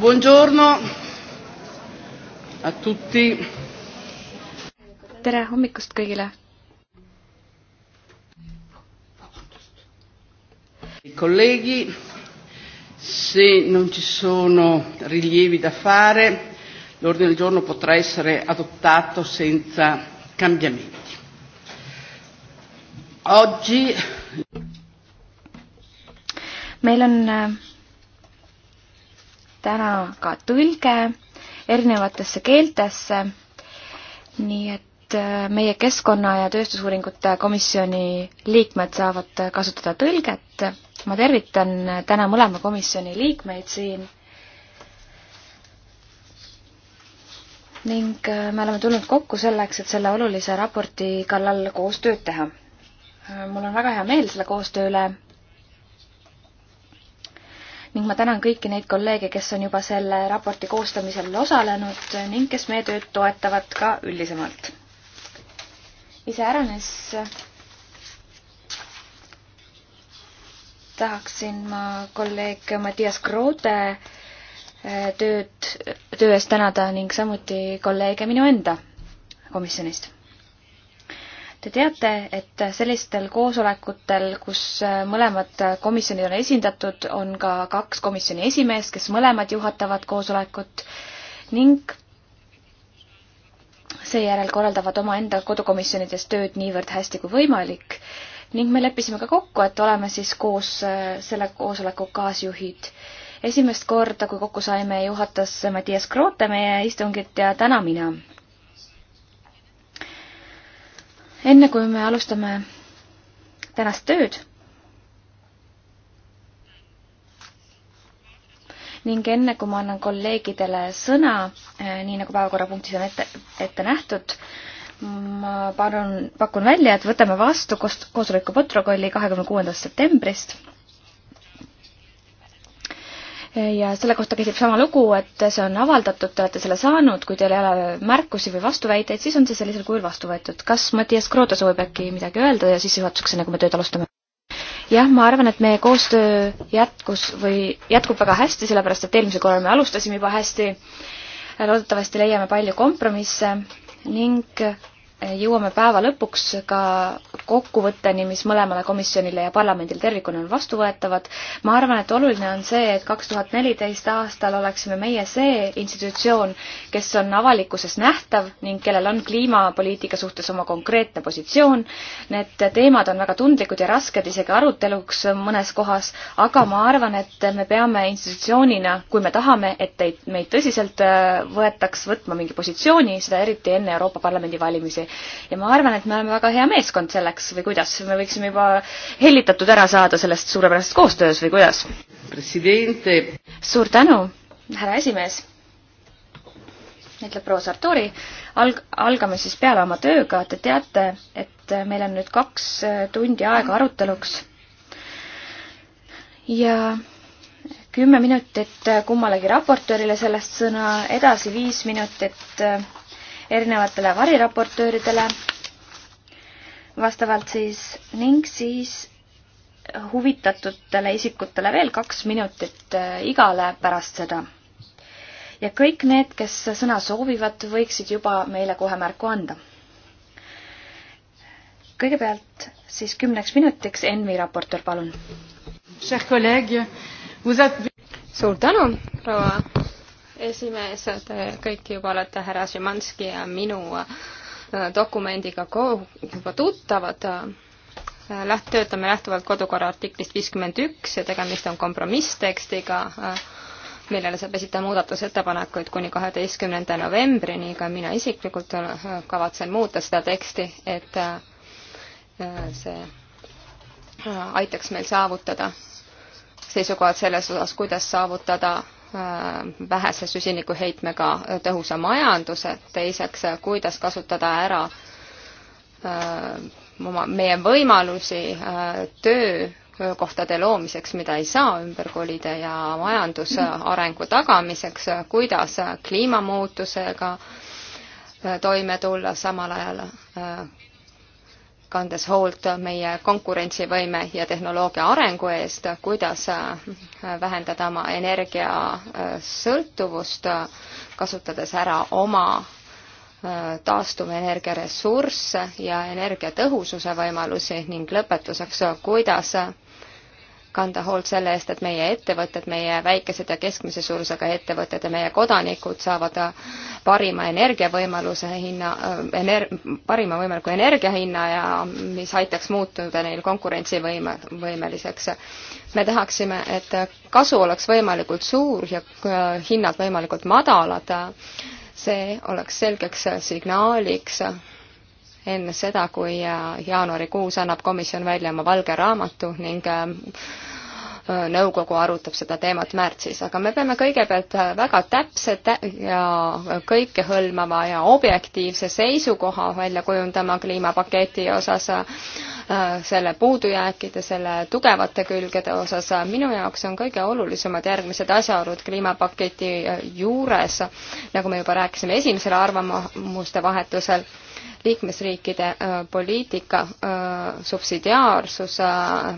Buongiorno a tutti. tere hommikust kõigile. colleghi, se non ci sono rilievi da fare, l'ordine del giorno potrà essere adottato senza cambiamenti. Oggi meil on eh, täna ka tõlge erinevatesse keeltesse. nii et äh, meie Keskkonna- ja Tööstusuuringute Komisjoni liikmed saavad kasutada tõlget. ma tervitan äh, täna mõlema komisjoni liikmeid siin. ning äh, me oleme tulnud kokku selleks, et selle olulise raporti kallal koostööd teha. mul on väga hea meel selle koostöö üle ning ma tänan kõiki neid kolleege, kes on juba selle raporti koostamisel osalenud ning kes meie tööd toetavad ka üldisemalt. iseäranis tahaksin ma kolleeg Mattias Kroode äh, tööd, töö eest tänada ning samuti kolleege minu enda komisjonist Te teate, et sellistel koosolekutel, kus mõlemad komisjonid on esindatud, on ka kaks komisjoni esimeest, kes mõlemad juhatavad koosolekut ning seejärel korraldavad omaenda kodukomisjonides tööd niivõrd hästi kui võimalik ning me leppisime ka kokku, et oleme siis koos äh, selle koosoleku kaasjuhid. esimest korda, kui kokku saime, juhatas Mattias Kroote meie istungit ja täna mina enne kui me alustame tänast tööd ning enne kui ma annan kolleegidele sõna, eh, nii nagu päevakorrapunktis on ette, ette nähtud, ma palun, pakun välja, et võtame vastu koosoleku protokolli kahekümne kuuendast septembrist ja selle kohta käsib sama lugu, et see on avaldatud, te olete selle saanud, kui teil ei ole märkusi või vastuväiteid, siis on see sellisel kujul vastu võetud. kas Mattias Kroota soovib äkki midagi öelda ja sissejuhatuseks, enne kui me tööd alustame? jah, ma arvan, et meie koostöö jätkus või jätkub väga hästi, sellepärast et eelmisel korral me alustasime juba hästi. loodetavasti leiame palju kompromisse ning jõuame päeva lõpuks ka kokkuvõtteni, mis mõlemale komisjonile ja parlamendile tervikuna on vastuvõetavad. ma arvan, et oluline on see, et kaks tuhat neliteist aastal oleksime meie see institutsioon, kes on avalikkuses nähtav ning kellel on kliimapoliitika suhtes oma konkreetne positsioon. Need teemad on väga tundlikud ja rasked isegi aruteluks mõnes kohas, aga ma arvan, et me peame institutsioonina, kui me tahame, et teid, meid tõsiselt äh, võetaks võtma mingi positsiooni, seda eriti enne Euroopa Parlamendi valimisi ja ma arvan, et me oleme väga hea meeskond selleks või kuidas, me võiksime juba hellitatud ära saada sellest suurepärasest koostöös või kuidas? suur tänu, härra esimees, ütleb proua Sartori, alg-, algame siis peale oma tööga, te teate, et meil on nüüd kaks äh, tundi aega aruteluks ja kümme minutit äh, kummalegi raportöörile sellest sõna, edasi viis minutit äh, erinevatele variraportööridele vastavalt siis ning siis huvitatutele isikutele veel kaks minutit äh, igale pärast seda. ja kõik need, kes sõna soovivad, võiksid juba meile kohe märku anda. kõigepealt siis kümneks minutiks ENMi raportöör, palun. suur tänu, proua esimees, te kõik juba olete härra Šimanski ja minu äh, dokumendiga juba tuttavad. Äh, läht-, töötame lähtuvalt kodukorra artiklist viiskümmend üks ja tegemist on kompromisstekstiga, äh, millele saab esitada muudatusettepanekuid kuni kaheteistkümnenda novembrini, ka mina isiklikult kavatsen muuta seda teksti, et see aitaks meil saavutada seisukohad selles osas, kuidas saavutada Äh, vähese süsinikuheitmega tõhusa majanduse, teiseks, äh, kuidas kasutada ära äh, oma, meie võimalusi töökohtade loomiseks, mida ei saa ümber kolida, ja majandusarengu tagamiseks, kuidas kliimamuutusega toime tulla, samal ajal kandes hoolt meie konkurentsivõime ja tehnoloogia arengu eest, kuidas äh, vähendada oma energiasõltuvust, äh, äh, kasutades ära oma taastuvenergia ressursse ja energiatõhususe võimalusi ning lõpetuseks, kuidas kanda hoolt selle eest, et meie ettevõtted, meie väikesed ja keskmise suurusega ettevõtted ja meie kodanikud saavad parima energiavõimaluse hinna ener,, parima võimaliku energia hinna ja mis aitaks muutuda neil konkurentsivõime, võimeliseks. me tahaksime, et kasu oleks võimalikult suur ja äh, hinnad võimalikult madalad see oleks selgeks signaaliks enne seda, kui äh, jaanuarikuus annab komisjon välja oma valge raamatu ning äh, nõukogu arutab seda teemat märtsis, aga me peame kõigepealt äh, väga täpse tä ja kõikehõlmava ja objektiivse seisukoha välja kujundama kliimapaketi osas, selle puudujääkide, selle tugevate külgede osas. minu jaoks on kõige olulisemad järgmised asjaolud kliimapaketi juures, nagu me juba rääkisime esimesel arvamuste vahetusel liikmesriikide äh, poliitika äh, subsidiaarsus äh,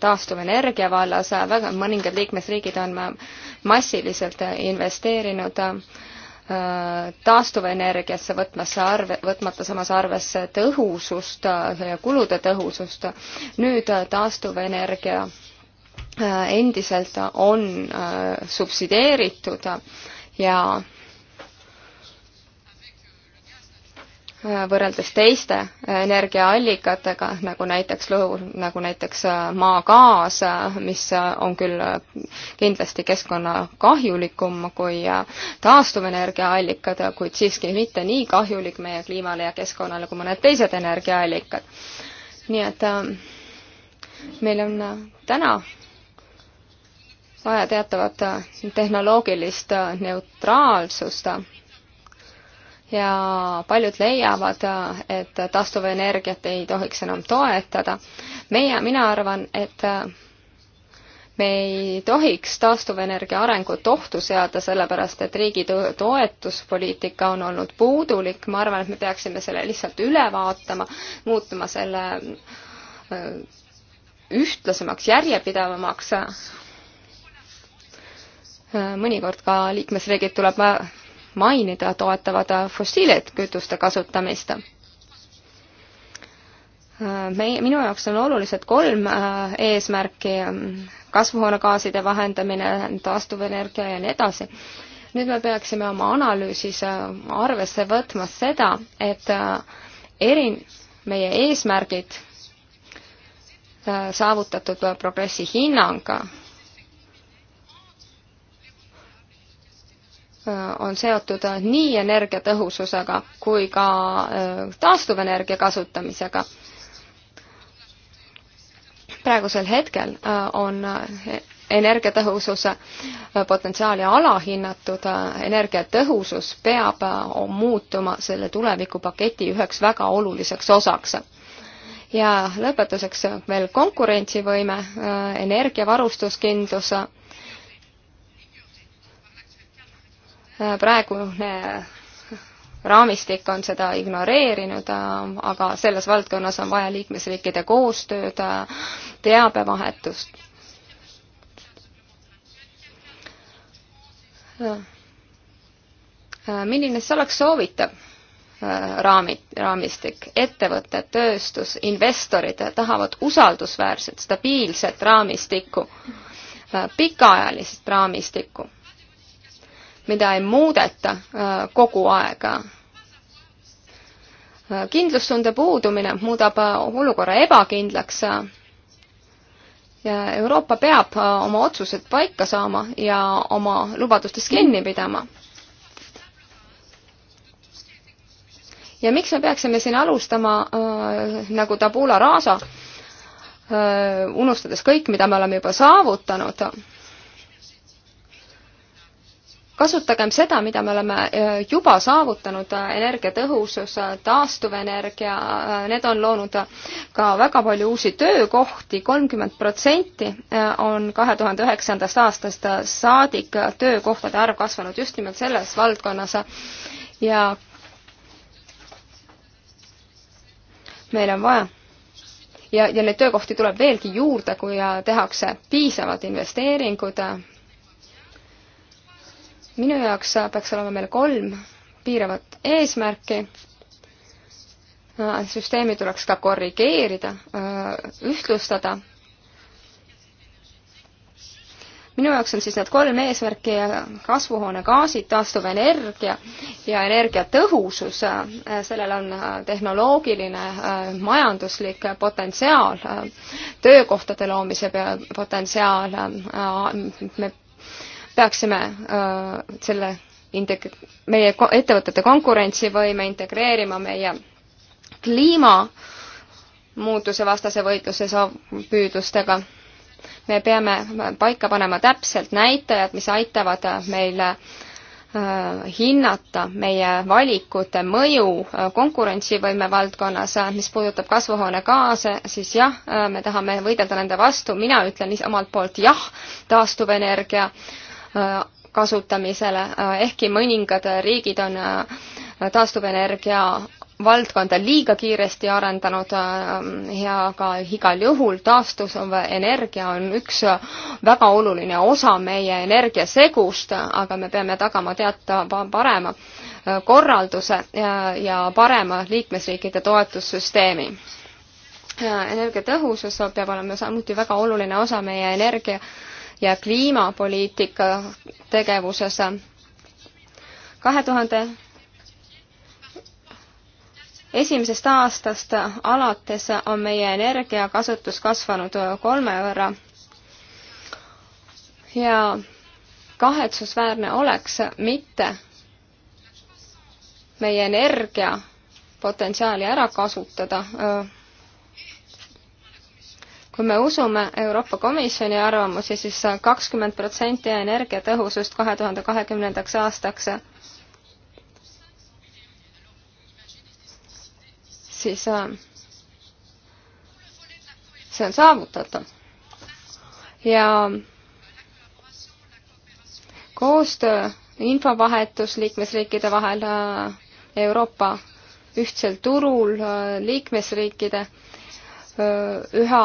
taastuvenergia vallas, väga mõningad liikmesriigid on massiliselt investeerinud taastuvenergiasse, võtmasse arve, võtmata samas arvesse tõhusust ja kulude tõhusust. nüüd taastuvenergia endiselt on subsideeritud ja võrreldes teiste energiaallikatega, nagu näiteks lõhu, nagu näiteks äh, maagaas, äh, mis äh, on küll kindlasti keskkonnakahjulikum kui taastuvenergiaallikad, kuid siiski mitte nii kahjulik meie kliimale ja keskkonnale kui mõned teised energiaallikad. nii et meil on täna vaja teatavat tehnoloogilist neutraalsust ja paljud leiavad, et taastuvenergiat ei tohiks enam toetada. meie, mina arvan, et me ei tohiks taastuvenergia arengut ohtu seada, sellepärast et riigi toetuspoliitika on olnud puudulik, ma arvan, et me peaksime selle lihtsalt üle vaatama, muutma selle äh, ühtlasemaks, järjepidevamaks. Äh, mõnikord ka liikmesriigid tuleb mainida, toetavad fossiilkütuste kasutamist. meie, minu jaoks on olulised kolm äh, eesmärki, kasvuhoonegaaside vahendamine, taastuvenergia ja nii edasi. nüüd me peaksime oma analüüsis äh, arvesse võtma seda, et äh, eri, meie eesmärgid saavutatud progressi hinnang Äh, on seotud nii energiatõhususega kui ka äh, taastuvenergia kasutamisega. praegusel hetkel äh, on energiatõhususe potentsiaali alahinnatud, energiatõhusus peab muutuma selle tulevikupaketi üheks väga oluliseks osaks ja lõpetuseks veel konkurentsivõime, energiavarustuskindlus praegune raamistik on seda ignoreerinud, aga selles valdkonnas on vaja liikmesriikide koostööd, teabevahetust. milline siis oleks soovitav äh, raamid, raamistik, ettevõtted, tööstus, investorid tahavad usaldusväärset, stabiilset raamistikku, äh, pikaajalist raamistikku mida ei muudeta äh, kogu aeg. Äh, kindlustunde puudumine muudab äh, olukorra ebakindlaks ja Euroopa peab oma otsused paika saama ja oma lubadustest kinni pidama. ja miks me peaksime siin alustama äh, nagu tabula rasa äh,, unustades kõik, mida me oleme juba saavutanud äh,? kasutagem seda, mida me oleme äh, juba saavutanud, äh, energiatõhusus, äh, taastuvenergia, need on loonud ka väga palju uusi töökohti, kolmkümmend protsenti on kahe tuhande üheksandast aastast saadik töökohtade arv kasvanud just nimelt selles valdkonnas ja meil on vaja ja, ja neid töökohti tuleb veelgi juurde, kui tehakse piisavad investeeringud minu jaoks peaks olema meil kolm piiravat eesmärki. süsteemi tuleks ka korrigeerida, ühtlustada. minu jaoks on siis need kolm eesmärki kasvuhoonegaasid, taastuvenergia ja energiatõhusus. sellel on tehnoloogiline, majanduslik potentsiaal, töökohtade loomise potentsiaal. me peaksime äh, selle integ-, meie ettevõtete konkurentsivõime integreerima meie kliimamuutuse vastase võitluse püüdlustega. me peame paika panema täpselt näitajad, mis aitavad meile äh, hinnata meie valikute mõju äh, konkurentsivõime valdkonnas, mis puudutab kasvuhoonegaase, siis jah, me tahame võidelda nende vastu, mina ütlen omalt poolt jah taastuvenergia äh, Äh, kasutamisele, äh, ehkki mõningad riigid on äh, taastuvenergia valdkonda liiga kiiresti arendanud ja ka igal juhul taastuv energia on üks väga oluline osa meie energiasegust, aga me peame tagama teatava parema korralduse ja parema liikmesriikide toetussüsteemi energiatõhusus peab olema samuti väga oluline osa meie energia ja kliimapoliitika tegevuses. kahe tuhande esimesest aastast alates on meie energiakasutus kasvanud kolme võrra ja kahetsusväärne oleks mitte meie energiapotentsiaali ära kasutada kui me usume Euroopa Komisjoni arvamusi, siis kakskümmend protsenti energiatõhusust kahe tuhande kahekümnendaks aastaks, siis äh, see on saavutatav. ja koostöö, infovahetus liikmesriikide vahel äh, Euroopa ühtsel turul äh, liikmesriikide üha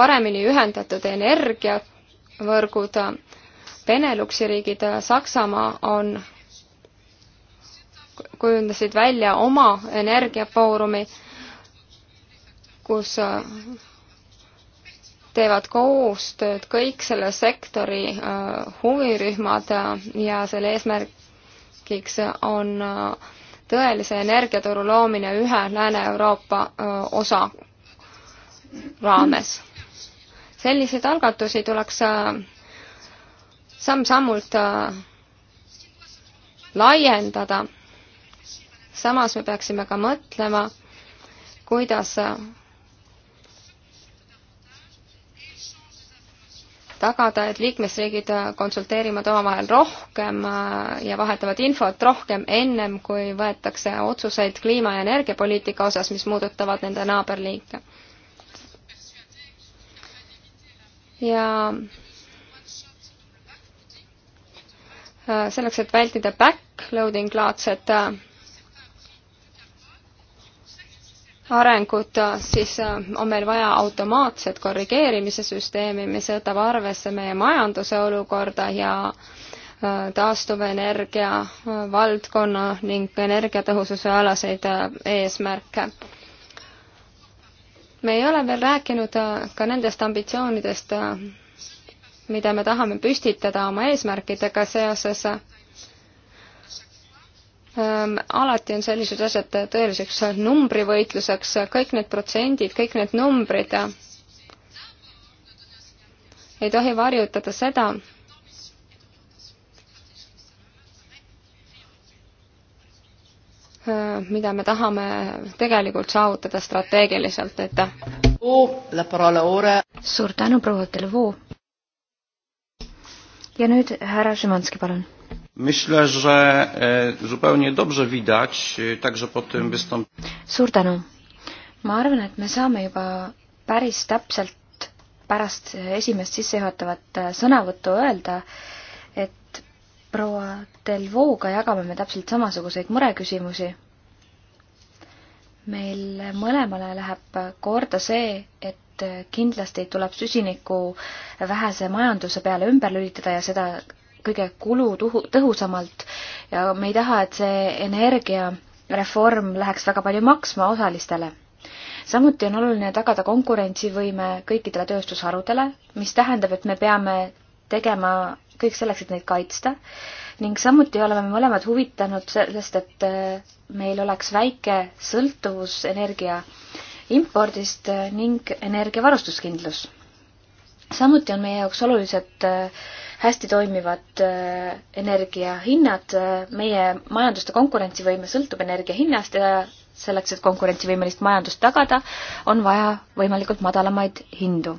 paremini ühendatud energiavõrgud, Beneluxi riigid, Saksamaa on, kujundasid välja oma energiafoorumi, kus teevad koostööd kõik selle sektori äh, huvirühmad ja selle eesmärgiks on äh, tõelise energiaturu loomine ühe Lääne-Euroopa äh, osa raames selliseid algatusi tuleks äh, samm-sammult äh, laiendada. samas me peaksime ka mõtlema, kuidas äh, tagada, et liikmesriigid konsulteerivad omavahel rohkem ja vahetavad infot rohkem ennem, kui võetakse otsuseid kliima- ja energiapoliitika osas, mis muudutavad nende naaberliike. ja äh, selleks, et vältida backloading laadset äh, arengut, äh, siis on meil vaja automaatset korrigeerimise süsteemi, mis võtab arvesse meie majanduse olukorda ja taastuvenergia valdkonna ning energiatõhususe alaseid eesmärke me ei ole veel rääkinud äh, ka nendest ambitsioonidest, äh, mida me tahame püstitada oma eesmärkidega seoses. Ähm, alati on sellised asjad tõeliseks numbrivõitluseks, kõik need protsendid, kõik need numbrid äh, ei tohi varjutada seda, mida me tahame tegelikult saavutada strateegiliselt, aitäh! suur tänu, proua Delvaux! ja nüüd härra Szymanski, palun! Myślę, że e, zupełnie dobrze widać e, także po tym wystąpieniu. Suur tänu. Ma arvan, et me saame juba päris täpselt pärast esimest sissejuhatavat e, sõnavõttu öelda, proua Delvauga jagame me täpselt samasuguseid mureküsimusi. meil mõlemale läheb korda see, et kindlasti tuleb süsiniku vähese majanduse peale ümber lülitada ja seda kõige kulutõhusamalt ja me ei taha, et see energiareform läheks väga palju maksma osalistele samuti on oluline tagada konkurentsivõime kõikidele tööstusharudele, mis tähendab, et me peame tegema kõik selleks, et neid kaitsta ning samuti oleme me mõlemad huvitanud sellest, et äh, meil oleks väike sõltuvus energia impordist äh, ning energiavarustuskindlus. samuti on meie jaoks olulised äh, hästi toimivad energiahinnad, meie majanduste konkurentsivõime sõltub energia hinnast ja selleks, et konkurentsivõimelist majandust tagada, on vaja võimalikult madalamaid hindu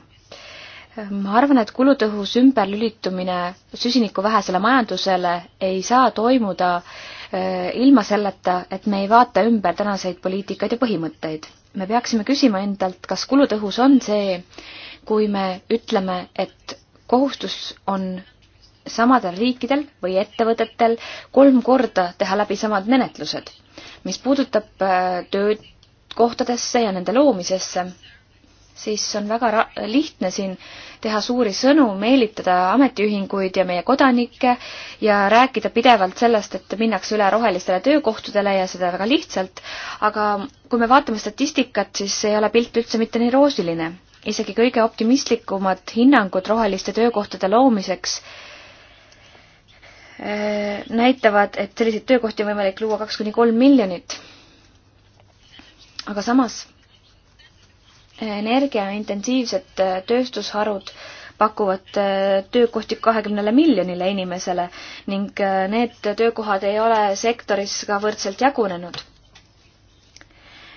ma arvan, et kulutõhus ümberlülitumine süsinikuvähesele majandusele ei saa toimuda eh, ilma selleta, et me ei vaata ümber tänaseid poliitikaid ja põhimõtteid. me peaksime küsima endalt, kas kulutõhus on see, kui me ütleme, et kohustus on samadel riikidel või ettevõtetel kolm korda teha läbi samad menetlused. mis puudutab eh, töökohtadesse ja nende loomisesse, siis on väga lihtne siin teha suuri sõnu, meelitada ametiühinguid ja meie kodanikke ja rääkida pidevalt sellest, et minnakse üle rohelistele töökohtadele ja seda väga lihtsalt, aga kui me vaatame statistikat, siis ei ole pilt üldse mitte nii roosiline. isegi kõige optimistlikumad hinnangud roheliste töökohtade loomiseks äh, näitavad, et selliseid töökohti on võimalik luua kaks kuni kolm miljonit. aga samas energiaintensiivsed äh, tööstusharud pakuvad äh, töökohti kahekümnele miljonile inimesele ning äh, need töökohad ei ole sektoris ka võrdselt jagunenud.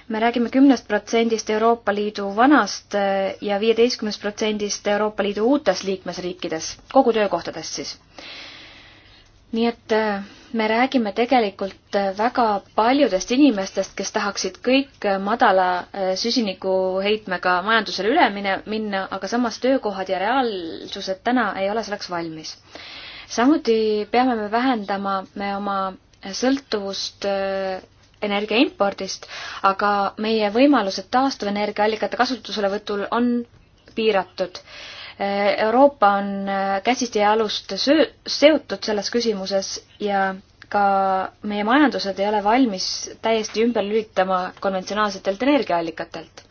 me räägime kümnest protsendist Euroopa Liidu vanast ja viieteistkümnest protsendist Euroopa Liidu uutes liikmesriikides, kogu töökohtadest siis nii et äh, me räägime tegelikult äh, väga paljudest inimestest, kes tahaksid kõik äh, madala süsinikuheitmega majandusele üle mine, minna, aga samas töökohad ja reaalsused täna ei ole selleks valmis. samuti peame me vähendama me oma sõltuvust energia impordist, aga meie võimalused taastuvenergiaallikate kasutuselevõtul on piiratud Euroopa on käsist ja jalust söö-, seotud selles küsimuses ja ka meie majandused ei ole valmis täiesti ümber lülitama konventsionaalsetelt energiaallikatelt.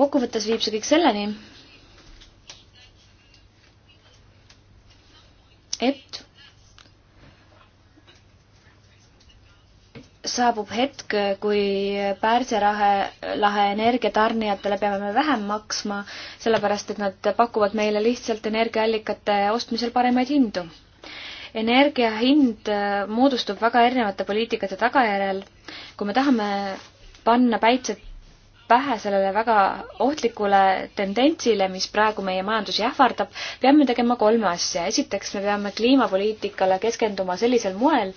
kokkuvõttes viib see kõik selleni, et saabub hetk, kui Pärsia rahe, lahe energiatarnijatele peame me vähem maksma, sellepärast et nad pakuvad meile lihtsalt energiaallikate ostmisel paremaid hindu. energia hind moodustub väga erinevate poliitikate tagajärjel. kui me tahame panna päitsed pähe sellele väga ohtlikule tendentsile, mis praegu meie majandusi ähvardab, peame tegema kolme asja. esiteks, me peame kliimapoliitikale keskenduma sellisel moel,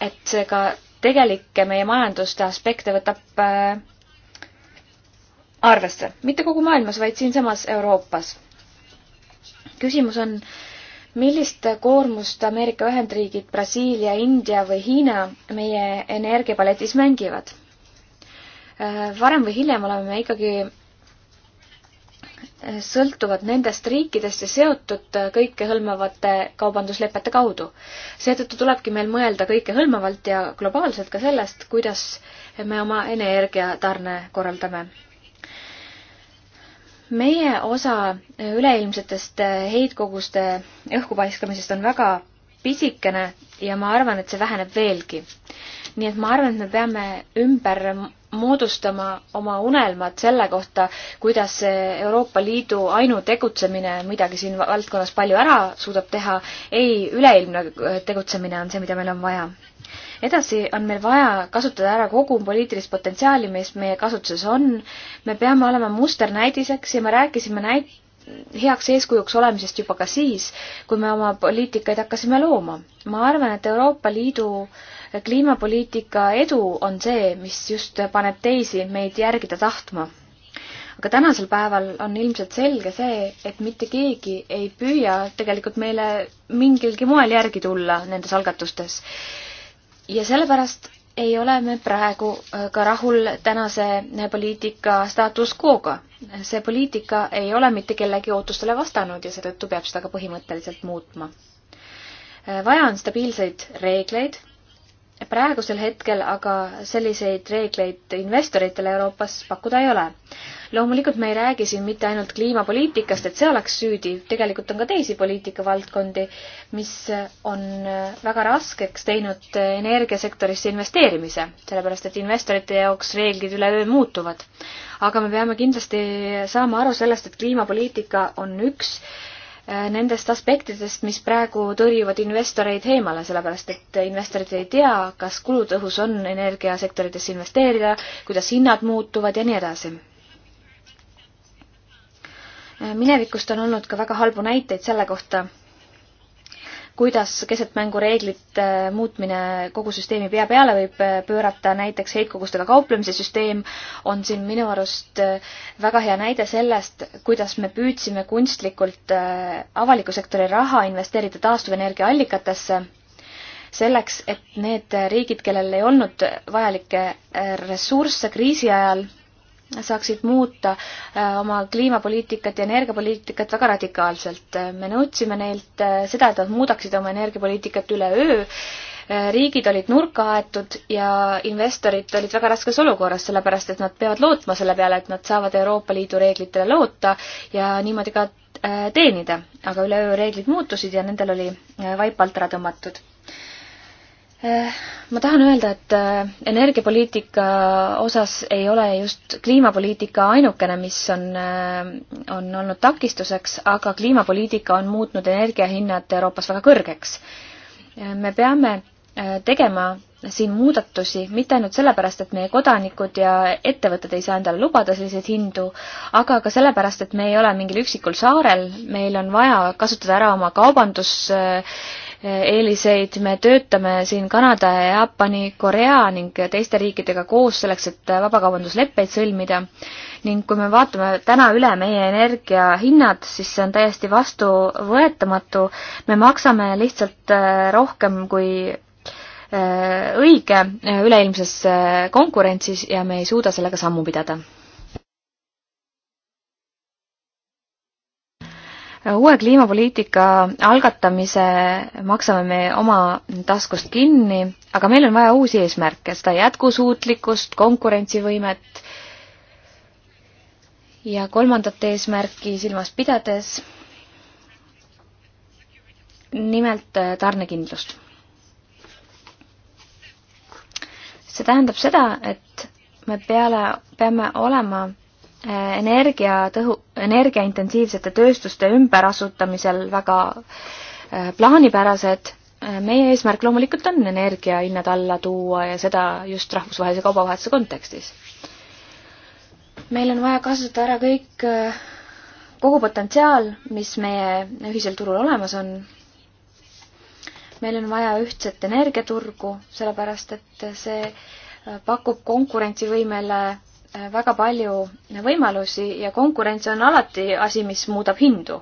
et see ka tegelikke meie majanduste aspekte võtab äh, arvesse. mitte kogu maailmas, vaid siinsamas Euroopas. küsimus on, millist koormust Ameerika Ühendriigid, Brasiilia, India või Hiina meie energiapaletis mängivad? Äh, varem või hiljem oleme me ikkagi sõltuvad nendest riikidest ja seotud kõikehõlmavate kaubanduslepete kaudu. seetõttu tulebki meil mõelda kõikehõlmavalt ja globaalselt ka sellest, kuidas me oma energiatarne korraldame. meie osa üleilmsetest heitkoguste õhku paiskamisest on väga pisikene ja ma arvan, et see väheneb veelgi. nii et ma arvan, et me peame ümber moodustama oma unelmad selle kohta, kuidas Euroopa Liidu ainutegutsemine midagi siin valdkonnas palju ära suudab teha. ei, üleilmne äh, tegutsemine on see, mida meil on vaja. edasi on meil vaja kasutada ära kogu poliitilist potentsiaali, mis meie kasutuses on. me peame olema musternäidiseks ja me rääkisime näit-, heaks eeskujuks olemisest juba ka siis, kui me oma poliitikaid hakkasime looma. ma arvan, et Euroopa Liidu äh, kliimapoliitika edu on see, mis just paneb teisi meid järgida tahtma. aga tänasel päeval on ilmselt selge see, et mitte keegi ei püüa tegelikult meile mingilgi moel järgi tulla nendes algatustes. ja sellepärast ei ole me praegu äh, ka rahul tänase poliitika status quo'ga. see poliitika ei ole mitte kellegi ootustele vastanud ja seetõttu peab seda ka põhimõtteliselt muutma. Äh, vaja on stabiilseid reegleid praegusel hetkel aga selliseid reegleid investoritele Euroopas pakkuda ei ole. loomulikult me ei räägi siin mitte ainult kliimapoliitikast, et see oleks süüdi, tegelikult on ka teisi poliitikavaldkondi, mis on väga raskeks teinud energiasektorisse investeerimise, sellepärast et investorite jaoks reeglid üleöö muutuvad. aga me peame kindlasti saama aru sellest, et kliimapoliitika on üks äh, Äh, nendest aspektidest, mis praegu tõrjuvad investoreid eemale, sellepärast et investorid ei tea, kas kulutõhus on energiasektoritesse investeerida, kuidas hinnad muutuvad ja nii edasi. Äh, minevikust on olnud ka väga halbu näiteid selle kohta kuidas keset mängu reeglite muutmine kogu süsteemi pea peale võib äh, pöörata, näiteks heitkogustega kauplemise süsteem on siin minu arust äh, väga hea näide sellest, kuidas me püüdsime kunstlikult äh, avaliku sektori raha investeerida taastuvenergia allikatesse selleks, et need riigid, kellel ei olnud vajalikke ressursse kriisi ajal, saaksid muuta äh, oma kliimapoliitikat ja energiapoliitikat väga radikaalselt. Äh, me nõudsime neilt äh, seda, et nad muudaksid oma energiapoliitikat üleöö. riigid olid nurka aetud ja investorid olid väga raskes olukorras, sellepärast et nad peavad lootma selle peale, et nad saavad Euroopa Liidu reeglitele loota ja niimoodi ka teenida. aga üleöö reeglid muutusid ja nendel oli vaip alt ära tõmmatud Eh, ma tahan öelda, et eh, energiapoliitika osas ei ole just kliimapoliitika ainukene, mis on, eh, on olnud takistuseks, aga kliimapoliitika on muutnud energiahinnad Euroopas väga kõrgeks. me peame tegema siin muudatusi, mitte ainult sellepärast, et meie kodanikud ja ettevõtted ei saa endale lubada selliseid hindu, aga ka sellepärast, et me ei ole mingil üksikul saarel, meil on vaja kasutada ära oma kaubandus äh, eeliseid, me töötame siin Kanada ja Jaapani, Korea ning teiste riikidega koos selleks, et vabakaubandusleppeid sõlmida. ning kui me vaatame täna üle meie energiahinnad, siis see on täiesti vastuvõetamatu. me maksame lihtsalt äh, rohkem kui äh, õige äh, üleilmses konkurentsis ja me ei suuda sellega sammu pidada uue kliimapoliitika algatamise maksame me oma taskust kinni, aga meil on vaja uusi eesmärke, seda jätkusuutlikkust, konkurentsivõimet ja kolmandat eesmärki silmas pidades, nimelt äh, tarnekindlust. see tähendab seda, et me peale, peame olema energiatõhu, energiaintensiivsete tööstuste ümberasutamisel väga äh, plaanipärased. Äh, meie eesmärk loomulikult on energiahinnad alla tuua ja seda just rahvusvahelise kaubavahetuse kontekstis. meil on vaja kasutada ära kõik, äh, kogu potentsiaal, mis meie ühisel turul olemas on. meil on vaja ühtset energiaturgu, sellepärast et see pakub konkurentsivõimele väga palju võimalusi ja konkurents on alati asi, mis muudab hindu,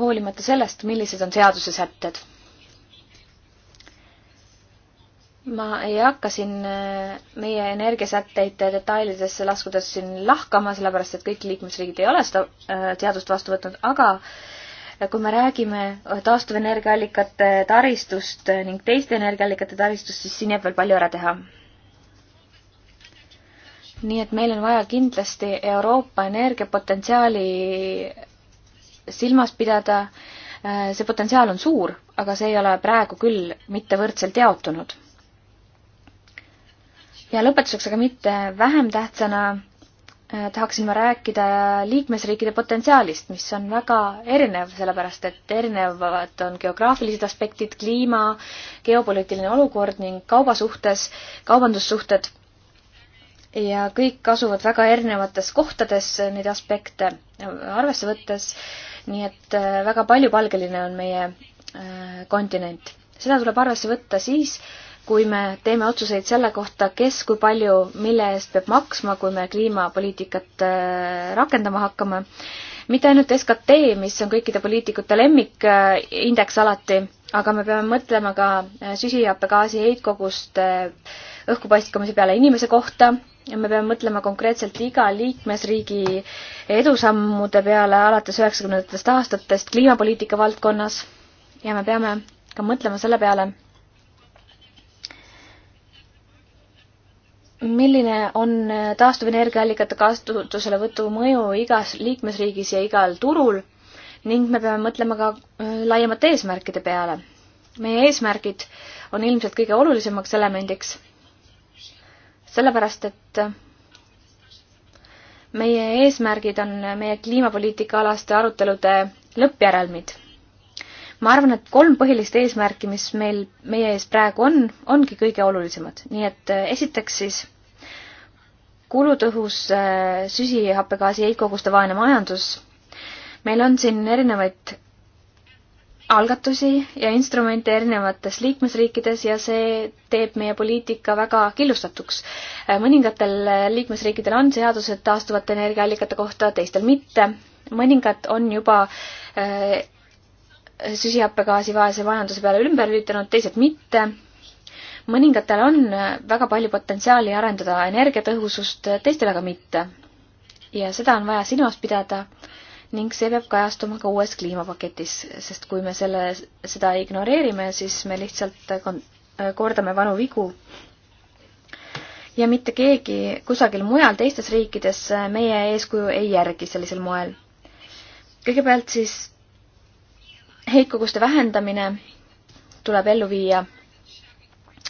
hoolimata sellest, millised on seaduse sätted. ma ei hakka siin äh, meie energiasätteid detailidesse laskudes siin lahkama, sellepärast et kõik liikmesriigid ei ole seda äh, seadust vastu võtnud, aga kui me räägime taastuvenergiaallikate taristust ning teiste energiaallikate taristust, siis siin jääb veel palju ära teha nii et meil on vaja kindlasti Euroopa energiapotentsiaali silmas pidada. Äh, see potentsiaal on suur, aga see ei ole praegu küll mitte võrdselt jaotunud. ja lõpetuseks, aga mitte vähem tähtsana äh, tahaksin ma rääkida liikmesriikide potentsiaalist, mis on väga erinev, sellepärast et erinevad on geograafilised aspektid, kliima, geopoliitiline olukord ning kaubasuhtes, kaubandussuhted ja kõik asuvad väga erinevates kohtades äh, neid aspekte arvesse võttes, nii et äh, väga paljupalgeline on meie äh, kontinent. seda tuleb arvesse võtta siis, kui me teeme otsuseid selle kohta, kes kui palju, mille eest peab maksma, kui me kliimapoliitikat rakendama hakkame. mitte ainult SKT, mis on kõikide poliitikute lemmikindeks alati, aga me peame mõtlema ka süsihappegaasi heitkoguste õhku paiskamise peale inimese kohta, ja me peame mõtlema konkreetselt iga liikmesriigi edusammude peale alates üheksakümnendatest aastatest kliimapoliitika valdkonnas ja me peame ka mõtlema selle peale, milline on taastuvenergiaallikate kasutuselevõtu mõju igas liikmesriigis ja igal turul ning me peame mõtlema ka äh, laiemate eesmärkide peale. meie eesmärgid on ilmselt kõige olulisemaks elemendiks sellepärast et meie eesmärgid on meie kliimapoliitikaalaste arutelude lõppjärelmid. ma arvan, et kolm põhilist eesmärki, mis meil, meie ees praegu on, ongi kõige olulisemad, nii et eh, esiteks siis kulutõhus eh, süsihappegaasi heitkoguste vaene majandus. meil on siin erinevaid algatusi ja instrumente erinevates liikmesriikides ja see teeb meie poliitika väga killustatuks. mõningatel liikmesriikidel on seadused taastuvate energiaallikate kohta, teistel mitte. mõningad on juba äh, süsihappegaasi vaese majanduse peale ümber lülitanud, teised mitte. mõningatel on väga palju potentsiaali arendada energiatõhusust, teistel aga mitte. ja seda on vaja silmas pidada äh, ning see peab kajastuma ka uues kliimapaketis, sest kui me selle, seda ignoreerime, siis me lihtsalt kordame vanu vigu. ja mitte keegi kusagil mujal teistes riikides meie eeskuju ei järgi sellisel moel. kõigepealt siis heitkoguste vähendamine tuleb ellu viia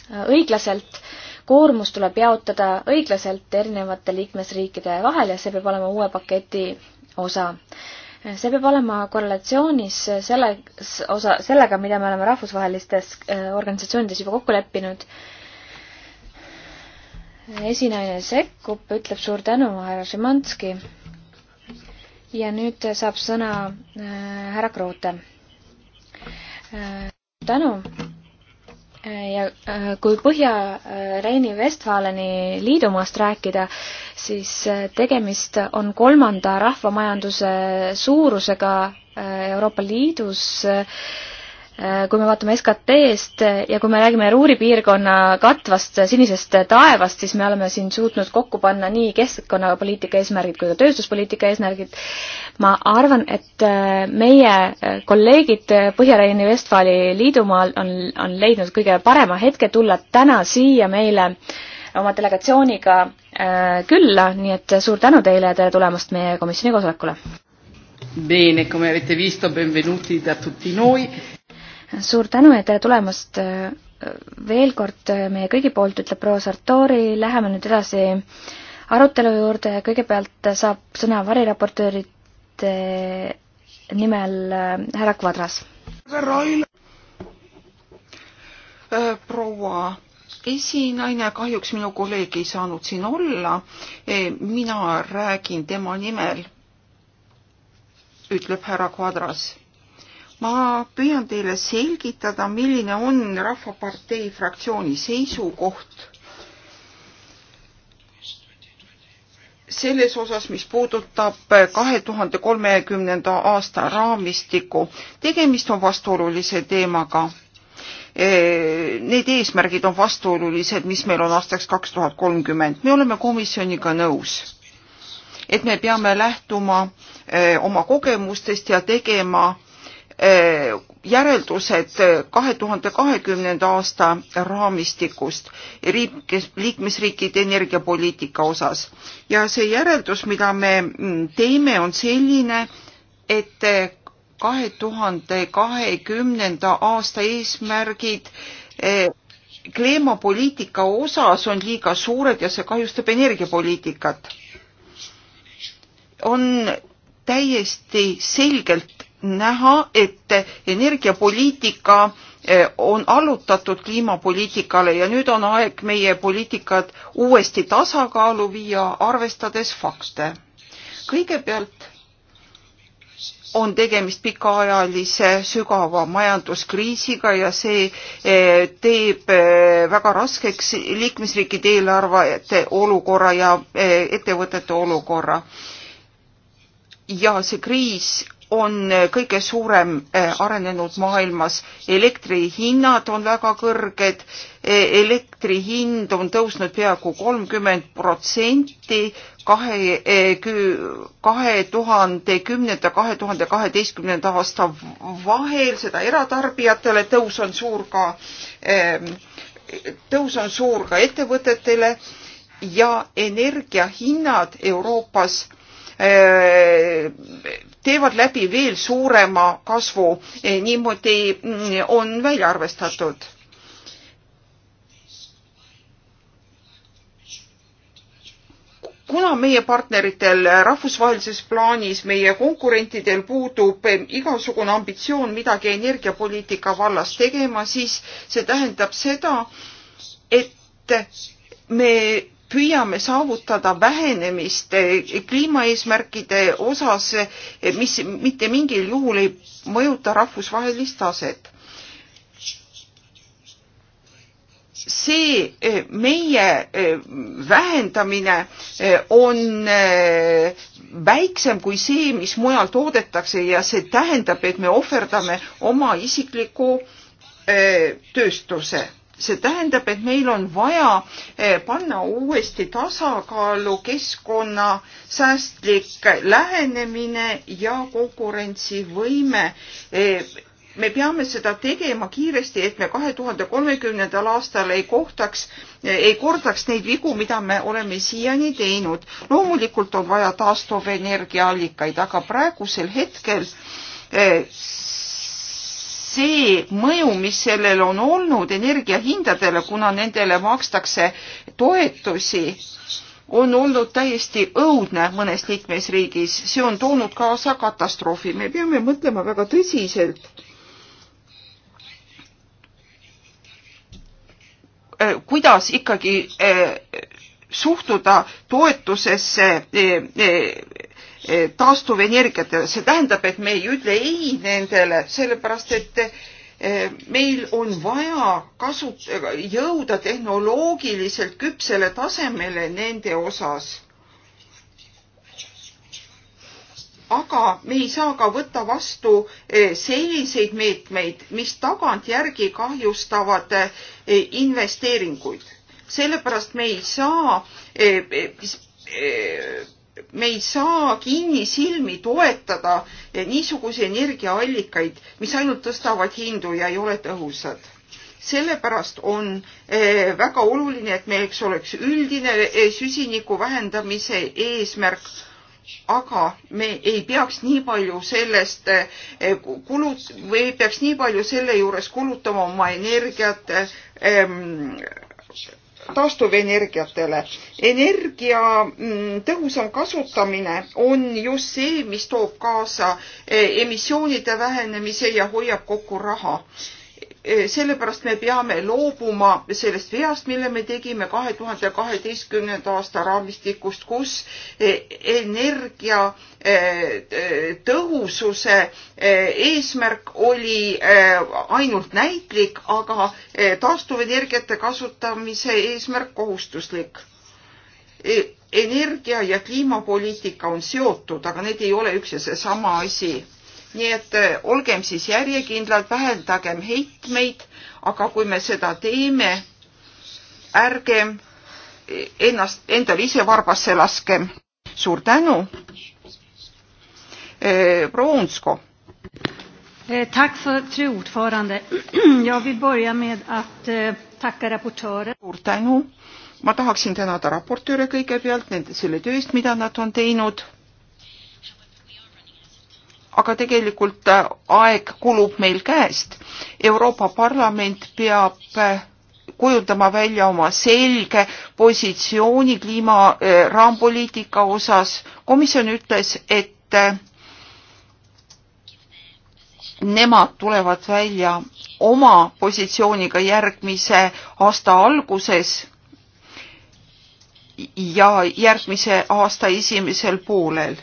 õiglaselt koormus tuleb jaotada õiglaselt erinevate liikmesriikide vahel ja see peab olema uue paketi osa. see peab olema korrelatsioonis selles osa, sellega, mida me oleme rahvusvahelistes äh, organisatsioonides juba kokku leppinud. esinaine sekkub, ütleb suur tänu, härra Šimanski. ja nüüd saab sõna äh, härra Kroote. Äh, tänu ja äh, kui Põhja-Reini-Vestfaleni äh, liidumaast rääkida, siis äh, tegemist on kolmanda rahvamajanduse suurusega Euroopa Liidus Äh, kui me vaatame SKT-st äh, ja kui me räägime Ruuri piirkonna katvast äh, sinisest taevast, siis me oleme siin suutnud kokku panna nii keskkonnapoliitika eesmärgid kui ka tööstuspoliitika eesmärgid. ma arvan, et meie kolleegid Põhja-Rheini Vestfaali liidumaal on, on leidnud kõige parema hetke tulla täna siia meile oma delegatsiooniga külla, nii et suur tänu teile ja tere tulemast meie komisjoni koosolekule! Bene, come avete visto, benvenuti da tutti noi suur tänu ja tere tulemast äh, veel kord äh, meie kõigi poolt, ütleb proua Sartori, läheme nüüd edasi arutelu juurde ja kõigepealt saab sõna variraportöörite nimel äh, härra Kvadras. proua esinaine, kahjuks minu kolleeg ei saanud siin olla. E, mina räägin tema nimel, ütleb härra Kvadras ma püüan teile selgitada, milline on Rahvapartei fraktsiooni seisukoht selles osas, mis puudutab kahe tuhande kolmekümnenda aasta raamistikku. tegemist on vastuolulise teemaga. E, need eesmärgid on vastuolulised, mis meil on aastaks kaks tuhat kolmkümmend. me oleme komisjoniga nõus et me peame lähtuma e, oma kogemustest ja tegema järeldused kahe tuhande kahekümnenda aasta raamistikust liikmesriikide energiapoliitika osas ja see järeldus, mida me mm, teeme, on selline, et kahe tuhande kahekümnenda aasta eesmärgid eh, kliimapoliitika osas on liiga suured ja see kahjustab energiapoliitikat. on täiesti selgelt näha, et energiapoliitika eh, on allutatud kliimapoliitikale ja nüüd on aeg meie poliitikad uuesti tasakaalu viia, arvestades fakte. kõigepealt on tegemist pikaajalise sügava majanduskriisiga ja see eh, teeb eh, väga raskeks liikmesriikide eelarvete olukorra ja ettevõtete olukorra. ja see kriis on eh, kõige suurem eh, arenenud maailmas, elektrihinnad on väga kõrged, eh, elektri hind on tõusnud peaaegu kolmkümmend protsenti kahe, kahe tuhande kümnenda, kahe tuhande kaheteistkümnenda aasta vahel, seda eratarbijatele, tõus on suur ka, tõus on suur ka ettevõtetele ja energiahinnad Euroopas Äh, teevad läbi veel suurema kasvu, eh, niimoodi mm, on välja arvestatud kuna meie partneritel rahvusvahelises plaanis, meie konkurentidel puudub eh, igasugune ambitsioon midagi energiapoliitika vallas tegema, siis see tähendab seda, et me püüame saavutada vähenemist eh, kliimaeesmärkide osas, eh, mis mitte mingil juhul ei mõjuta rahvusvahelist taset. see eh, meie vähendamine on väiksem kui see, mis mujal toodetakse ja see tähendab, et me ohverdame oma isikliku tööstuse see tähendab, et meil on vaja eh, panna uuesti tasakaalu keskkonna säästlik lähenemine ja konkurentsivõime eh, me peame seda tegema kiiresti, et me kahe tuhande kolmekümnendal aastal ei kohtaks, eh, ei kordaks neid vigu, mida me oleme siiani teinud. loomulikult on vaja taastuvenergiaallikaid, aga praegusel hetkel see mõju, mis sellel on olnud energiahindadele, kuna nendele makstakse toetusi, on olnud täiesti õudne mõnes liikmesriigis, see on toonud kaasa katastroofi, me peame mõtlema väga tõsiselt. E, kuidas ikkagi e, suhtuda toetusesse e, E, taastuvenergiat ja see tähendab, et me ei ütle ei nendele, sellepärast et e, meil on vaja kasut-, jõuda tehnoloogiliselt küpsele tasemele nende osas. aga me ei saa ka võtta vastu e, selliseid meetmeid, mis tagantjärgi kahjustavad investeeringuid. sellepärast me ei saa me ei saa kinnisilmi toetada niisuguseid energiaallikaid, mis ainult tõstavad hindu ja ei ole tõhusad. sellepärast on eh, väga oluline, et meil, eks oleks üldine eh, süsiniku vähendamise eesmärk, aga me ei peaks nii palju sellest eh, kulut- või ei peaks nii palju selle juures kulutama oma energiat ähm, taastuvenergiatele. energia mm, tõhusam kasutamine on just see, mis toob kaasa eh, emissioonide vähenemise ja hoiab kokku raha sellepärast me peame loobuma sellest veast, mille me tegime kahe tuhande kaheteistkümnenda aasta raamistikust, kus e, energia e, e, tõhususe eesmärk oli ainult näitlik, aga taastuvenergiate kasutamise eesmärk kohustuslik. energia ja kliimapoliitika on seotud, aga need ei ole üks ja seesama asi nii et eh, olgem siis järjekindlad, vähendagem heitmeid, aga kui me seda teeme, ärgem ennast, endal ise varbasse laskem. suur tänu. Eh, proua Unsko. Eh, tack för fru ordförande. Jag vill börja med att tacka rapportören. Suur tänu. ma tahaksin tänada raportööre kõigepealt nende selle tööst, mida nad on teinud aga tegelikult äh, aeg kulub meil käest. Euroopa Parlament peab äh, kujundama välja oma selge positsiooni kliima äh, raampoliitika osas. komisjon ütles, et nemad tulevad välja oma positsiooniga järgmise aasta alguses ja järgmise aasta esimesel poolel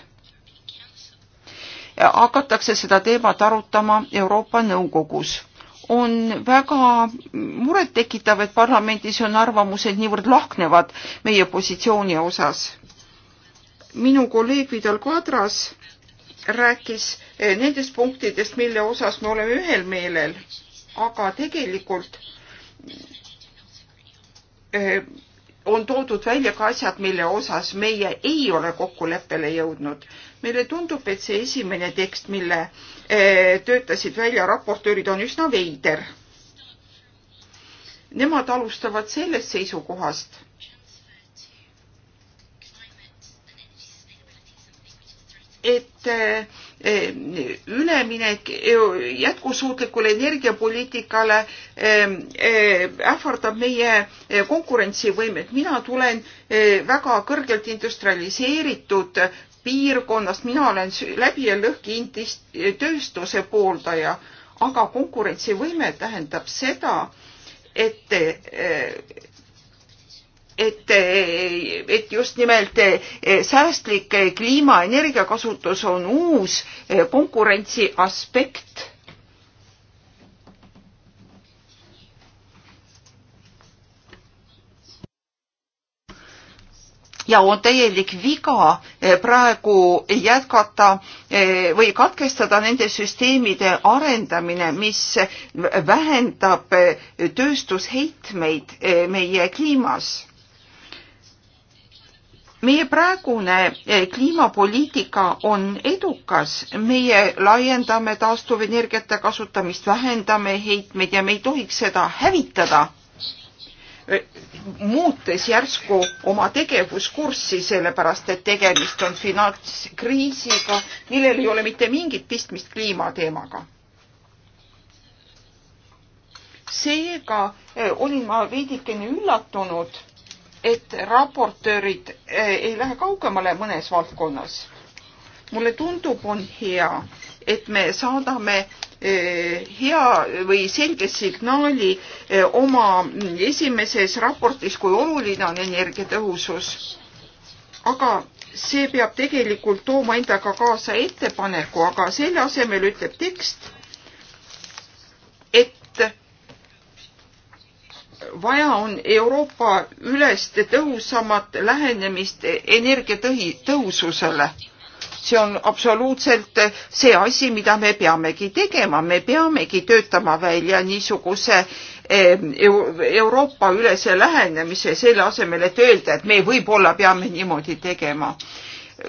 hakatakse seda teemat arutama Euroopa Nõukogus. on väga murettekitav, et parlamendis on arvamused niivõrd lahknevad meie positsiooni osas. minu kolleeg Vidal Kadras rääkis eh, nendest punktidest, mille osas me oleme ühel meelel, aga tegelikult eh, on toodud välja ka asjad, mille osas meie ei ole kokkuleppele jõudnud meile tundub, et see esimene tekst, mille eh, töötasid välja raportöörid, on üsna veider. Nemad alustavad sellest seisukohast, et eh, üleminek jätkusuutlikule energiapoliitikale eh, ähvardab meie konkurentsivõimet. mina tulen väga kõrgelt industrialiseeritud piirkonnast, mina olen läbi ja lõhki tööstuse pooldaja, aga konkurentsivõime tähendab seda, et et, et just nimelt säästlik kliima energiakasutus on uus konkurentsi aspekt ja on täielik viga eh, praegu jätkata eh, või katkestada nende süsteemide arendamine, mis vähendab eh, tööstusheitmeid meie kliimas meie praegune kliimapoliitika on edukas, meie laiendame taastuvenergiate kasutamist, vähendame heitmeid ja me ei tohiks seda hävitada. Eh, muutes järsku oma tegevuskurssi, sellepärast et tegemist on finantskriisiga, millel ei ole mitte mingit pistmist kliimateemaga. seega eh, olin ma veidikene üllatunud, et raportöörid eh, ei lähe kaugemale mõnes valdkonnas. mulle tundub, on hea, et me saadame Eh, hea või selge signaali eh, oma esimeses raportis, kui oluline on energiatõhusus. aga see peab tegelikult tooma endaga kaasa ettepaneku, aga selle asemel ütleb tekst, et vaja on Euroopa ülest tõhusamat lähenemist energiatõhi, tõhususele see on absoluutselt see asi, mida me peamegi tegema, me peamegi töötama välja niisuguse eh, Euroopa ülese lähenemise selle asemel, et öelda, et me võib-olla peame niimoodi tegema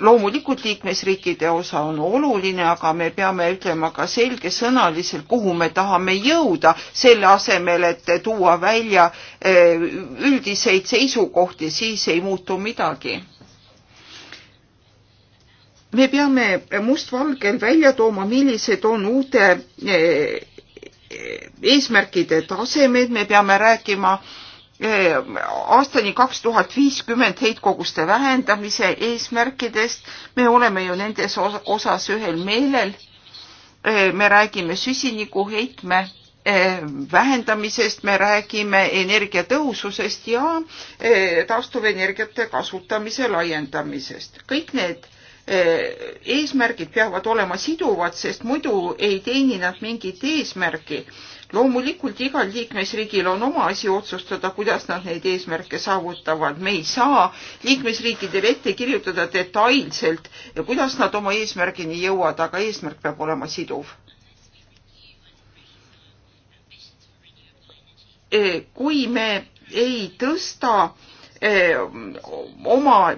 loomulikult liikmesriikide osa on oluline, aga me peame ütlema ka selgesõnaliselt, kuhu me tahame jõuda, selle asemel, et tuua välja eh, üldiseid seisukohti, siis ei muutu midagi me peame mustvalgel välja tooma, millised on uute eh, eh, eesmärkide tasemed, me peame rääkima eh, aastani kaks tuhat viiskümmend heitkoguste vähendamise eesmärkidest, me oleme ju nendes osas ühel meelel. me räägime süsinikuheitme vähendamisest, me räägime energiatõhususest ja taastuvenergiate kasutamise laiendamisest. kõik need Äh, eesmärgid peavad olema siduvad, sest muidu ei teeni nad mingit eesmärki. loomulikult igal liikmesriigil on oma asi otsustada, kuidas nad neid eesmärke saavutavad. me ei saa liikmesriikidele ette kirjutada detailselt, kuidas nad oma eesmärgini jõuavad, aga eesmärk peab olema siduv. Äh, kui me ei tõsta Eh, oma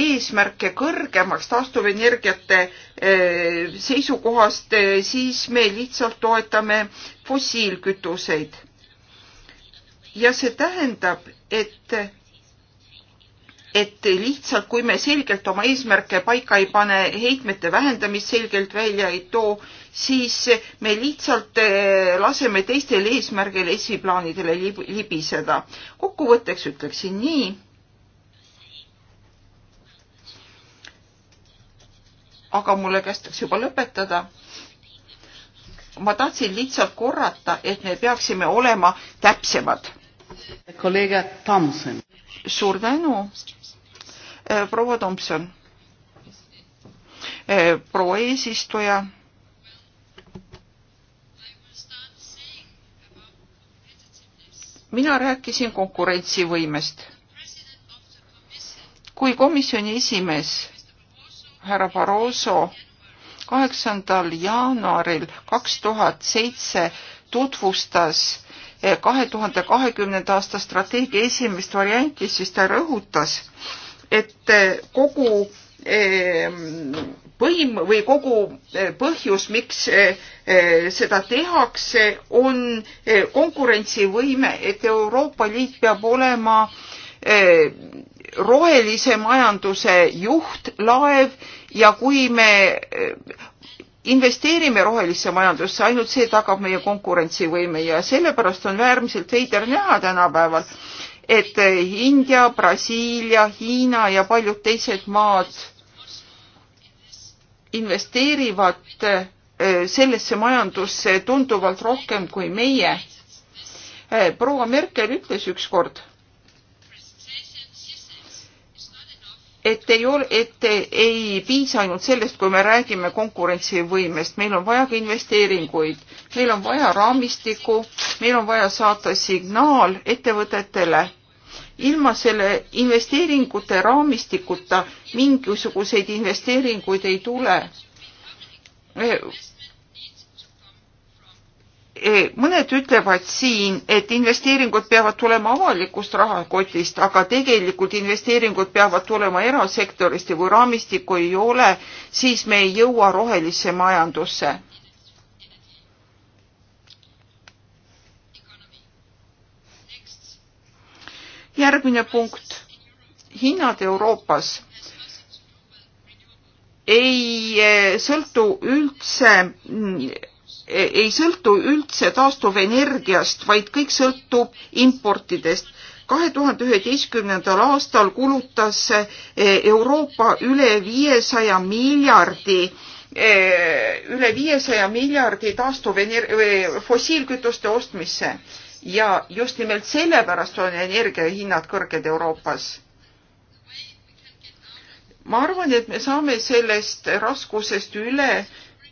eesmärke kõrgemaks taastuvenergiate eh, seisukohast, eh, siis me lihtsalt toetame fossiilkütuseid. ja see tähendab, et, et lihtsalt, kui me selgelt oma eesmärke paika ei pane, heitmete vähendamist selgelt välja ei too, siis me lihtsalt laseme teistel eesmärgil esiplaanidele libiseda. kokkuvõtteks ütleksin nii aga mulle kästakse juba lõpetada. ma tahtsin lihtsalt korrata, et me peaksime olema täpsemad. kolleeg Tomson. suur tänu, äh, proua Tomson. Äh, proua eesistuja mina rääkisin konkurentsivõimest. kui komisjoni esimees härra Barroso kaheksandal jaanuaril kaks tuhat seitse tutvustas eh, kahe tuhande kahekümnenda aasta strateegia esimest varianti, siis ta rõhutas, et eh, kogu ehm, põim või kogu eh, põhjus, miks seda tehakse, on konkurentsivõime, et Euroopa Liit peab olema rohelise majanduse juhtlaev ja kui me eh, investeerime rohelisse majandusse, ainult see tagab meie konkurentsivõime ja sellepärast on äärmiselt veider näha tänapäeval, et eh, India, Brasiilia, Hiina ja paljud teised maad investeerivad eh, sellesse majandusse tunduvalt rohkem kui meie. proua Merkel ütles ükskord et ei ole, et ei piisa ainult sellest, kui me räägime konkurentsivõimest, meil on vaja ka investeeringuid, meil on vaja raamistikku, meil on vaja saata signaal ettevõtetele. ilma selle investeeringute raamistikuta mingisuguseid investeeringuid ei tule E, mõned ütlevad siin, et investeeringud peavad tulema avalikust rahakotist, aga tegelikult investeeringud peavad tulema erasektorist ja kui raamistikku ei ole, siis me ei jõua rohelisse majandusse. järgmine punkt, hinnad Euroopas ei eh, sõltu üldse mm, ei sõltu üldse taastuvenergiast, vaid kõik sõltub importidest. kahe tuhande üheteistkümnendal aastal kulutas eh, Euroopa üle viiesaja miljardi eh, üle viiesaja miljardi taastuvener-, fossiilkütuste ostmisse ja just nimelt sellepärast on energiahinnad kõrged Euroopas. ma arvan, et me saame sellest raskusest üle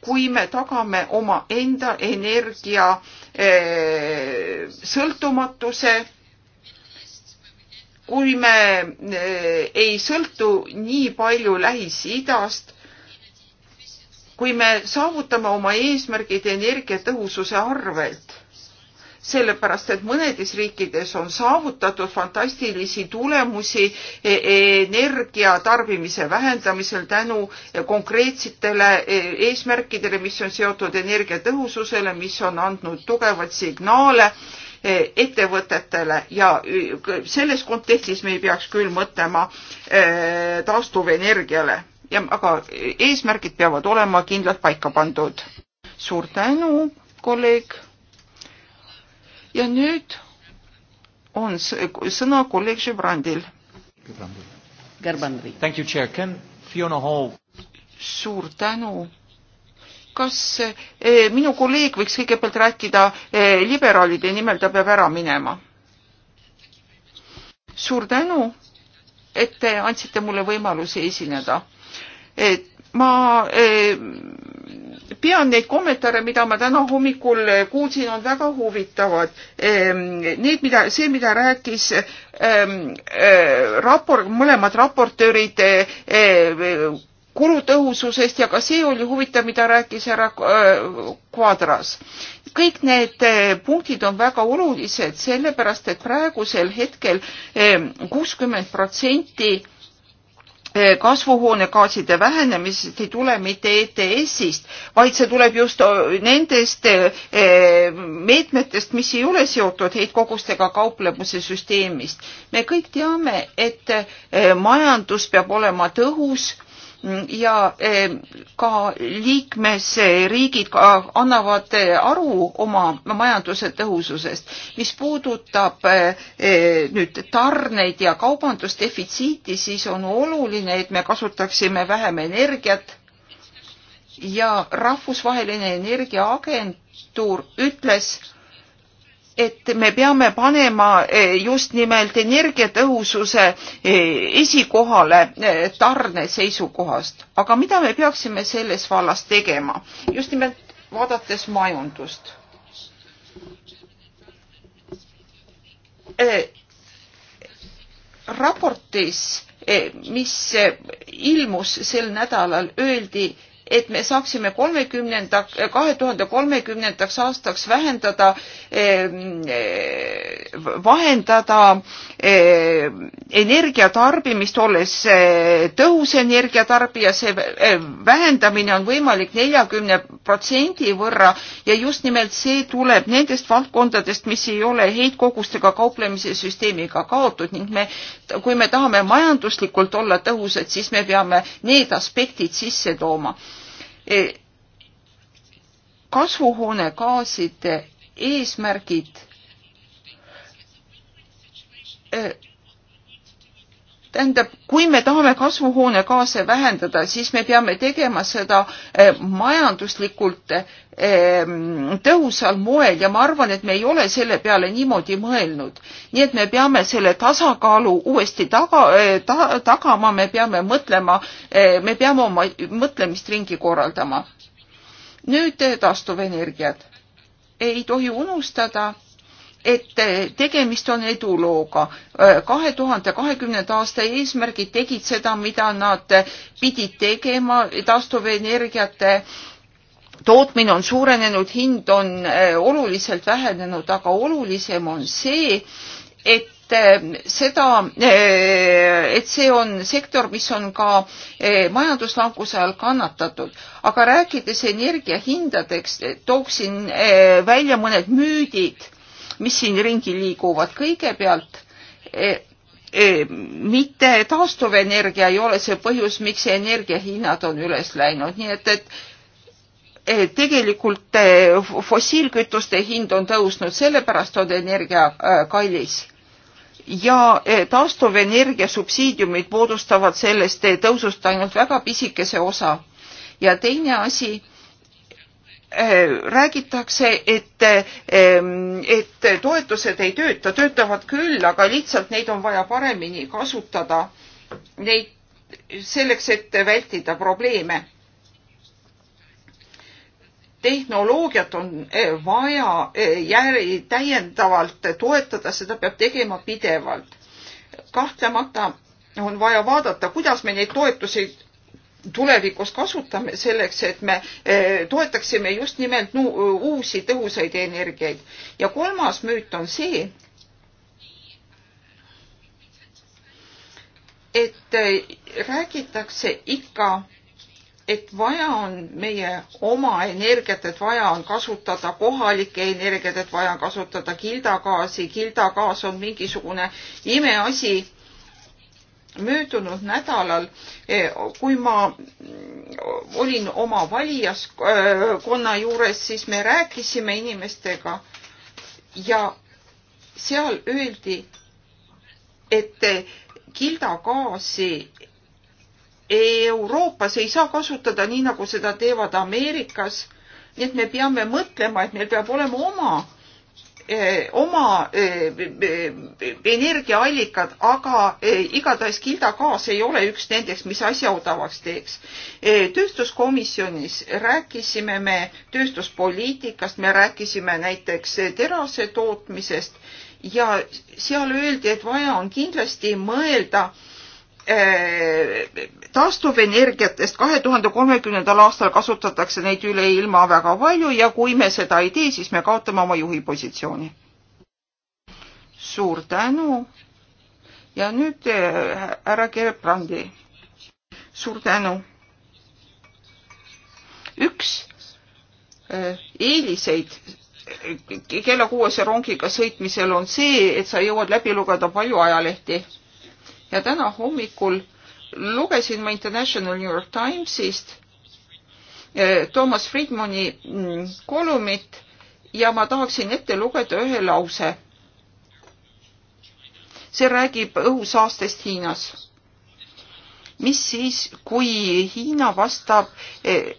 kui me tagame omaenda energia eh, sõltumatuse, kui me eh, ei sõltu nii palju Lähis-Idast, kui me saavutame oma eesmärgid energiatõhususe arvelt sellepärast et mõnedes riikides on saavutatud fantastilisi tulemusi e-, e-, energia tarbimise vähendamisel tänu konkreetsetele e-, eesmärkidele, mis on seotud energiatõhususele, mis on andnud tugevaid signaale ettevõtetele ja selles kontekstis me ei peaks küll mõtlema taastuvenergiale ja aga eesmärgid peavad olema kindlalt paika pandud. suur tänu, kolleeg ja nüüd on sõna kolleeg Žebrandil. suur tänu. kas eh, minu kolleeg võiks kõigepealt rääkida eh, liberaalide nimel, ta peab ära minema? suur tänu, et te andsite mulle võimaluse esineda. Eh, ma eh, pean neid kommentaare, mida ma täna hommikul kuulsin, on väga huvitavad. Ehm, need, mida, see, mida rääkis ehm, eh, raport, mõlemad raportöörid eh, eh, kulutõhususest ja ka see oli huvitav, mida rääkis härra Quadras. kõik need punktid on väga olulised, sellepärast et praegusel hetkel ehm, kuuskümmend protsenti Eh, kasvuhoonegaaside vähenemisest ei tule mitte ETS-ist, vaid see tuleb just eh, nendest eh, meetmetest, mis ei ole seotud heitkogustega kauplemuse süsteemist. me kõik teame, et majandus peab olema tõhus ja eh, ka liikmesriigid annavad eh, aru oma majanduse tõhususest. mis puudutab eh, nüüd tarneid ja kaubandusdefitsiiti, siis on oluline, et me kasutaksime vähem energiat ja rahvusvaheline energiaagentuur ütles, et me peame panema eh, just nimelt energiatõhususe eh, esikohale eh, tarne seisukohast. aga mida me peaksime selles vallas tegema? just nimelt vaadates majandust. raportis, mis ilmus sel nädalal, öeldi, et me saaksime kolmekümnenda, kahe tuhande kolmekümnendaks aastaks vähendada, ehm, eh, vahendada eh, energiatarbimist, olles eh, tõhus energiatarbija, see vähendamine on võimalik neljakümne protsendi võrra ja just nimelt see tuleb nendest valdkondadest, mis ei ole heitkogustega kauplemise süsteemiga kaotud ning me, kui me tahame majanduslikult olla tõhusad, siis me peame need aspektid sisse tooma E, kasvuhoonegaaside eesmärgid e, tähendab, kui me tahame kasvuhoonegaase vähendada, siis me peame tegema seda eh, majanduslikult eh, mm, tõhusal moel ja ma arvan, et me ei ole selle peale niimoodi mõelnud. nii et me peame selle tasakaalu uuesti taga eh, ta,, tagama, me peame mõtlema, me peame oma mõtlemist ringi korraldama. nüüd taastuvenergiad. ei tohi unustada et eh, tegemist on edulooga. Eh, kahe tuhande kahekümnenda aasta eesmärgid tegid seda, mida nad eh, pidid tegema, taastuvenergiate tootmine on suurenenud, hind on oluliselt vähenenud, aga olulisem on see, et seda, et see on sektor, mis on ka majanduslanguse all kannatatud. aga rääkides energiahindadeks, tooksin välja mõned müüdid mis siin ringi liiguvad. kõigepealt e, e, mitte taastuvenergia ei ole see põhjus, miks energiahinnad on üles läinud, nii et, et e, tegelikult fossiilkütuste hind on tõusnud, sellepärast on energia kallis. ja taastuvenergia subsiidiumid moodustavad sellest tõusust ainult väga pisikese osa. ja teine asi räägitakse, et, et toetused ei tööta, töötavad küll, aga lihtsalt neid on vaja paremini kasutada. Neid selleks, et vältida probleeme. tehnoloogiat on eh, vaja eh, jär-, täiendavalt toetada, seda peab tegema pidevalt. kahtlemata on vaja vaadata, kuidas me neid toetuseid tulevikus kasutame selleks, et me eh, toetaksime just nimelt uusi tõhusaid energiaid. ja kolmas müüt on see, et eh, räägitakse ikka, et vaja on meie oma energiat, et vaja on kasutada kohalikke energiat, et vaja on kasutada kildagaasi, kildagaas on mingisugune imeasi möödunud nädalal, eh, kui ma olin oma valijaskonna juures, siis me rääkisime inimestega ja seal öeldi, et kildagaasi Euroopas ei saa kasutada nii, nagu seda teevad Ameerikas. nii et me peame mõtlema, et meil peab olema oma E, oma e, e, energiaallikad, aga igatahes Gilda gaas ei ole üks nendest, mis asja odavaks teeks. tööstuskomisjonis rääkisime me tööstuspoliitikast, me rääkisime näiteks terase tootmisest ja seal öeldi, et vaja on kindlasti mõelda äh, Eh, taastuvenergiatest kahe tuhande kolmekümnendal aastal kasutatakse neid üle ilma väga palju ja kui me seda ei tee, siis me kaotame oma juhi positsiooni. suur tänu. ja nüüd eh, härra Gerbrandi. suur tänu. üks eh, eeliseid kella kuuese rongiga sõitmisel on see, et sa jõuad läbi lugeda palju ajalehti ja täna hommikul lugesin ma International New York Timesist eh, Thomas Friedmani mm, kolumnit ja ma tahaksin ette lugeda ühe lause. see räägib õhusaastest Hiinas. mis siis, kui Hiina vastab eh,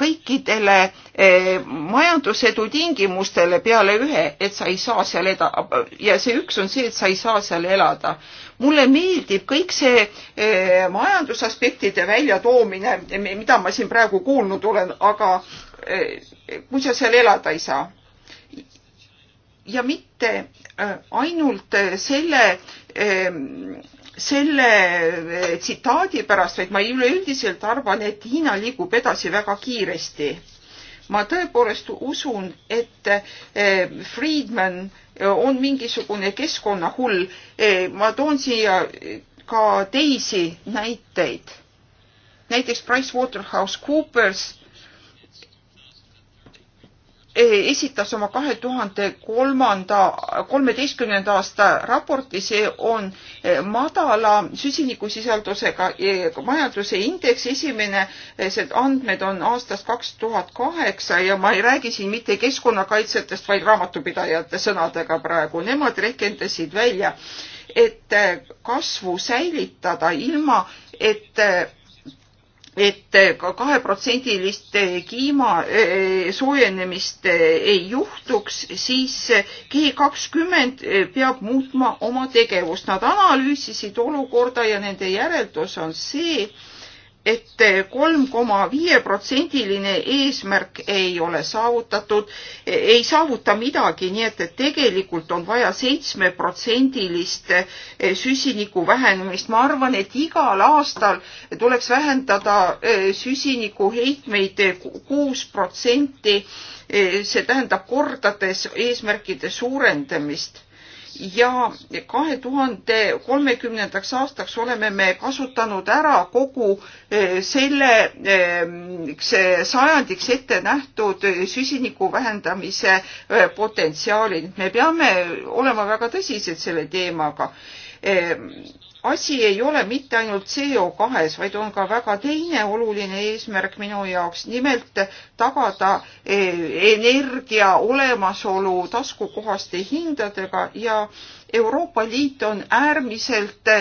kõikidele eh, majandusedu tingimustele peale ühe, et sa ei saa seal eda- ja see üks on see, et sa ei saa seal elada mulle meeldib kõik see eh, majandusaspektide väljatoomine, mida ma siin praegu kuulnud olen, aga eh, kui sa seal elada ei saa. ja mitte eh, ainult selle selle tsitaadi pärast, vaid ma üleüldiselt arvan, et Hiina liigub edasi väga kiiresti. ma tõepoolest usun, et Friedman on mingisugune keskkonnahull. Eh, ma toon siia eh, ka teisi näiteid. näiteks PricewaterhouseCoopers Eh, esitas oma kahe tuhande kolmanda, kolmeteistkümnenda aasta raporti, see on eh, madala süsinikusisaldusega eh, majanduse indeks, esimene, see andmed on aastast kaks tuhat kaheksa ja ma ei räägi siin mitte keskkonnakaitsjatest, vaid raamatupidajate sõnadega praegu, nemad rehkendasid välja, et kasvu säilitada ilma, et et kaheprotsendilist eh, kliima eh, soojenemist eh, ei juhtuks, siis G kakskümmend peab muutma oma tegevust. Nad analüüsisid olukorda ja nende järeldus on see, et kolm koma viie protsendiline eesmärk ei ole saavutatud, ei saavuta midagi, nii et, et tegelikult on vaja seitsmeprotsendilist eh, süsiniku vähenemist. ma arvan, et igal aastal tuleks vähendada eh, süsiniku heitmeid eh, kuus protsenti, see tähendab kordades eesmärkide suurendamist ja kahe tuhande kolmekümnendaks aastaks oleme me kasutanud ära kogu eh, selleks eh, sajandiks ette nähtud süsiniku vähendamise eh, potentsiaali. me peame olema väga tõsised selle teemaga asi ei ole mitte ainult CO2-s, vaid on ka väga teine oluline eesmärk minu jaoks, nimelt tagada e, energia olemasolu taskukohaste hindadega ja Euroopa Liit on äärmiselt e,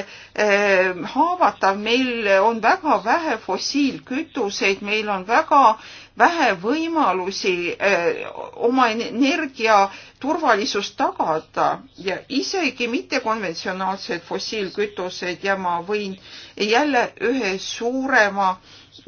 haavatav, meil on väga vähe fossiilkütuseid, meil on väga vähe võimalusi eh, oma energia turvalisust tagada ja isegi mittekonventsionaalsed fossiilkütused ja ma võin jälle ühe suurema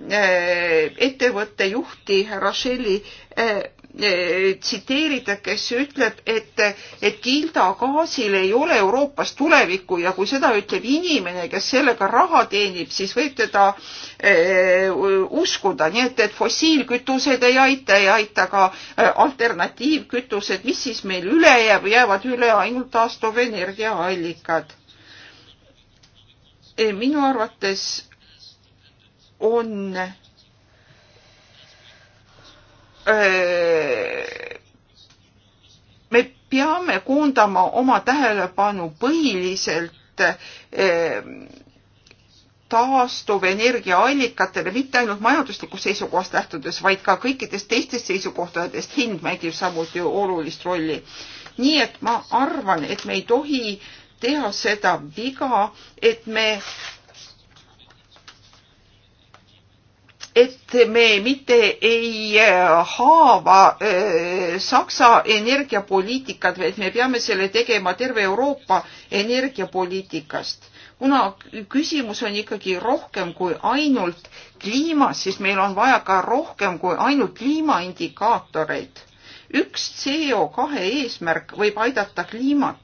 eh, ettevõtte juhti härra Shelly eh, tsiteerida, kes ütleb, et, et Gilda gaasil ei ole Euroopas tulevikku ja kui seda ütleb inimene, kes sellega raha teenib, siis võib teda e, uskuda, nii et, et fossiilkütused ei aita, ei aita ka eh, alternatiivkütused, mis siis meil üle jääb, jäävad üle ainult taastuvenergiaallikad. Eh, minu arvates on me peame koondama oma tähelepanu põhiliselt taastuvenergiaallikatele mitte ainult majanduslikust seisukohast lähtudes, vaid ka kõikidest teistest seisukohtadest. hind mängib samuti olulist rolli. nii et ma arvan, et me ei tohi teha seda viga, et me et me mitte ei äh, haava äh, Saksa energiapoliitikat, vaid me peame selle tegema terve Euroopa energiapoliitikast. kuna küsimus on ikkagi rohkem kui ainult kliimas, siis meil on vaja ka rohkem kui ainult kliimaindikaatoreid. üks CO kahe eesmärk võib aidata kliimat,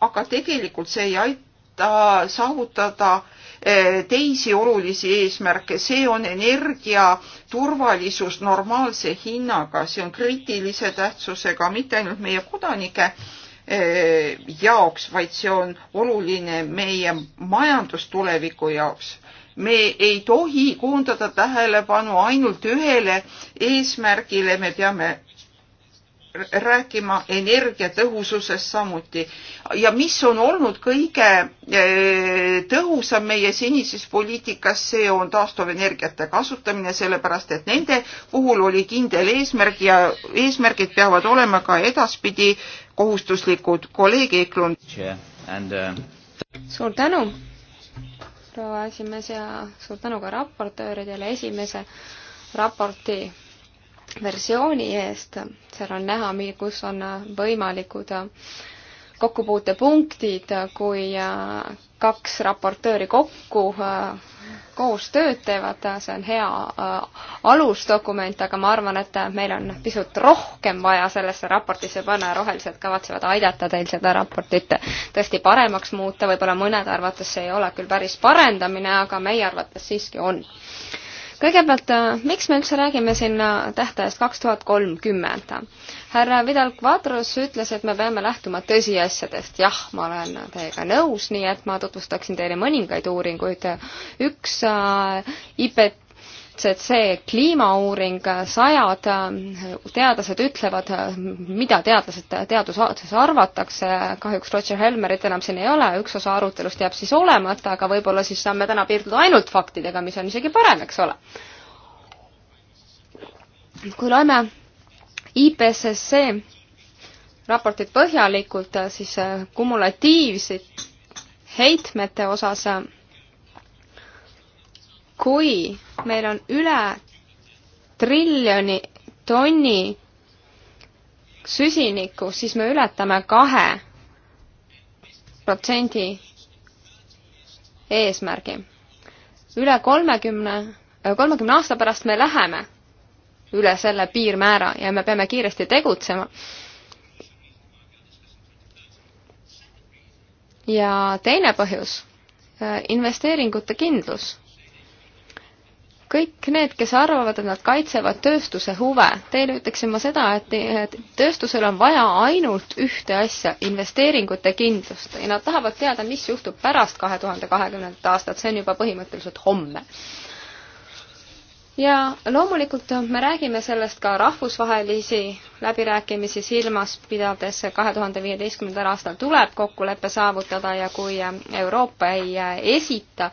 aga tegelikult see ei aita saavutada äh, Eh, teisi olulisi eesmärke, see on energia turvalisus normaalse hinnaga, see on kriitilise tähtsusega mitte ainult meie kodanike eh, jaoks, vaid see on oluline meie majandustuleviku jaoks. me ei tohi koondada tähelepanu ainult ühele eesmärgile, me peame rääkima energiatõhususest samuti ja mis on olnud kõige eh, tõhusam meie senises poliitikas, see on taastuvenergiate kasutamine, sellepärast et nende puhul oli kindel eesmärk ja eesmärgid peavad olema ka edaspidi kohustuslikud. kolleeg Eklund. Uh, suur tänu, proua esimees ja suur tänu ka raportööridele esimese raporti versiooni eest, seal on näha, kus on võimalikud kokkupuutepunktid, kui äh, kaks raportööri kokku äh, koos tööd teevad, see on hea äh, alusdokument, aga ma arvan, et meil on pisut rohkem vaja sellesse raportisse panna ja rohelised kavatsevad aidata teil seda raportit tõesti paremaks muuta, võib-olla mõnede arvates see ei ole küll päris parendamine, aga meie arvates siiski on kõigepealt, äh, miks me üldse räägime siin tähtajast kaks tuhat kolmkümmend? härra Vidal Quadros ütles, et me peame lähtuma tõsiasjadest. jah, ma olen teiega nõus, nii et ma tutvustaksin teile mõningaid uuringuid. üks äh, IPT IPCC kliimauuring, sajad äh, teadlased ütlevad, äh, mida teadlased, teaduses arvatakse, kahjuks Roger Helmerit enam siin ei ole, üks osa arutelust jääb siis olemata, aga võib-olla siis saame täna piirduda ainult faktidega, mis on isegi parem, eks ole. kui loeme IPCC raportit põhjalikult, siis äh, kumulatiivseid heitmete osas kui meil on üle triljoni tonni süsinikku, siis me ületame kahe protsendi eesmärgi. üle kolmekümne, äh, kolmekümne aasta pärast me läheme üle selle piirmäära ja me peame kiiresti tegutsema. ja teine põhjus, äh, investeeringute kindlus kõik need, kes arvavad, et nad kaitsevad tööstuse huve, teile ütleksin ma seda, et tööstusel on vaja ainult ühte asja, investeeringute kindlust ja nad tahavad teada, mis juhtub pärast kahe tuhande kahekümnendat aastat, see on juba põhimõtteliselt homme ja loomulikult me räägime sellest ka rahvusvahelisi läbirääkimisi silmas pidades, kahe tuhande viieteistkümnendal aastal tuleb kokkulepe saavutada ja kui Euroopa ei esita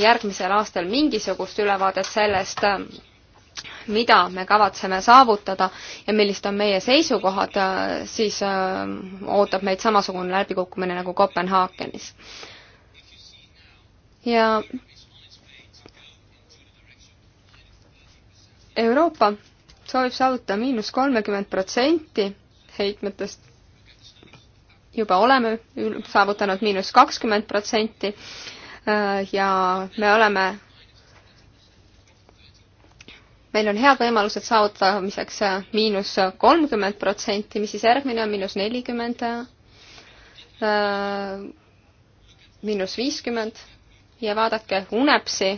järgmisel aastal mingisugust ülevaadet sellest, mida me kavatseme saavutada ja millised on meie seisukohad, siis äh, ootab meid samasugune läbikukkumine nagu Kopenhaagenis. ja Euroopa soovib saavutada miinus kolmekümmend protsenti heitmetest. juba oleme saavutanud miinus kakskümmend protsenti äh, ja me oleme, meil on head võimalused saavutamiseks äh, miinus kolmkümmend protsenti, mis siis järgmine on miinus nelikümmend, äh, miinus viiskümmend ja vaadake UNEPS-i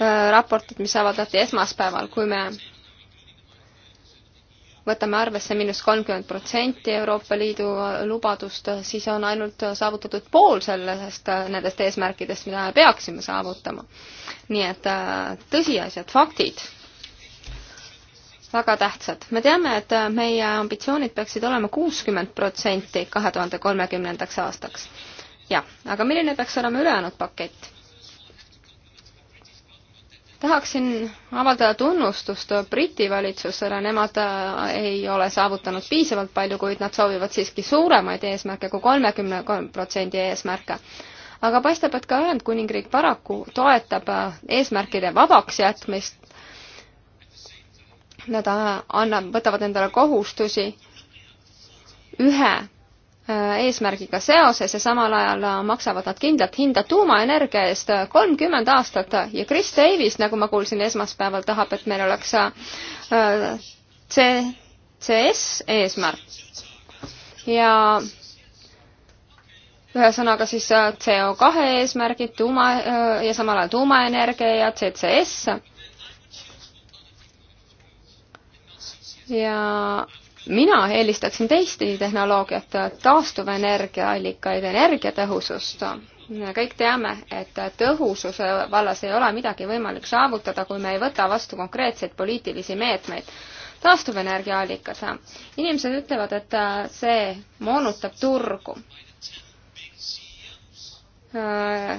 Äh, raportit, mis avaldati esmaspäeval, kui me võtame arvesse miinus kolmkümmend protsenti Euroopa Liidu lubadust, siis on ainult saavutatud pool sellest, nendest eesmärkidest, mida me peaksime saavutama. nii et äh, tõsiasjad, faktid, väga tähtsad. me teame, et äh, meie ambitsioonid peaksid olema kuuskümmend protsenti kahe tuhande kolmekümnendaks aastaks. jah, aga milline peaks olema ülejäänud pakett? tahaksin avaldada tunnustust Briti valitsusele, nemad äh, ei ole saavutanud piisavalt palju, kuid nad soovivad siiski suuremaid eesmärke kui kolmekümne protsendi eesmärke. aga paistab, et ka Ühendkuningriik paraku toetab äh, eesmärkide vabaks jätmist. Nad äh, annab, võtavad endale kohustusi ühe Äh, eesmärgiga seoses ja samal ajal äh, maksavad nad kindlat hinda tuumaenergia eest äh, kolmkümmend aastat ja Chris Davis, nagu ma kuulsin esmaspäeval, tahab, et meil oleks CCS eesmärk ja ühesõnaga siis CO2 eesmärgid, tuuma ja samal ajal tuumaenergia ja CCS. ja mina eelistaksin teist tehnoloogiat, taastuvenergiaallikaid, energiatõhusust. me kõik teame, et tõhususe vallas ei ole midagi võimalik saavutada, kui me ei võta vastu konkreetseid poliitilisi meetmeid. taastuvenergiaallikas. inimesed ütlevad, et see moonutab turgu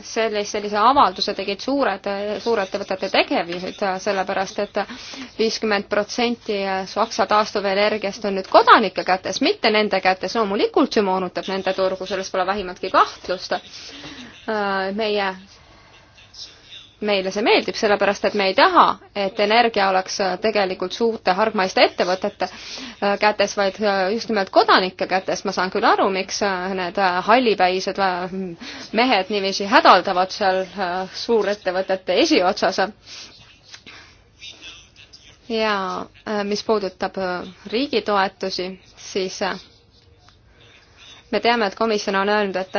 sellise, sellise avalduse tegid suured, suurettevõtete tegevjuhid, sellepärast et viiskümmend protsenti Saksa taastuvenergiast on nüüd kodanike kätes, mitte nende kätes, loomulikult see moonutab nende turgu, selles pole vähimatki kahtlust. meie meile see meeldib, sellepärast et me ei taha, et energia oleks äh, tegelikult suurte hargmaiste ettevõtete äh, kätes, vaid äh, just nimelt kodanike kätes. ma saan küll aru, miks need hallipäised mehed niiviisi hädaldavad seal suurettevõtete esiotsas. ja mis puudutab riigi toetusi, siis me teame, et komisjon on öelnud, et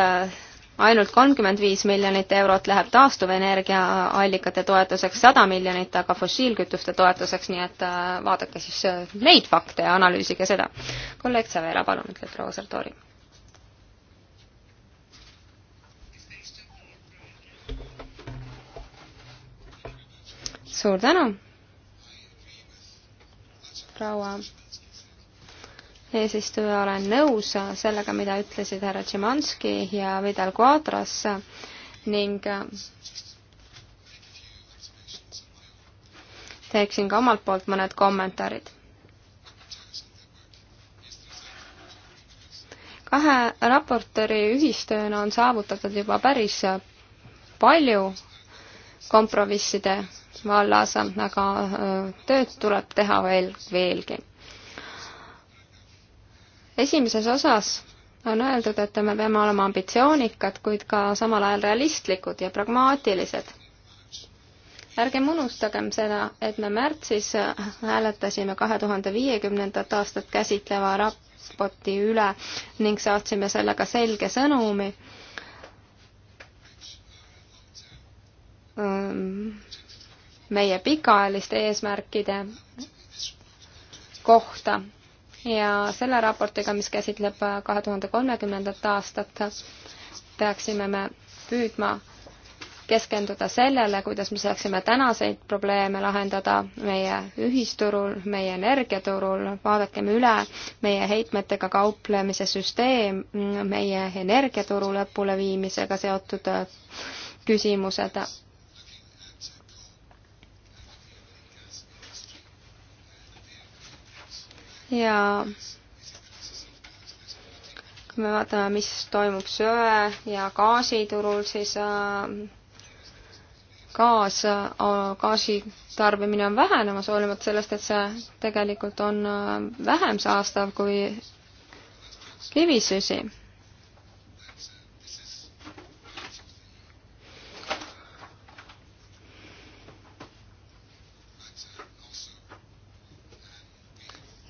ainult kolmkümmend viis miljonit eurot läheb taastuvenergiaallikate toetuseks, sada miljonit aga fossiilkütuste toetuseks, nii et äh, vaadake siis äh, neid fakte ja analüüsige seda. kolleeg Savera, palun, ütleb proua Sartori. suur tänu, proua eesistuja, olen nõus sellega, mida ütlesid härra Tšimanski ja Vidal Quadras ning äh, teeksin ka omalt poolt mõned kommentaarid. kahe raportööri ühistööna on saavutatud juba päris palju kompromisside vallas, aga äh, tööd tuleb teha veel, veelgi esimeses osas on öeldud, et me peame olema ambitsioonikad, kuid ka samal ajal realistlikud ja pragmaatilised. ärgem unustagem seda, et me märtsis hääletasime kahe tuhande viiekümnendat aastat käsitleva raporti üle ning saatsime sellega selge sõnumi meie pikaajaliste eesmärkide kohta ja selle raportiga, mis käsitleb äh, kahe tuhande kolmekümnendat aastat, peaksime me püüdma keskenduda sellele, kuidas me saaksime tänaseid probleeme lahendada meie ühisturul, meie energiaturul, vaadakem üle meie heitmetega kauplemise süsteem, mm, meie energiaturu lõpuleviimisega seotud äh, küsimused ja kui me vaatame, mis toimub söe ja gaasiturul, siis äh, gaas, äh, gaasi tarbimine on vähenemas, hoolimata sellest, et see tegelikult on äh, vähem saastav kui kivisüsi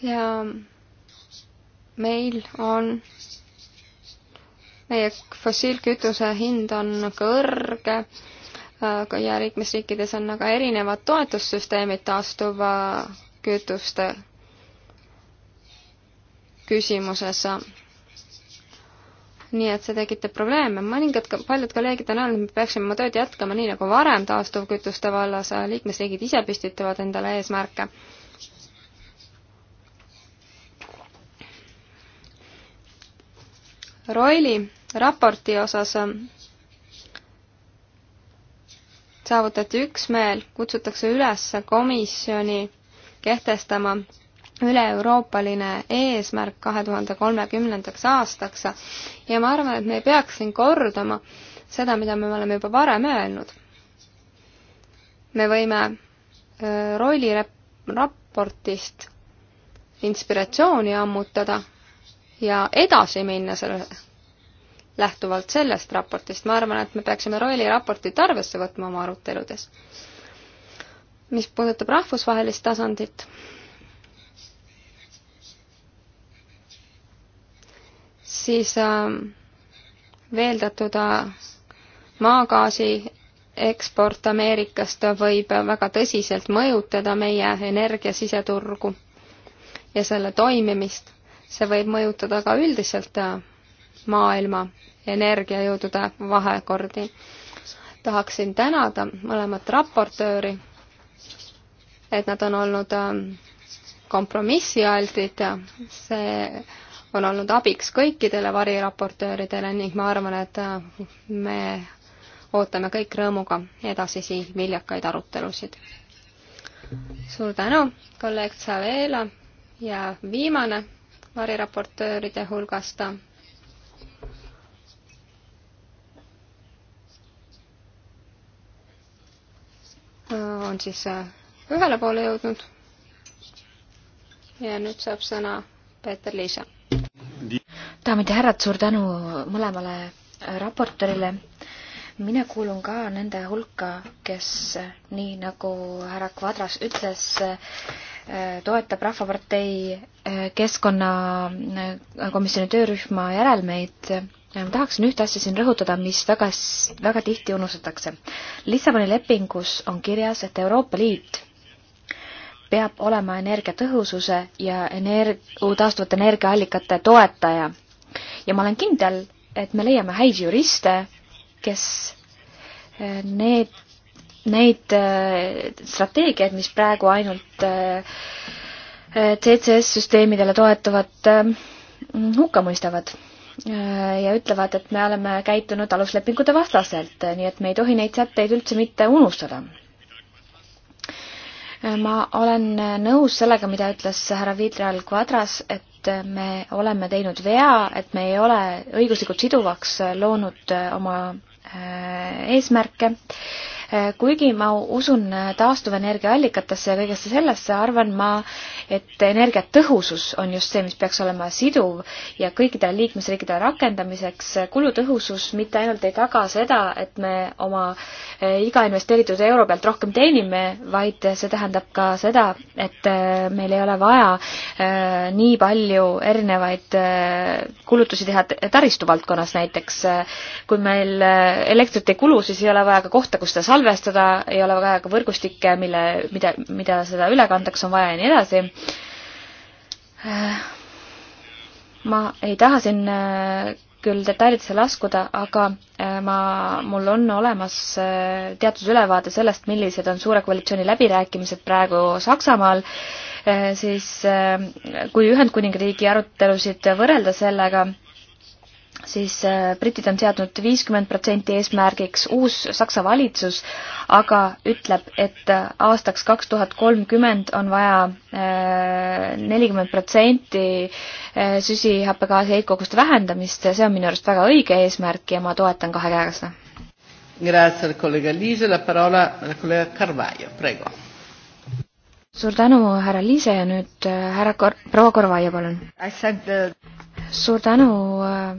ja meil on, meie fossiilkütuse hind on kõrge ja liikmesriikides on aga erinevad toetussüsteemid taastuva kütuste küsimuses nii et see tekitab probleeme. mõningad, paljud kolleegid on öelnud, et me peaksime oma tööd jätkama nii nagu varem taastuvkütuste vallas, liikmesriigid ise püstitavad endale eesmärke. rolli raporti osas äh, saavutati üksmeel, kutsutakse üles komisjoni kehtestama üle-euroopaline eesmärk kahe tuhande kolmekümnendaks aastaks ja ma arvan, et me ei peaks siin kordama seda, mida me oleme juba varem öelnud. me võime äh, rolli raportist inspiratsiooni ammutada ja edasi minna selle, lähtuvalt sellest raportist, ma arvan, et me peaksime rolli raportit arvesse võtma oma aruteludes. mis puudutab rahvusvahelist tasandit, siis ähm, äh, veeldatud maagaasi eksport Ameerikast võib väga tõsiselt mõjutada meie energiasiseturgu ja selle toimimist see võib mõjutada ka üldiselt äh, maailma energiajõudude vahekordi. tahaksin tänada mõlemat raportööri, et nad on olnud äh, kompromissialdid, see on olnud abiks kõikidele variraportööridele ning ma arvan, et äh, me ootame kõik rõõmuga edasisi viljakaid arutelusid. suur tänu, kolleeg Savela ja viimane variraportööride hulgast. on siis äh, ühele poole jõudnud. ja nüüd saab sõna Peeter Liisa. daamid ja härrad, suur tänu mõlemale raportöörile mina kuulun ka nende hulka, kes nii nagu härra Kvadras ütles, äh, toetab Rahvapartei äh, keskkonnakomisjoni töörühma järelmeid. Äh, tahaksin ühte asja siin rõhutada, mis väga, väga tihti unustatakse. Lissaboni lepingus on kirjas, et Euroopa Liit peab olema energiatõhususe ja energ-, taastuvate energiaallikate toetaja. ja ma olen kindel, et me leiame häid juriste, kes eh, need, neid eh, strateegiaid, mis praegu ainult eh, CCS-süsteemidele toetuvad, hukka mõistavad ja ütlevad, et me oleme käitunud aluslepingute vastaselt, nii et me ei tohi neid sätteid üldse mitte unustada. ma olen nõus sellega, mida ütles härra Vidral Quadras, et et me oleme teinud vea, et me ei ole õiguslikult siduvaks loonud äh, oma äh, eesmärke Eh, kuigi ma usun taastuvenergia allikatesse ja kõigesse sellesse, arvan ma, et energiatõhusus on just see, mis peaks olema siduv ja kõikidele liikmesriikidele rakendamiseks. kulutõhusus mitte ainult ei taga seda, et me oma eh, iga investeeritud euro pealt rohkem teenime, vaid see tähendab ka seda, et eh, meil ei ole vaja nii palju erinevaid kulutusi teha taristu valdkonnas näiteks. kui meil elektrit ei kulu, siis ei ole vaja ka kohta, kus seda salvestada salvestada, ei ole vaja ka võrgustikke, mille, mida, mida seda üle kandaks on vaja ja nii edasi. ma ei taha siin äh, küll detailidesse laskuda, aga äh, ma, mul on olemas äh, teatud ülevaade sellest, millised on suure koalitsiooni läbirääkimised praegu Saksamaal, siis kui Ühendkuningriigi arutelusid võrrelda sellega, siis äh, britid on seadnud viiskümmend protsenti eesmärgiks, uus Saksa valitsus aga ütleb, et äh, aastaks kaks tuhat kolmkümmend on vaja äh, nelikümmend protsenti süsihappegaasi heitkoguste vähendamist ja see on minu arust väga õige eesmärk ja ma toetan kahe käega seda. suur tänu, härra Liise ja nüüd härra Kor-, proua Korvaia, palun. suur tänu äh,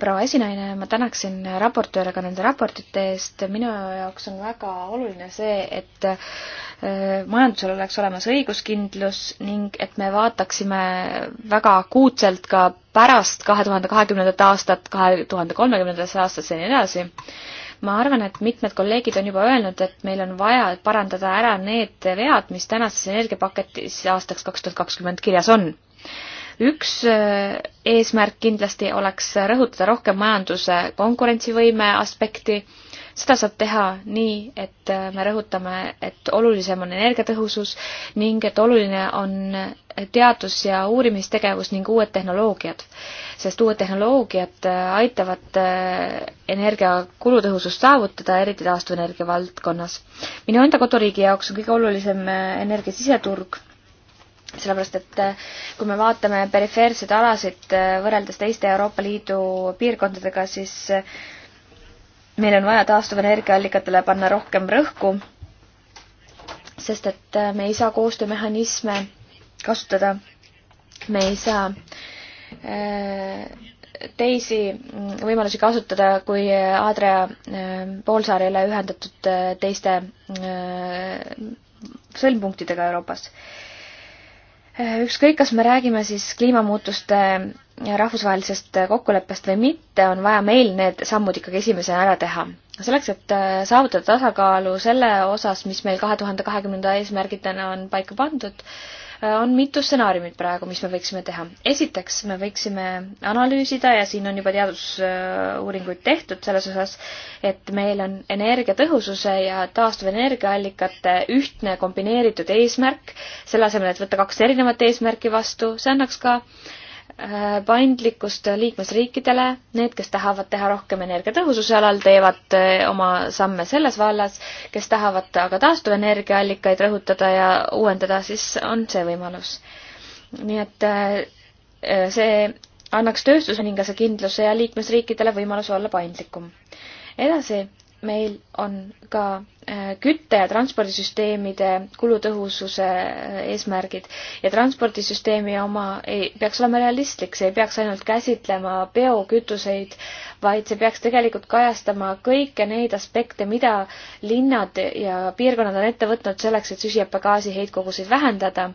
proua esinaine, ma tänaksin raportööre ka nende raportite eest, minu jaoks on väga oluline see, et äh, majandusel oleks olemas õiguskindlus ning et me vaataksime väga akuutselt ka pärast kahe tuhande kahekümnendat aastat, kahe tuhande kolmekümnendasse aastasse ja nii edasi. ma arvan, et mitmed kolleegid on juba öelnud, et meil on vaja parandada ära need vead, mis tänases energiapaketis aastaks kaks tuhat kakskümmend kirjas on üks äh, eesmärk kindlasti oleks rõhutada rohkem majanduse konkurentsivõime aspekti. seda saab teha nii, et äh, me rõhutame, et olulisem on energiatõhusus ning et oluline on teadus- ja uurimistegevus ning uued tehnoloogiad, sest uued tehnoloogiad äh, aitavad energia kulutõhusust saavutada, eriti taastuvenergia valdkonnas. minu enda koduriigi jaoks on kõige olulisem energia siseturg sellepärast, et äh, kui me vaatame perifeerseid alasid äh, võrreldes teiste Euroopa Liidu piirkondadega, siis äh, meil on vaja taastuvenergiaallikatele panna rohkem rõhku, sest et me ei saa koostöömehhanisme kasutada, me ei saa teisi mm, võimalusi kasutada, kui Aadria poolsaar ei ole ühendatud teiste sõlmpunktidega Euroopas Äh, ükskõik, kas me räägime siis kliimamuutuste rahvusvahelisest kokkuleppest või mitte, on vaja meil need sammud ikkagi esimesena ära teha. selleks, et äh, saavutada tasakaalu selle osas, mis meil kahe tuhande kahekümnenda eesmärgidena on paika pandud, on mitu stsenaariumit praegu, mis me võiksime teha. esiteks me võiksime analüüsida ja siin on juba teadusuuringuid tehtud selles osas, et meil on energiatõhususe ja taastuvenergiaallikate ühtne kombineeritud eesmärk, selle asemel, et võtta kaks erinevat eesmärki vastu, see annaks ka äh, Äh, paindlikkust liikmesriikidele, need, kes tahavad teha rohkem energiatõhususe alal, teevad äh, oma samme selles vallas, kes tahavad aga taastuvenergiaallikaid rõhutada ja uuendada, siis on see võimalus. nii et äh, see annaks tööstusringase kindluse ja liikmesriikidele võimaluse olla paindlikum. edasi meil on ka äh, kütte- ja transpordisüsteemide kulutõhususe äh, eesmärgid ja transpordisüsteemi oma ei peaks olema realistlik, see ei peaks ainult käsitlema biokütuseid, vaid see peaks tegelikult kajastama kõiki neid aspekte, mida linnad ja piirkonnad on ette võtnud selleks, et süsihappegaasi heitkoguseid vähendada.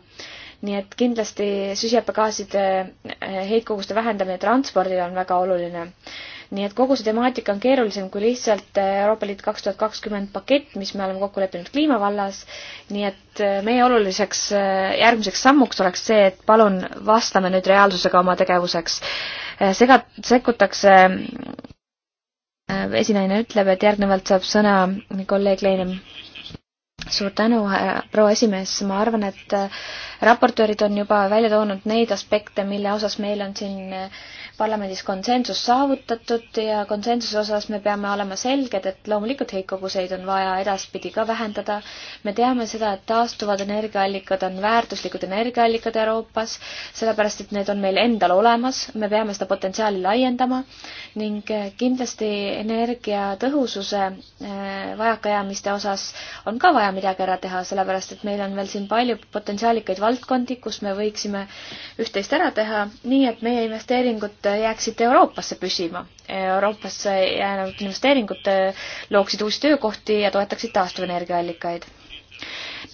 nii et kindlasti süsihappegaaside äh, heitkoguste vähendamine transpordil on väga oluline nii et kogu see temaatika on keerulisem kui lihtsalt äh, Euroopa Liit kaks tuhat kakskümmend pakett, mis me oleme kokku leppinud kliima vallas, nii et äh, meie oluliseks äh, järgmiseks sammuks oleks see, et palun vastame nüüd reaalsusega oma tegevuseks. sega-, sekkutakse esinaine ütleb, et järgnevalt saab sõna kolleeg Leinem suur tänu, proua esimees, ma arvan, et raportöörid on juba välja toonud neid aspekte, mille osas meil on siin parlamendis konsensus saavutatud ja konsensuse osas me peame olema selged, et loomulikult heitkoguseid on vaja edaspidi ka vähendada. me teame seda, et taastuvad energiaallikad on väärtuslikud energiaallikad Euroopas, sellepärast et need on meil endal olemas, me peame seda potentsiaali laiendama ning kindlasti energiatõhususe äh, vajakajäämiste osas on ka vaja midagi ära teha, sellepärast et meil on veel siin palju potentsiaalikaid valdkondi, kus me võiksime üht-teist ära teha, nii et meie investeeringud jääksid Euroopasse püsima. Euroopasse jäänud investeeringud looksid uusi töökohti ja toetaksid taastuvenergiaallikaid.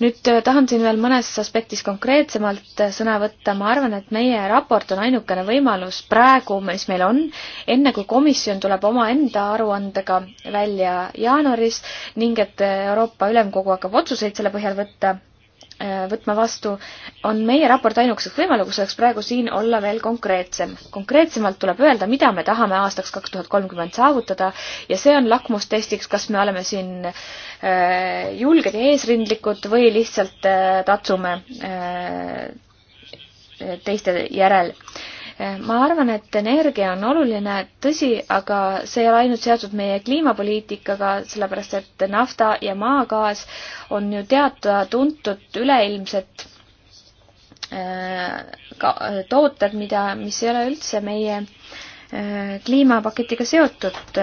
nüüd äh, tahan siin veel mõnes aspektis konkreetsemalt äh, sõna võtta, ma arvan, et meie raport on ainukene võimalus praegu, mis meil on, enne kui komisjon tuleb omaenda aruandega välja jaanuaris ning et äh, Euroopa Ülemkogu hakkab otsuseid selle põhjal võtta Äh, võtma vastu, on meie raport ainukeseks võimaluseks praegu siin olla veel konkreetsem. konkreetsemalt tuleb öelda, mida me tahame aastaks kaks tuhat kolmkümmend saavutada ja see on lakmustestiks, kas me oleme siin äh, julged ja eesrindlikud või lihtsalt äh, tatsume teiste järel ma arvan, et energia on oluline, tõsi, aga see ei ole ainult seotud meie kliimapoliitikaga, sellepärast et nafta ja maagaas on ju teada-tuntud üleilmsed äh, ka tooted, mida, mis ei ole üldse meie äh, kliimapaketiga seotud.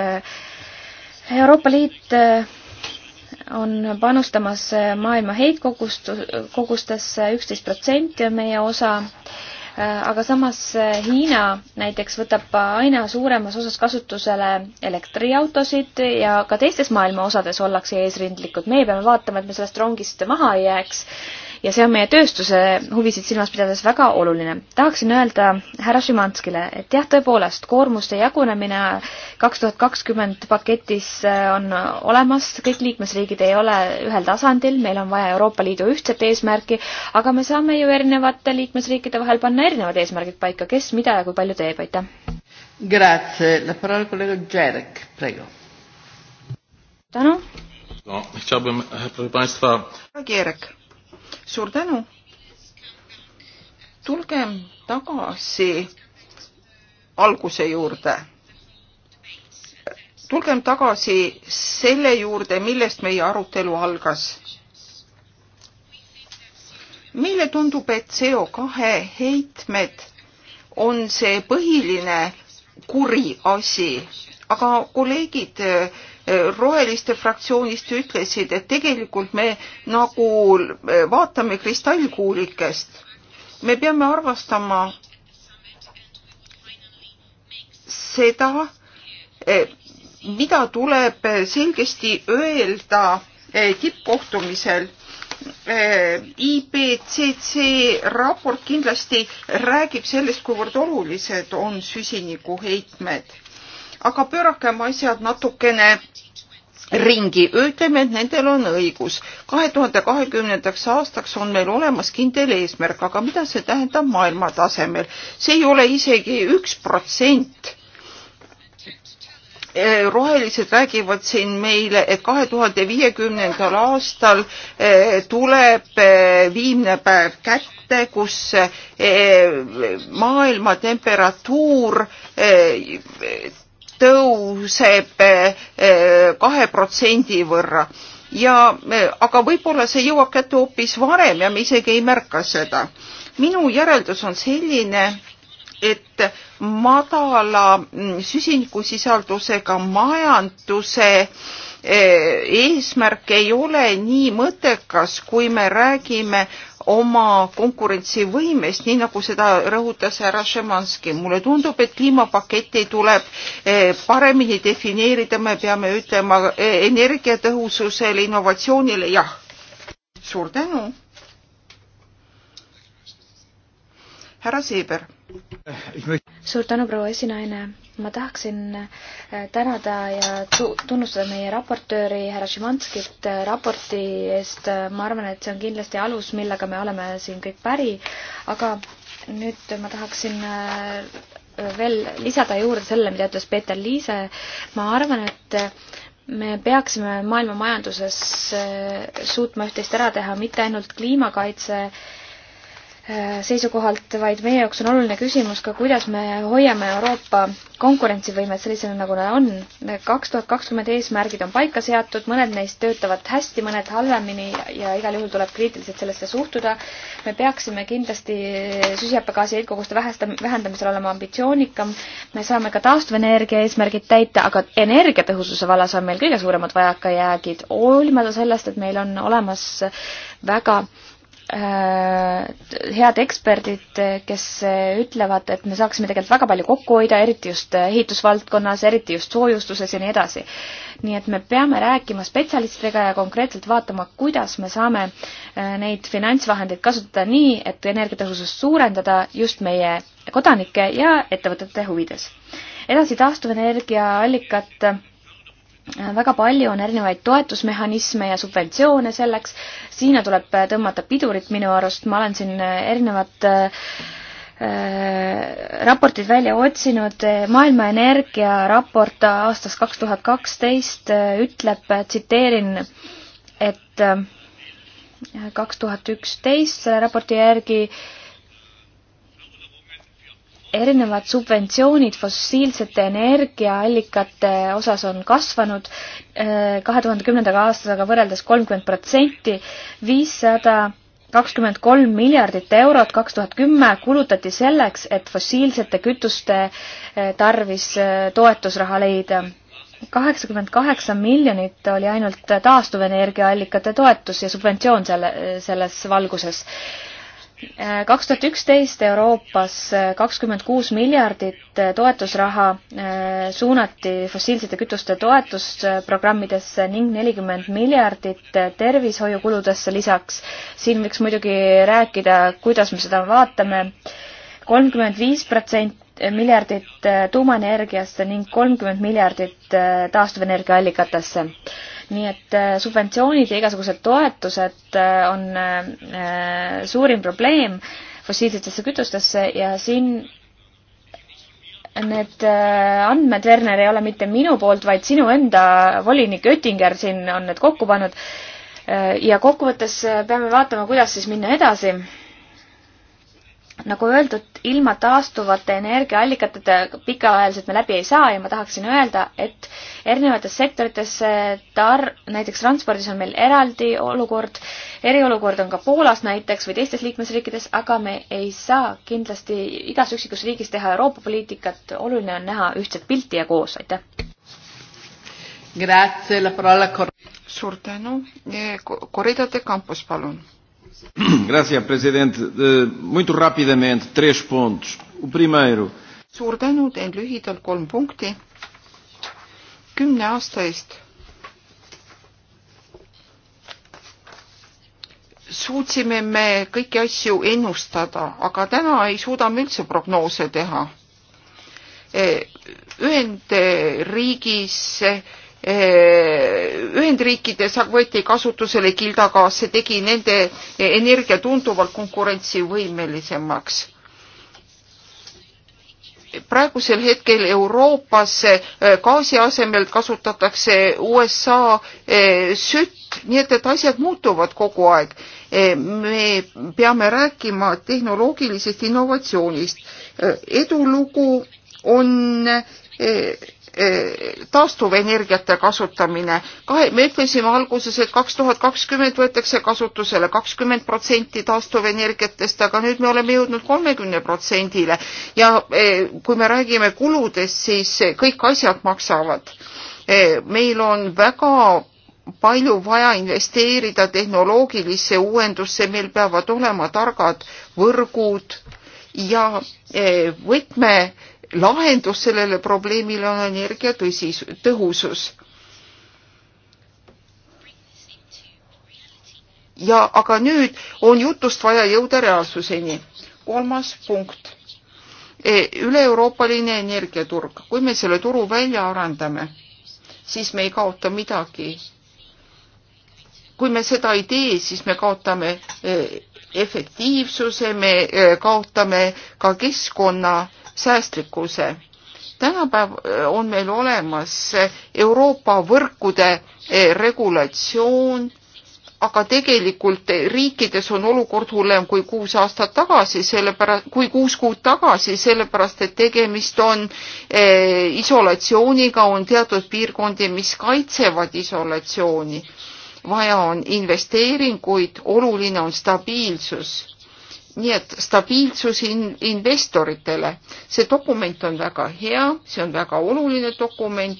Euroopa Liit äh, on panustamas maailma heitkogustesse, kogustesse üksteist protsenti on meie osa Äh, aga samas äh, Hiina näiteks võtab aina suuremas osas kasutusele elektriautosid ja ka teistes maailma osades ollakse eesrindlikud. meie peame vaatama, et me sellest rongist maha ei jääks ja see on meie tööstuse huvisid silmas pidades väga oluline. tahaksin öelda härra Šimanskile, et jah, tõepoolest, koormuste jagunemine kaks tuhat kakskümmend paketis äh, on olemas, kõik liikmesriigid ei ole ühel tasandil, meil on vaja Euroopa Liidu ühtset eesmärki, aga me saame ju erinevate liikmesriikide vahel panna erinevad eesmärgid paika, kes mida ja kui palju teeb, aitäh. Grazie, la parola kolleeg Džerek, prego. tänu. No, chciałbym, proszę Państwa... Gierek suur tänu. tulgem tagasi alguse juurde. tulgem tagasi selle juurde, millest meie arutelu algas. meile tundub, et CO kahe heitmed on see põhiline kuri asi, aga kolleegid äh, Äh, roheliste fraktsioonist ütlesid, et tegelikult me nagu äh, vaatame kristallkuulikest. me peame arvestama seda, äh, mida tuleb selgesti öelda tippkohtumisel IPCC raport kindlasti räägib sellest, kuivõrd olulised on süsinikuheitmed aga pöörakem asjad natukene ringi, ütleme, et nendel on õigus. kahe tuhande kahekümnendaks aastaks on meil olemas kindel eesmärk, aga mida see tähendab maailma tasemel? see ei ole isegi üks protsent rohelised räägivad siin meile, et kahe tuhande viiekümnendal aastal tuleb viimne päev kätte, kus maailma temperatuur tõuseb eh, kahe protsendi võrra ja eh, aga võib-olla see jõuab kätte hoopis varem ja me isegi ei märka seda. minu järeldus on selline, et madala mm, süsinikusisaldusega majanduse eh, eesmärk ei ole nii mõttekas, kui me räägime oma konkurentsivõimest, nii nagu seda rõhutas härra Šemanski. mulle tundub, et kliimapaketti tuleb eh, paremini defineerida, me peame ütlema eh, energiatõhususele, innovatsioonile, jah. suur tänu. härra Seeber. suur tänu, proua esinaine ma tahaksin äh, tänada ja tunnustada meie raportööri härra Šimanskit äh, raporti eest. ma arvan, et see on kindlasti alus, millega me oleme siin kõik päri, aga nüüd ma tahaksin äh, veel lisada juurde selle, mida ütles Peeter Liise. ma arvan, et me peaksime maailma majanduses suutma üht-teist ära teha, mitte ainult kliimakaitse äh, Äh, seisukohalt, vaid meie jaoks on oluline küsimus ka, kuidas me hoiame Euroopa konkurentsivõimet sellisena, nagu ta on. kaks tuhat kakskümmend eesmärgid on paika seatud, mõned neist töötavad hästi, mõned halvemini ja igal juhul tuleb kriitiliselt sellesse suhtuda. me peaksime kindlasti süsihappegaasi heitkoguste vähendamisel olema ambitsioonikam. me saame ka taastuvenergia eesmärgid täita, aga energiatõhususe vallas on meil kõige suuremad vajakajäägid, hoolimata sellest, et meil on olemas väga äh, Äh, head eksperdid, kes ütlevad, et me saaksime tegelikult väga palju kokku hoida, eriti just ehitusvaldkonnas, eriti just soojustuses ja nii edasi. nii et me peame rääkima spetsialistidega ja konkreetselt vaatama, kuidas me saame äh, neid finantsvahendeid kasutada nii, et energiatõhusust suurendada just meie kodanike ja ettevõtete huvides. edasi taastuvenergiaallikat Äh, väga palju on erinevaid toetusmehhanisme ja subventsioone selleks. sinna tuleb äh, tõmmata pidurit minu arust, ma olen siin äh, erinevad äh, raportid välja otsinud, Maailma energiaraport aastast kaks tuhat kaksteist ütleb, tsiteerin, et kaks tuhat üksteist selle raporti järgi äh, erinevad subventsioonid fossiilsete energiaallikate osas on kasvanud äh, kahe tuhande kümnendaga aastaga võrreldes kolmkümmend protsenti, viissada kakskümmend kolm miljardit eurot kaks tuhat kümme kulutati selleks, et fossiilsete kütuste äh, tarvis äh, toetusraha leida. kaheksakümmend kaheksa miljonit oli ainult taastuvenergiaallikate toetus ja subventsioon selle, selles valguses kaks tuhat üksteist Euroopas eh, kakskümmend kuus miljardit eh, toetusraha eh, suunati fossiilsete kütuste toetusprogrammidesse ning nelikümmend miljardit tervishoiukuludesse lisaks. siin võiks muidugi rääkida, kuidas me seda vaatame. kolmkümmend viis protsenti miljardit tuumaenergiasse ning kolmkümmend miljardit taastuvenergia allikatesse nii et äh, subventsioonid ja igasugused toetused äh, on äh, suurim probleem fossiilsetesse kütustesse ja siin need andmed, Werner, ei ole mitte minu poolt, vaid sinu enda volinik Oettinger siin on need kokku pannud. ja kokkuvõttes peame vaatama, kuidas siis minna edasi nagu öeldud, ilma taastuvate energiaallikateta pikaajaliselt me läbi ei saa ja ma tahaksin öelda, et erinevates sektorites eh, tar-, näiteks transpordis on meil eraldi olukord, eriolukord on ka Poolas näiteks või teistes liikmesriikides, aga me ei saa kindlasti igas üksikus riigis teha Euroopa poliitikat, oluline on näha ühtset pilti ja koos, aitäh! suur tänu, eh, Corridor de Campos, palun! Gracias, president. Eh, Muito rapidamente, tres pontos. O primeiro. suur tänu, teen lühidalt kolm punkti. kümne aasta eest suutsime me kõiki asju ennustada, aga täna ei suuda me üldse prognoose teha. Eh, ühendriigis eh, Äh, Ühendriikides võeti kasutusele kildagaas, see tegi nende energia tunduvalt konkurentsivõimelisemaks. praegusel hetkel Euroopas äh, gaasi asemel kasutatakse USA äh, sütt, nii et, et asjad muutuvad kogu aeg. me peame rääkima tehnoloogilisest innovatsioonist. edulugu on Eh, taastuvenergiate kasutamine. kahe, me ütlesime alguses, et kaks tuhat kakskümmend võetakse kasutusele kakskümmend protsenti taastuvenergiatest, aga nüüd me oleme jõudnud kolmekümne protsendile ja eh, kui me räägime kuludest, siis kõik asjad maksavad. Eh, meil on väga palju vaja investeerida tehnoloogilisse uuendusse, meil peavad olema targad võrgud ja võtme lahendus sellele probleemile on energia tõsis, tõhusus. ja aga nüüd on jutust vaja jõuda reaalsuseni. kolmas punkt, e, üle-euroopaline energiaturg. kui me selle turu välja arendame, siis me ei kaota midagi. kui me seda ei tee, siis me kaotame e, efektiivsuse, me e, kaotame ka keskkonna säästlikkuse. tänapäev äh, on meil olemas äh, Euroopa võrkude äh, regulatsioon, aga tegelikult riikides on olukord hullem kui kuus aastat tagasi, sellepärast, kui kuus kuud tagasi, sellepärast et tegemist on eh, isolatsiooniga, on teatud piirkondi, mis kaitsevad isolatsiooni. vaja on investeeringuid, oluline on stabiilsus nii et stabiilsus in-, investoritele. see dokument on väga hea, see on väga oluline dokument,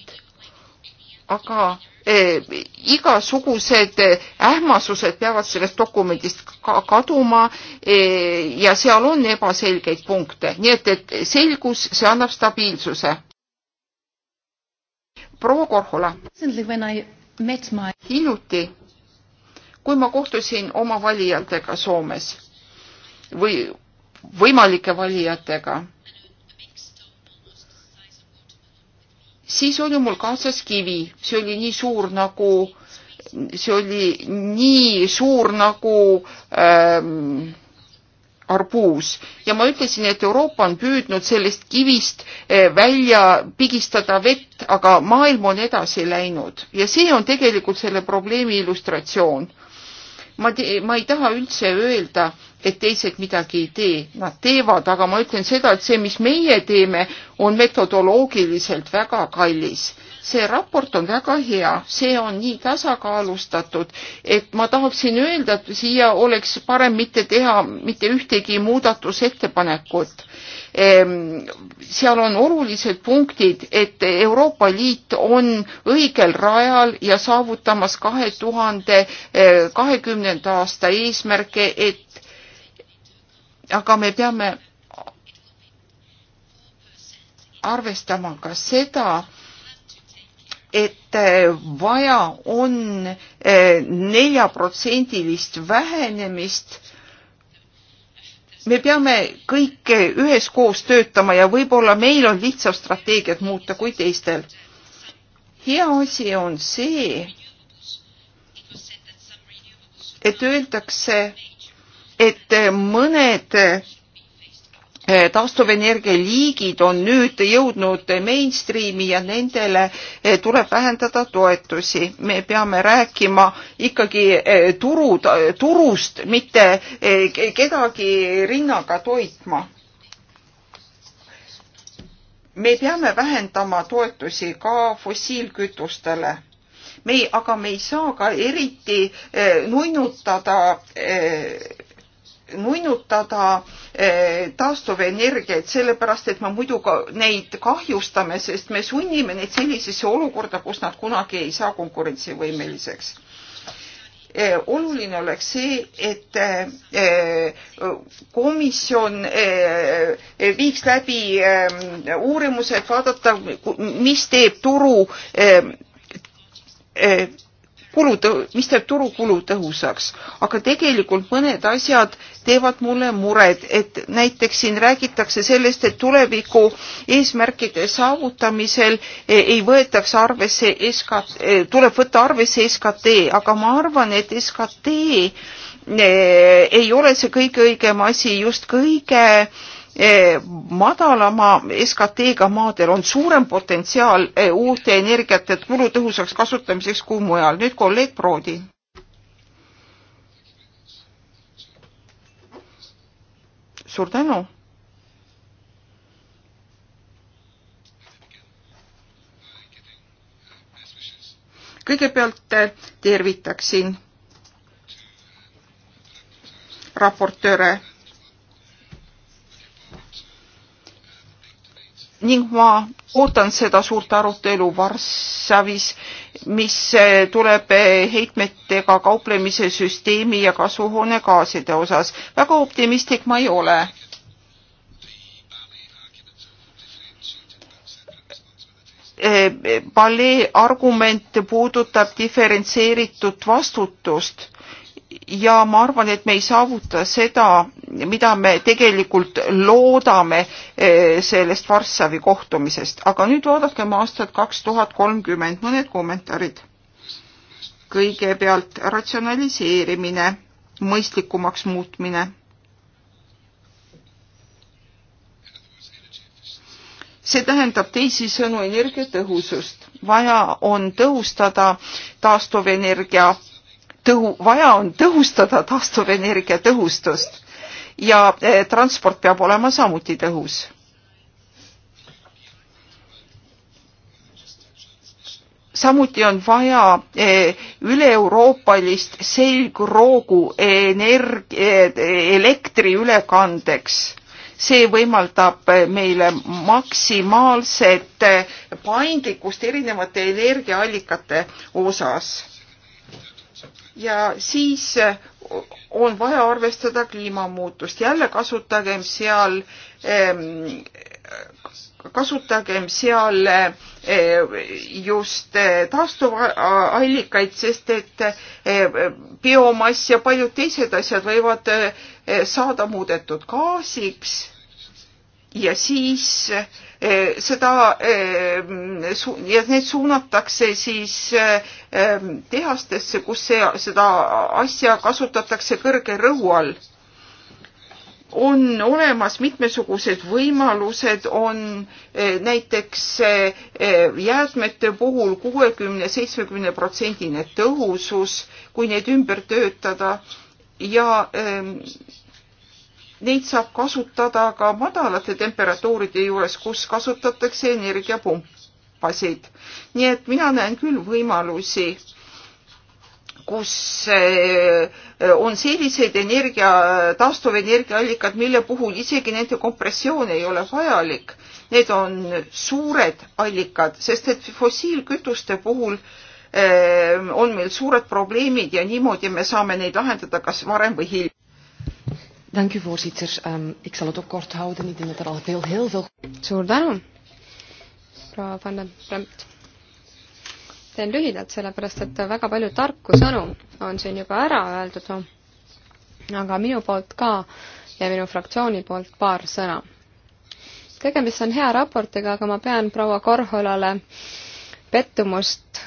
aga eh, igasugused eh, ähmasused peavad sellest dokumendist ka kaduma eh, ja seal on ebaselgeid punkte, nii et, et selgus, see annab stabiilsuse. proua Korhola. hiljuti, kui ma kohtusin oma valijatega Soomes või võimalike valijatega. siis oli mul kaasas kivi, see oli nii suur nagu, see oli nii suur nagu ähm, arbuus ja ma ütlesin, et Euroopa on püüdnud sellest kivist äh, välja pigistada vett, aga maailm on edasi läinud ja see on tegelikult selle probleemi illustratsioon. ma, ma ei taha üldse öelda, et teised midagi ei tee, nad teevad, aga ma ütlen seda, et see, mis meie teeme, on metodoloogiliselt väga kallis. see raport on väga hea, see on nii tasakaalustatud, et ma tahaksin öelda, et siia oleks parem mitte teha mitte ühtegi muudatusettepanekut ehm, seal on olulised punktid, et Euroopa Liit on õigel rajal ja saavutamas kahe tuhande eh, kahekümnenda aasta eesmärke, et aga me peame arvestama ka seda, et eh, vaja on eh, neljaprotsendilist vähenemist. me peame kõik eh, üheskoos töötama ja võib-olla meil on lihtsam strateegiat muuta kui teistel. hea asi on see, et öeldakse, et mõned eh, taastuvenergia liigid on nüüd jõudnud mainstreami ja nendele eh, tuleb vähendada toetusi. me peame rääkima ikkagi eh, turu, turust, mitte kedagi rinnaga toitma. me peame vähendama toetusi ka fossiilkütustele. me ei, aga me ei saa ka eriti nunnutada nuinutada eh, taastuvenergiaid, sellepärast et me muidu ka neid kahjustame, sest me sunnime neid sellisesse olukorda, kus nad kunagi ei saa konkurentsivõimeliseks. Eh, oluline oleks see, et eh, komisjon viiks läbi uurimused, vaadata, mis teeb turu kulude, mis teeb turu kulutõhusaks. aga tegelikult mõned asjad teevad mulle mured, et näiteks siin räägitakse sellest, et tuleviku eesmärkide saavutamisel e, ei võetaks arvesse SK, e, tuleb võtta arvesse SKT, aga ma arvan, et SKT e, ei ole see kõige õigem asi just kõige Eh, madalama SKT-ga maadel on suurem potentsiaal eh, uute energiate kulutõhusaks kasutamiseks kui mujal. nüüd kolleeg Proodi. suur tänu. kõigepealt eh, tervitaksin raportööre ning ma ootan seda suurt arutelu Varssavis, mis tuleb heitmetega kauplemise süsteemi ja kasvuhoonegaaside osas. väga optimistlik ma ei ole. palee argument puudutab diferentseeritud vastutust ja ma arvan, et me ei saavuta seda mida me tegelikult loodame eh, sellest Varssavi kohtumisest. aga nüüd vaadakem aastat kaks tuhat kolmkümmend, mõned kommentaarid. kõigepealt ratsionaliseerimine, mõistlikumaks muutmine. see tähendab teisisõnu energiatõhusust. vaja on tõhustada taastuvenergia tõhu, vaja on tõhustada taastuvenergia tõhustust ja eh, transport peab olema samuti tõhus. samuti on vaja eh, üle-euroopalist selgroogu energi-, eh, elektriülekandeks see võimaldab meile maksimaalset paindlikkust erinevate energiaallikate osas ja siis eh, on vaja arvestada kliimamuutust. jälle kasutagem seal, ehm, kasutagem seal eh, just eh, taastuvallikaid, sest et biomass ja paljud teised asjad võivad saada muudetud gaasiks ja siis eh, seda eh, ja need suunatakse siis eh, tehastesse, kus see, seda asja kasutatakse kõrge rõhu all. on olemas mitmesugused võimalused, on näiteks jäätmete puhul kuuekümne, seitsmekümne protsendine tõhusus, kui need ümber töötada ja Neid saab kasutada ka madalate temperatuuride juures, kus kasutatakse energiapumpasid. nii et mina näen küll võimalusi, kus eh, on selliseid energia, taastuvenergiaallikad, mille puhul isegi nende kompressioon ei ole vajalik. Need on suured allikad, sest et fossiilkütuste puhul eh, on meil suured probleemid ja niimoodi me saame neid lahendada kas varem või hiljem. Dank u, voorzitter. Um, ik zal het ook kort houden. Ik denk dat er al veel, heel veel... Suur tänu, proua Van den Bremt. teen lühidalt, sellepärast et väga palju tarku sõnu on siin juba ära öeldud, aga minu poolt ka ja minu fraktsiooni poolt paar sõna. tegemist on hea raportiga, aga ma pean proua Korholale pettumust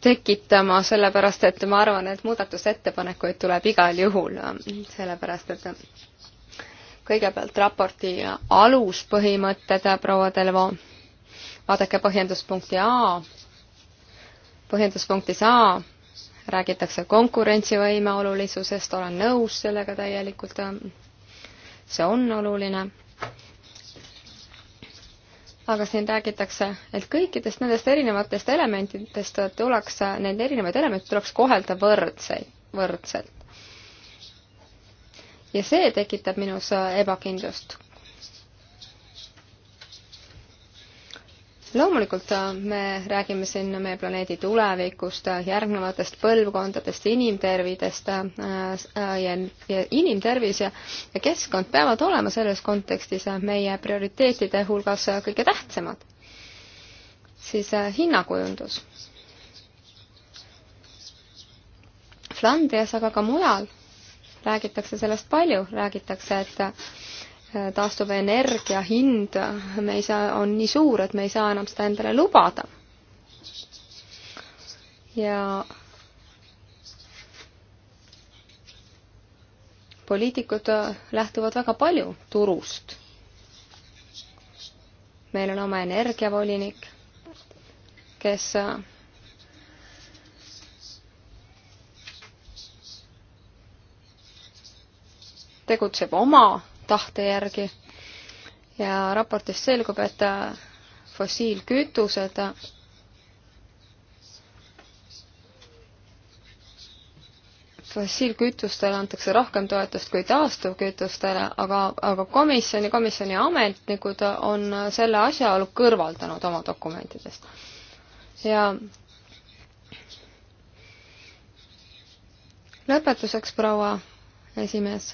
tekitama, sellepärast et ma arvan, et muudatusettepanekuid tuleb igal juhul, sellepärast et kõigepealt raporti aluspõhimõtted, proua Delvo, vaadake põhjenduspunkti A, põhjenduspunktis A räägitakse konkurentsivõime olulisusest, olen nõus sellega täielikult, see on oluline aga siin räägitakse, et kõikidest nendest erinevatest elementidest tuleks, neid erinevaid elemente tuleks kohelda võrdseid, võrdselt. ja see tekitab minus ebakindlust loomulikult äh, me räägime siin meie planeedi tulevikust, äh, järgnevatest põlvkondadest, inimtervidest äh, ja, ja inimtervis ja, ja keskkond peavad olema selles kontekstis meie prioriteetide hulgas kõige tähtsamad. siis hinnakujundus. Flandrias, aga ka mujal räägitakse sellest palju, räägitakse, et taastuvenergia hind, me ei saa, on nii suur, et me ei saa enam seda endale lubada. ja poliitikud lähtuvad väga palju turust. meil on oma energiavolinik, kes tegutseb oma tahte järgi ja raportist selgub, et äh, fossiilkütused fossiilkütustele antakse rohkem toetust kui taastuvkütustele, aga, aga komisjoni, komisjoni ametnikud on selle asjaolu kõrvaldanud oma dokumentidest. ja lõpetuseks, proua esimees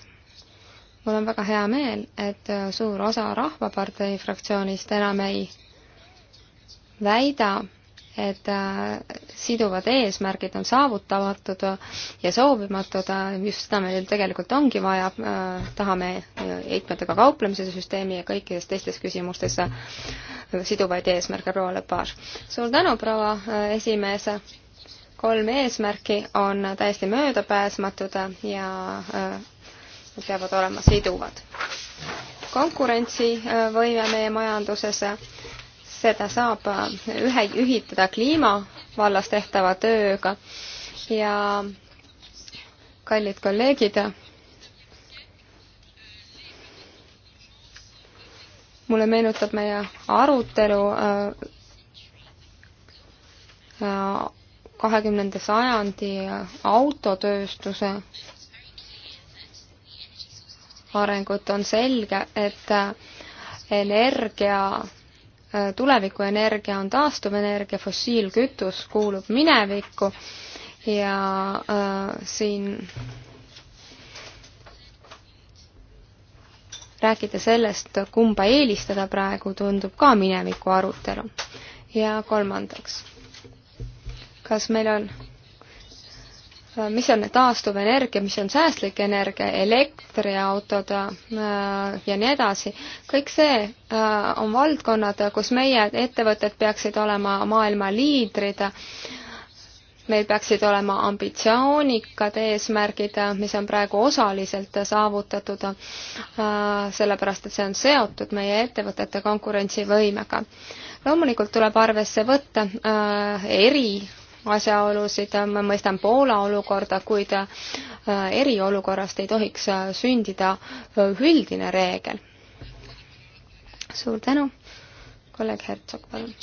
mul on väga hea meel, et äh, suur osa Rahvapartei fraktsioonist enam ei väida, et äh, siduvad eesmärgid on saavutamatud ja soovimatud, just seda meil tegelikult ongi vaja, äh, tahame heitmetega kauplemise süsteemi ja kõikides teistes küsimustes siduvaid eesmärke, proua Lepage. suur tänu, proua esimees! kolm eesmärki on täiesti möödapääsmatud ja peavad olema siduvad. konkurentsivõime meie majanduses, seda saab äh, ühe, ühitada kliima vallas tehtava tööga ja kallid kolleegid, mulle meenutab meie arutelu äh, äh, kahekümnenda sajandi autotööstuse arengut, on selge, et äh, energia, äh, tulevikuenergia on taastuvenergia, fossiilkütus kuulub minevikku ja äh, siin rääkida sellest, kumba eelistada praegu, tundub ka mineviku arutelu. ja kolmandaks, kas meil on mis on taastuvenergia, mis on säästlik energia, elektriautod äh, ja nii edasi. kõik see äh, on valdkonnad, kus meie ettevõtted peaksid olema maailma liidrid. meil peaksid olema ambitsioonikad eesmärgid, mis on praegu osaliselt saavutatud, äh, sellepärast et see on seotud meie ettevõtete konkurentsivõimega loomulikult tuleb arvesse võtta äh, eri asjaolusid, ma mõistan Poola olukorda, kuid äh, eriolukorrast ei tohiks äh, sündida äh, üldine reegel. suur tänu, kolleeg Hertsog, palun.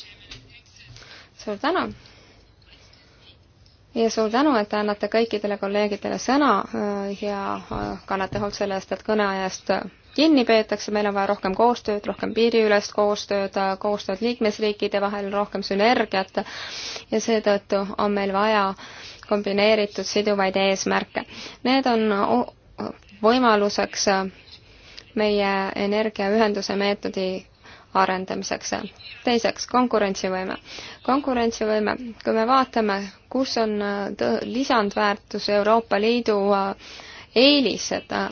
suur tänu, ja suur tänu, et te annate kõikidele kolleegidele sõna äh, ja äh, kannate hoolt selle eest, et kõneajast kinni peetakse, meil on vaja rohkem koostööd, rohkem piiriülest koostööd, äh, koostööd liikmesriikide vahel, rohkem sünergiat ja seetõttu on meil vaja kombineeritud siduvaid eesmärke. Need on võimaluseks meie energiaühenduse meetodi arendamiseks. teiseks, konkurentsivõime. konkurentsivõime, kui me vaatame, kus on äh, lisandväärtus Euroopa Liidu äh, eelised, äh,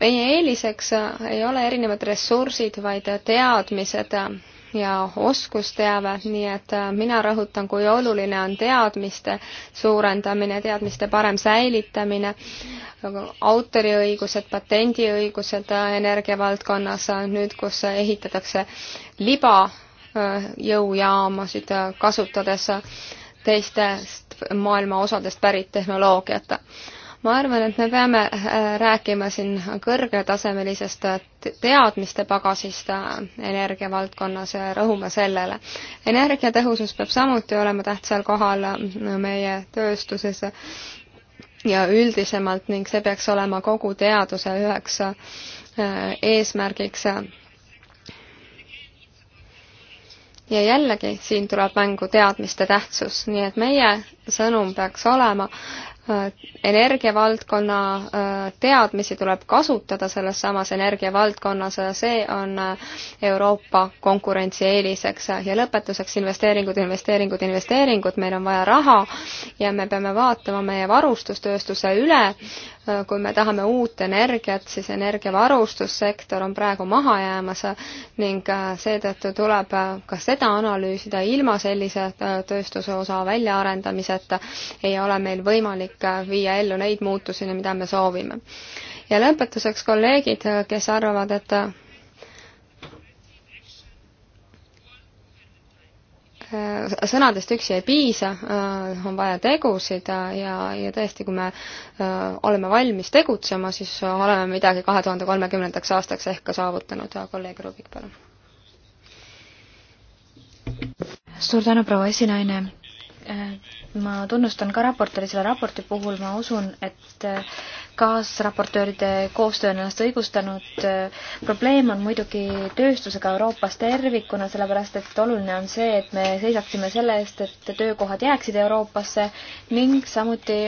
meie eeliseks ei ole erinevad ressursid, vaid teadmised ja oskusteave, nii et äh, mina rõhutan, kui oluline on teadmiste suurendamine, teadmiste parem säilitamine, autoriõigused, patendiõigused äh, energiavaldkonnas, äh, nüüd kus ehitatakse libajõujaamasid, kasutades teistest maailma osadest pärit tehnoloogiat ma arvan, et me peame äh, rääkima siin kõrgetasemelisest äh, teadmiste pagasist äh, energia valdkonnas ja rõhuma sellele. energiatõhusus peab samuti olema tähtsal kohal meie tööstuses ja üldisemalt ning see peaks olema kogu teaduse üheks eesmärgiks. ja jällegi, siin tuleb mängu teadmiste tähtsus, nii et meie sõnum peaks olema, Äh, energiavaldkonna äh, teadmisi tuleb kasutada selles samas energiavaldkonnas, see on äh, Euroopa konkurentsieeliseks. ja lõpetuseks investeeringud, investeeringud, investeeringud, meil on vaja raha ja me peame vaatama meie varustustööstuse üle, Äh, kui me tahame uut energiat, siis energiavarustussektor on praegu maha jäämas ning äh, seetõttu tuleb äh, ka seda analüüsida, ilma sellise tööstuse osa väljaarendamiseta ei ole meil võimalik viia ellu neid muutusi, mida me soovime. ja lõpetuseks kolleegid, kes arvavad, et Äh, sõnadest üksi ei piisa, äh, on vaja tegusid ja, ja tõesti, kui me äh, oleme valmis tegutsema, siis oleme midagi kahe tuhande kolmekümnendaks aastaks ehk ka saavutanud. kolleeg Rubik, palun. suur tänu, proua esinaine Äh, ma tunnustan ka raportööri selle raporti puhul, ma usun, et äh, kaasraportööride koostöö on ennast õigustanud. Äh, probleem on muidugi tööstusega Euroopas tervikuna, sellepärast et oluline on see, et me seisaksime selle eest, et töökohad jääksid Euroopasse ning samuti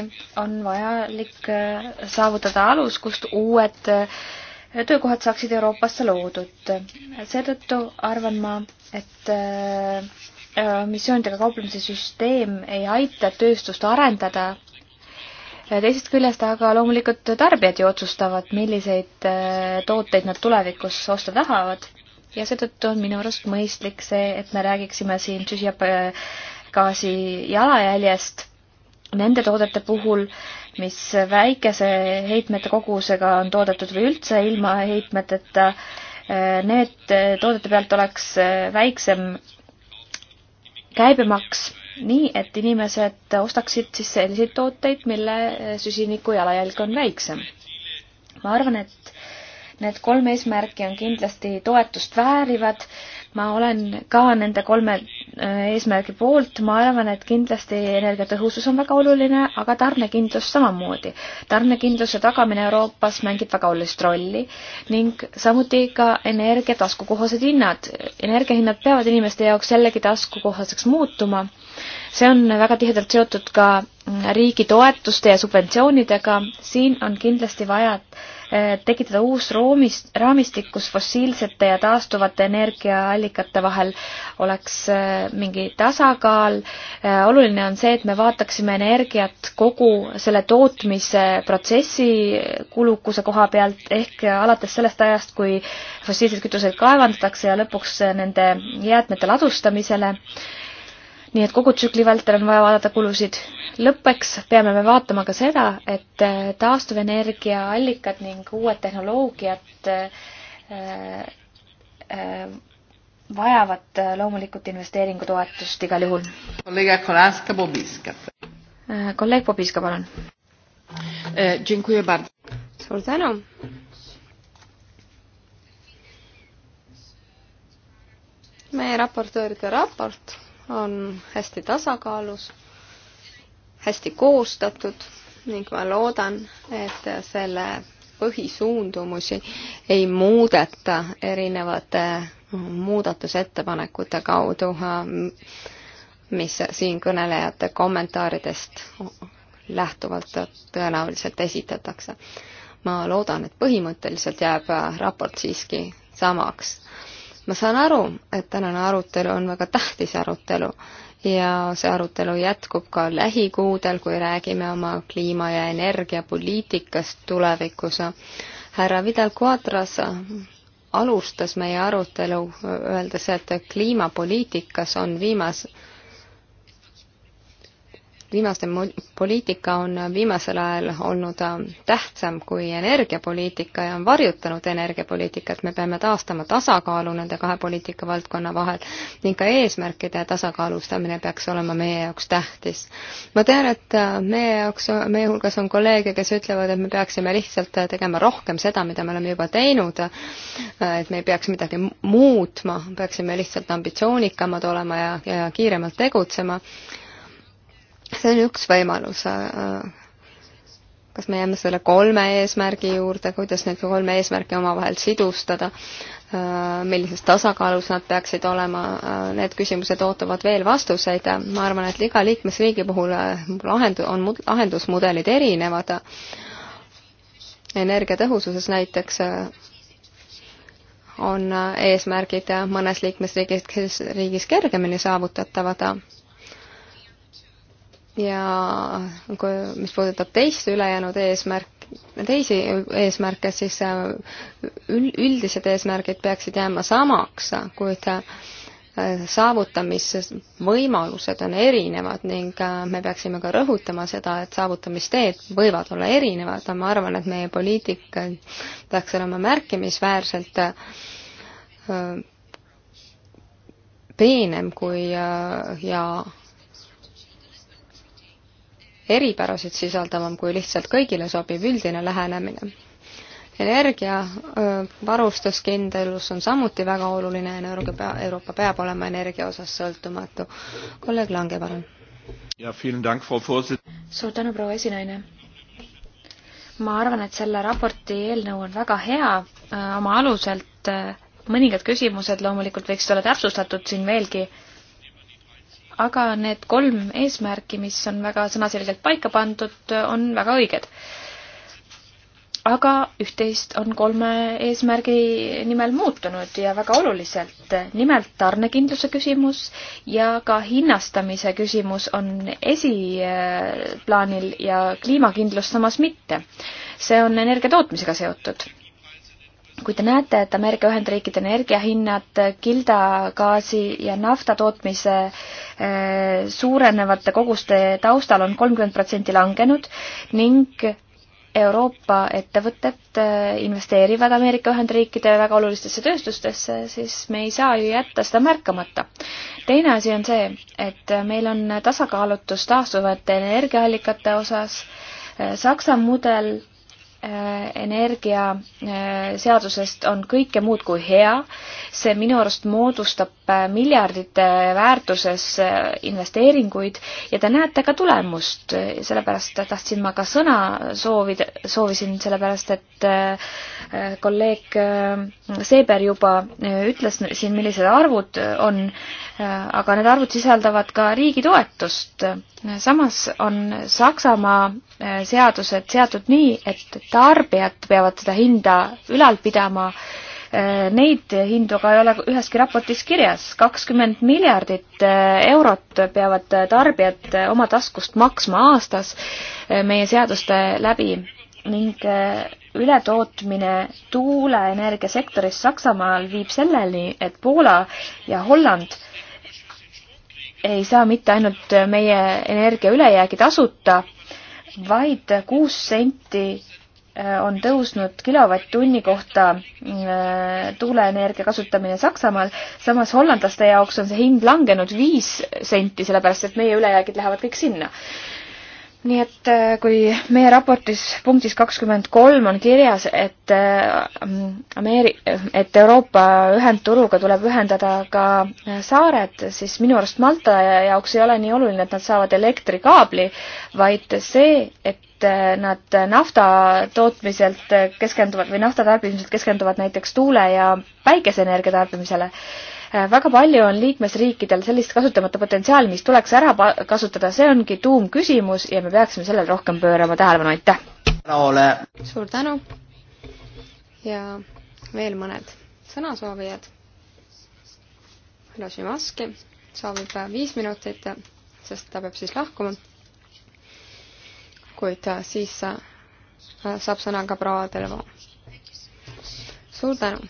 on vajalik saavutada alus, kust uued töökohad saaksid Euroopasse loodud. seetõttu arvan ma, et missioonidega kauplemise süsteem ei aita tööstust arendada, teisest küljest aga loomulikult tarbijad ju otsustavad, milliseid äh, tooteid nad tulevikus osta tahavad ja seetõttu on minu arust mõistlik see, et me räägiksime siin süsihappegaasi jalajäljest nende toodete puhul, mis väikese heitmete kogusega on toodetud või üldse ilma heitmeteta, äh, need äh, toodete pealt oleks väiksem käibemaks nii, et inimesed ostaksid siis selliseid tooteid, mille süsiniku jalajälg on väiksem. ma arvan, et need kolm eesmärki on kindlasti toetust väärivad, ma olen ka nende kolme äh, eesmärgi poolt, ma arvan, et kindlasti energiatõhusus on väga oluline, aga tarnekindlus samamoodi. tarnekindluse tagamine Euroopas mängib väga olulist rolli ning samuti ka energia taskukohased hinnad. energiahinnad peavad inimeste jaoks jällegi taskukohaseks muutuma. see on väga tihedalt seotud ka riigi toetuste ja subventsioonidega, siin on kindlasti vaja Eh, tekitada uus roomist, raamistik, kus fossiilsete ja taastuvate energiaallikate vahel oleks eh, mingi tasakaal. Eh, oluline on see, et me vaataksime energiat kogu selle tootmise protsessi kulukuse koha pealt ehk alates sellest ajast, kui fossiilseid kütuseid kaevandatakse ja lõpuks nende jäätmete ladustamisele nii et kogu tsükli vältel on vaja vaadata kulusid. lõppeks peame me vaatama ka seda, et äh, taastuvenergia allikad ning uued tehnoloogiad äh, äh, vajavad loomulikult investeeringutoetust igal juhul. kolleeg Kolanska-Bobiska. kolleeg Bobiska, palun. suur tänu. meie raportööride raport on hästi tasakaalus, hästi koostatud ning ma loodan, et selle põhisuundumusi ei muudeta erinevate muudatusettepanekute kaudu, mis siinkõnelejate kommentaaridest lähtuvalt tõenäoliselt esitatakse. ma loodan, et põhimõtteliselt jääb raport siiski samaks ma saan aru, et tänane arutelu on väga tähtis arutelu ja see arutelu jätkub ka lähikuudel, kui räägime oma kliima- ja energiapoliitikast tulevikus. härra Vidal Quadras alustas meie arutelu, öeldes, et kliimapoliitikas on viimase viimaste poliitika on viimasel ajal olnud äh, tähtsam kui energiapoliitika ja on varjutanud energiapoliitikat, me peame taastama tasakaalu nende kahe poliitikavaldkonna vahel ning ka eesmärkide tasakaalustamine peaks olema meie jaoks tähtis. ma tean, et äh, meie jaoks, meie hulgas on kolleege, kes ütlevad, et me peaksime lihtsalt äh, tegema rohkem seda, mida me oleme juba teinud, et me ei peaks midagi muutma, peaksime lihtsalt ambitsioonikamad olema ja, ja kiiremalt tegutsema see on üks võimalus. Äh, äh, kas me jääme selle kolme eesmärgi juurde, kuidas neid kolme eesmärki omavahel sidustada, äh, millises tasakaalus nad peaksid olema, need küsimused ootavad veel vastuseid. ma arvan, et iga liikmesriigi puhul lahend-, on lahendusmudelid erinevad. energiatõhususes näiteks on eesmärgid mõnes liikmesriigis, riigis kergemini saavutatavad ja kui, mis puudutab teist ülejäänud eesmärk, teisi eesmärke, siis äh, üldised eesmärgid peaksid jääma samaks, kuid äh, saavutamisvõimalused on erinevad ning äh, me peaksime ka rõhutama seda, et saavutamisteed võivad olla erinevad, ma arvan, et meie poliitika peaks olema märkimisväärselt peenem kui ja eripärasid sisaldavam kui lihtsalt kõigile sobiv üldine lähenemine. energia varustuskindlus on samuti väga oluline, energia pea, Euroopa peab olema energia osas sõltumatu. kolleeg Lange, palun. suur tänu, proua esinaine ma arvan, et selle raporti eelnõu on väga hea oma aluselt. mõningad küsimused loomulikult võiksid olla täpsustatud siin veelgi aga need kolm eesmärki, mis on väga sõnaselgelt paika pandud, on väga õiged. aga üht-teist on kolme eesmärgi nimel muutunud ja väga oluliselt. nimelt tarnekindluse küsimus ja ka hinnastamise küsimus on esiplaanil ja kliimakindlus samas mitte. see on energia tootmisega seotud kui te näete, et Ameerika Ühendriikide energiahinnad kilda, gaasi ja nafta tootmise äh, suurenevate koguste taustal on kolmkümmend protsenti langenud ning Euroopa ettevõtted äh, investeerivad Ameerika Ühendriikide väga olulistesse tööstustesse, siis me ei saa ju jätta seda märkamata. teine asi on see, et meil on tasakaalutus taastuvate energiaallikate osas. Äh, Saksa mudel Äh, energiaseadusest äh, on kõike muud kui hea. see minu arust moodustab miljardite väärtuses äh, investeeringuid ja te näete ka tulemust. sellepärast tahtsin ma ka sõna soovida, soovisin sellepärast, et äh, kolleeg äh, Seeber juba ütles siin, millised arvud on, aga need arvud sisaldavad ka riigi toetust. samas on Saksamaa seadused seatud nii, et tarbijad peavad seda hinda ülal pidama Eh, neid hindu aga ei ole üheski raportis kirjas. kakskümmend miljardit eh, eurot peavad eh, tarbijad oma taskust maksma aastas meie seaduste läbi ning ületootmine tuuleenergia sektoris Saksamaal viib selleni, et Poola ja Holland ei saa mitte ainult meie energia ülejäägi tasuta, vaid kuus senti on tõusnud kilovatt-tunni kohta äh, tuuleenergia kasutamine Saksamaal, samas hollandlaste jaoks on see hind langenud viis senti, sellepärast et meie ülejäägid lähevad kõik sinna nii et äh, kui meie raportis punktis kakskümmend kolm on kirjas, et äh, Ameeri-, et Euroopa ühendturuga tuleb ühendada ka saared, siis minu arust Malta jaoks ei ole nii oluline, et nad saavad elektrikaabli, vaid see, et äh, nad nafta tootmiselt keskenduvad või nafta tarbimiselt keskenduvad näiteks tuule- ja päikeseenergia tarbimisele Äh, väga palju on liikmesriikidel sellist kasutamata potentsiaali, mis tuleks ära kasutada, see ongi tuumküsimus ja me peaksime sellele rohkem pöörama tähelepanu, aitäh! suur tänu ja veel mõned sõnasoovijad. härra Šimaski soovib viis minutit, sest ta peab siis lahkuma. kuid siis saab sõna ka proua Delvo. suur tänu!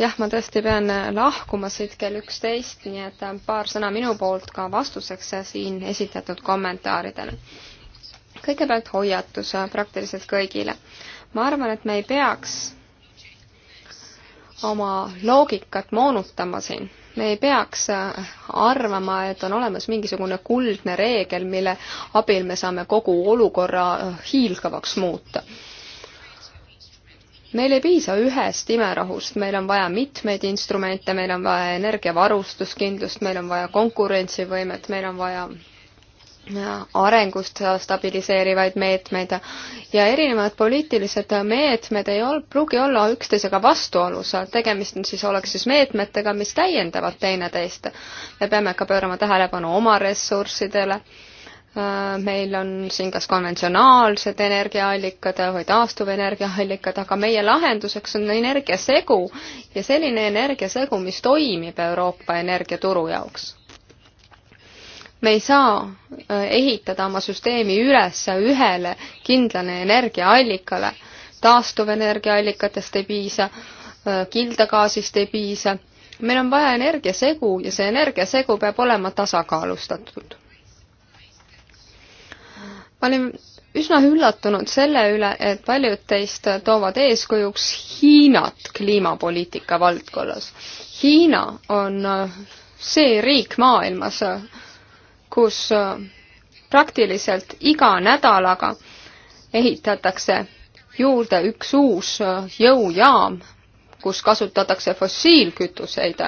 jah, ma tõesti pean lahkuma siit kell üksteist, nii et äh, paar sõna minu poolt ka vastuseks äh, siin esitatud kommentaaridele. kõigepealt hoiatus äh, praktiliselt kõigile. ma arvan, et me ei peaks oma loogikat moonutama siin. me ei peaks arvama, et on olemas mingisugune kuldne reegel, mille abil me saame kogu olukorra hiilgavaks muuta meil ei piisa ühest imerahust, meil on vaja mitmeid instrumente, meil on vaja energiavarustuskindlust, meil on vaja konkurentsivõimet, meil on vaja äh, arengust stabiliseerivaid meetmeid ja erinevad poliitilised meetmed ei ol-, pruugi olla üksteisega vastuolus, tegemist on siis, oleks siis meetmetega, mis täiendavad teineteist. me peame ka pöörama tähelepanu oma ressurssidele Äh, meil on siin kas konventsionaalsed energiaallikad või taastuvenergiaallikad, aga meie lahenduseks on energiasegu ja selline energiasegu, mis toimib Euroopa energiaturu jaoks. me ei saa äh, ehitada oma süsteemi üles ühele kindlale energiaallikale, taastuvenergiaallikatest ei piisa, äh, kildagaasist ei piisa, meil on vaja energiasegu ja see energiasegu peab olema tasakaalustatud olin üsna üllatunud selle üle, et paljud teist toovad eeskujuks Hiinat kliimapoliitika valdkonnas. Hiina on äh, see riik maailmas, äh, kus äh, praktiliselt iga nädalaga ehitatakse juurde üks uus jõujaam, kus kasutatakse fossiilkütuseid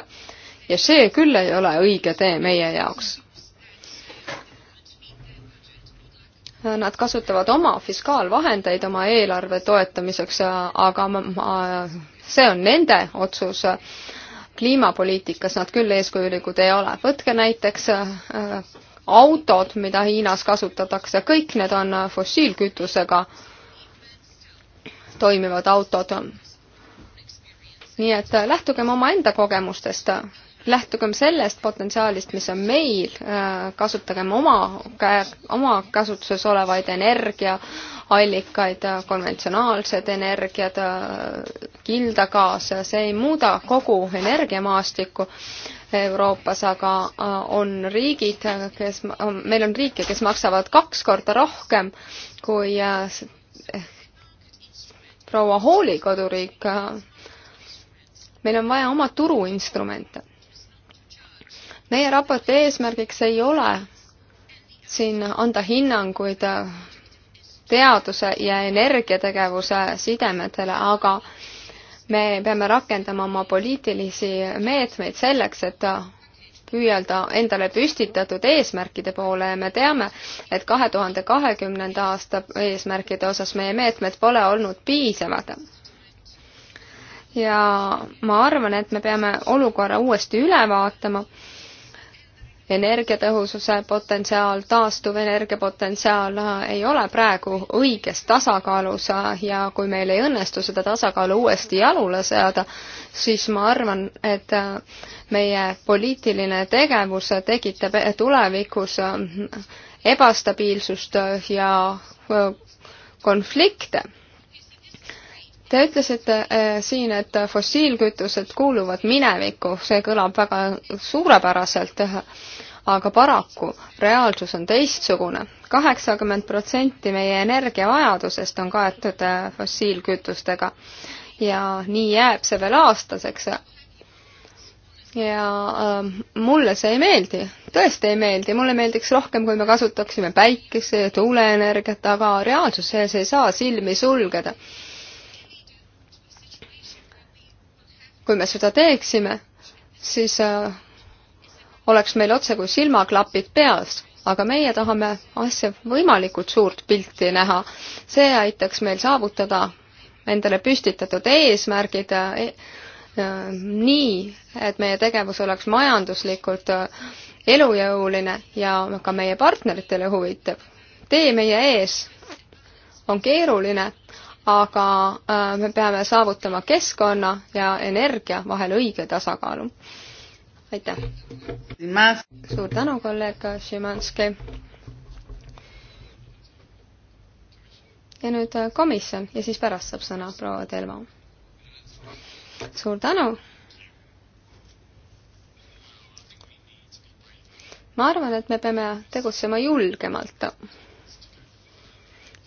ja see küll ei ole õige tee meie jaoks. Nad kasutavad oma fiskaalvahendeid oma eelarve toetamiseks, aga ma, ma, see on nende otsus. kliimapoliitikas nad küll eeskujulikud ei ole. võtke näiteks äh, autod, mida Hiinas kasutatakse, kõik need on fossiilkütusega toimivad autod. nii et äh, lähtugem omaenda kogemustest lähtugem sellest potentsiaalist, mis on meil, äh, kasutagem oma, oma käsutuses olevaid energiaallikaid, äh, konventsionaalsed energiad, äh, kildagaas, see ei muuda kogu energiamaastikku Euroopas, aga on riigid, kes, meil on riike, kes maksavad kaks korda rohkem kui proua Hooli koduriik. meil on vaja oma turuinstrumente meie raporti eesmärgiks ei ole siin anda hinnanguid teaduse ja energiategevuse sidemetele, aga me peame rakendama oma poliitilisi meetmeid selleks, et püüelda endale püstitatud eesmärkide poole ja me teame, et kahe tuhande kahekümnenda aasta eesmärkide osas meie meetmed pole olnud piisavad. ja ma arvan, et me peame olukorra uuesti üle vaatama energiatõhususe potentsiaal, taastuvenergia potentsiaal äh, ei ole praegu õiges tasakaalus äh, ja kui meil ei õnnestu seda tasakaalu uuesti jalule seada, siis ma arvan, et äh, meie poliitiline tegevus tekitab tulevikus ebastabiilsust ja konflikte Te ütlesite äh, siin, et fossiilkütused kuuluvad minevikku, see kõlab väga suurepäraselt, eh, aga paraku reaalsus on teistsugune. kaheksakümmend protsenti meie energiavajadusest on kaetud äh, fossiilkütustega ja nii jääb see veel aastaseks. ja äh, mulle see ei meeldi, tõesti ei meeldi, mulle meeldiks rohkem, kui me kasutaksime päikese- ja tuuleenergiat, aga reaalsus sees ei saa silmi sulgeda kui me seda teeksime, siis äh, oleks meil otsekui silmaklapid peas, aga meie tahame asja võimalikult suurt pilti näha. see aitaks meil saavutada endale püstitatud eesmärgid äh, äh, nii, et meie tegevus oleks majanduslikult elujõuline ja ka meie partneritele huvitav. tee meie ees on keeruline, aga äh, me peame saavutama keskkonna ja energia vahel õige tasakaalu. aitäh! suur tänu, kolleeg Šimanski! ja nüüd äh, komisjon ja siis pärast saab sõna proua Telmo. suur tänu! ma arvan, et me peame tegutsema julgemalt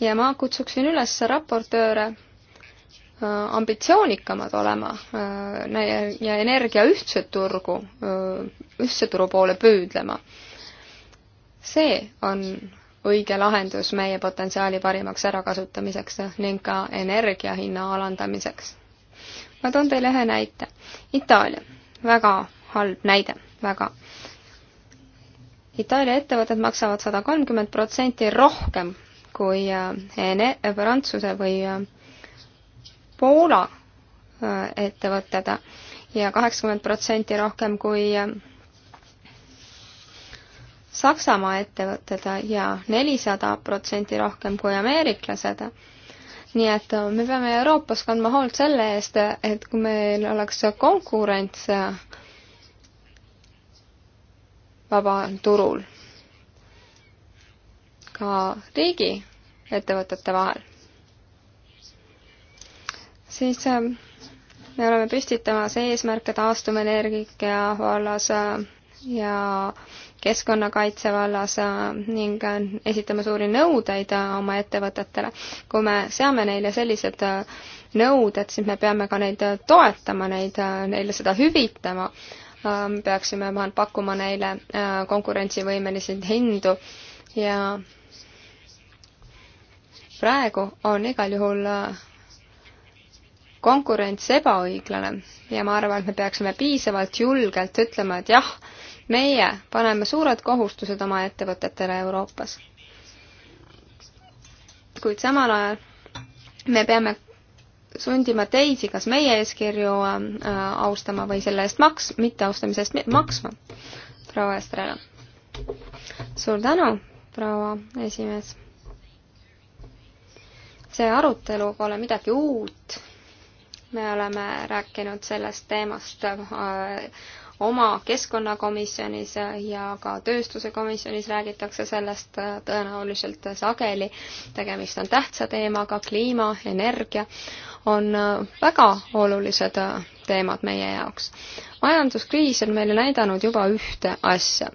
ja ma kutsuksin üles raportööre äh, ambitsioonikamad olema äh, ja energia ühtset turgu, äh, ühtse turu poole püüdlema. see on õige lahendus meie potentsiaali parimaks ärakasutamiseks ning ka energia hinna alandamiseks. ma toon teile ühe näite. Itaalia, väga halb näide, väga. Itaalia ettevõtted maksavad sada kolmkümmend protsenti rohkem kui eh, Prantsuse või eh, Poola eh, ettevõtted ja kaheksakümmend protsenti rohkem kui Saksamaa ettevõtted ja nelisada protsenti rohkem kui ameeriklased. nii et me peame Euroopas kandma hoolt selle eest, et kui meil oleks konkurents vabal turul ka riigiettevõtete vahel, siis äh, me oleme püstitamas eesmärke taastuvenergia vallas äh, ja keskkonnakaitse vallas äh, ning esitame suuri nõudeid oma ettevõtetele. kui me seame neile sellised nõuded, siis me peame ka neid toetama, neid, neile seda hüvitama, peaksime pakkuma neile konkurentsivõimeliseid hindu ja praegu on igal juhul äh, konkurents ebaõiglane ja ma arvan, et me peaksime piisavalt julgelt ütlema, et jah, meie paneme suured kohustused oma ettevõtetele Euroopas. kuid samal ajal me peame sundima teisi, kas meie eeskirju äh, austama või selle eest maks-, mitteaustamise eest maksma. proua Estrela. suur tänu, proua esimees see arutelu pole midagi uut. me oleme rääkinud sellest teemast äh, oma keskkonnakomisjonis ja ka tööstuse komisjonis räägitakse sellest äh, tõenäoliselt sageli. tegemist on tähtsa teemaga, kliima, energia on äh, väga olulised teemad meie jaoks. majanduskriis on meile näidanud juba ühte asja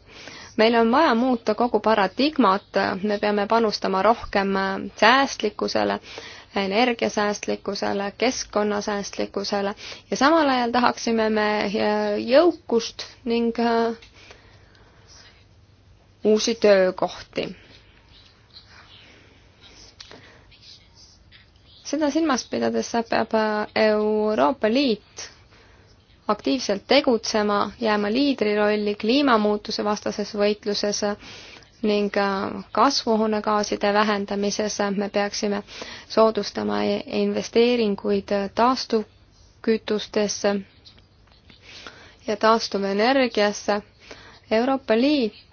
meil on vaja muuta kogu paradigmat, me peame panustama rohkem äh, säästlikkusele, energiasäästlikkusele, keskkonnasäästlikkusele ja samal ajal tahaksime me äh, jõukust ning äh, uusi töökohti. seda silmas pidades peab Euroopa Liit aktiivselt tegutsema, jääma liidrirolli kliimamuutuse vastases võitluses ning äh, kasvuhoonegaaside vähendamises me peaksime soodustama e-, investeeringuid taastuvkütustesse ja taastuvenergiasse. Euroopa Liit,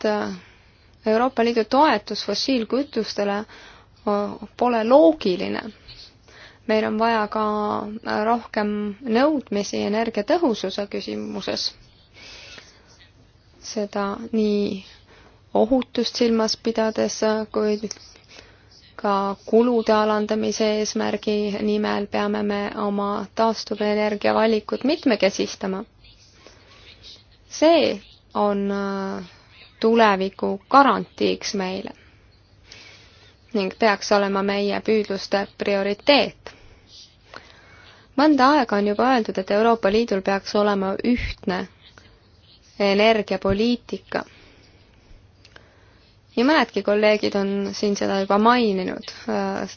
Euroopa Liidu toetus fossiilkütustele äh, pole loogiline meil on vaja ka äh, rohkem nõudmisi energiatõhususe küsimuses. seda nii ohutust silmas pidades, äh, kuid ka kulude alandamise eesmärgi nimel peame me oma taastuvenergia valikud mitmekesistama. see on äh, tuleviku garantiiks meile ning peaks olema meie püüdluste prioriteet mõnda aega on juba öeldud, et Euroopa Liidul peaks olema ühtne energiapoliitika. nii mõnedki kolleegid on siin seda juba maininud äh,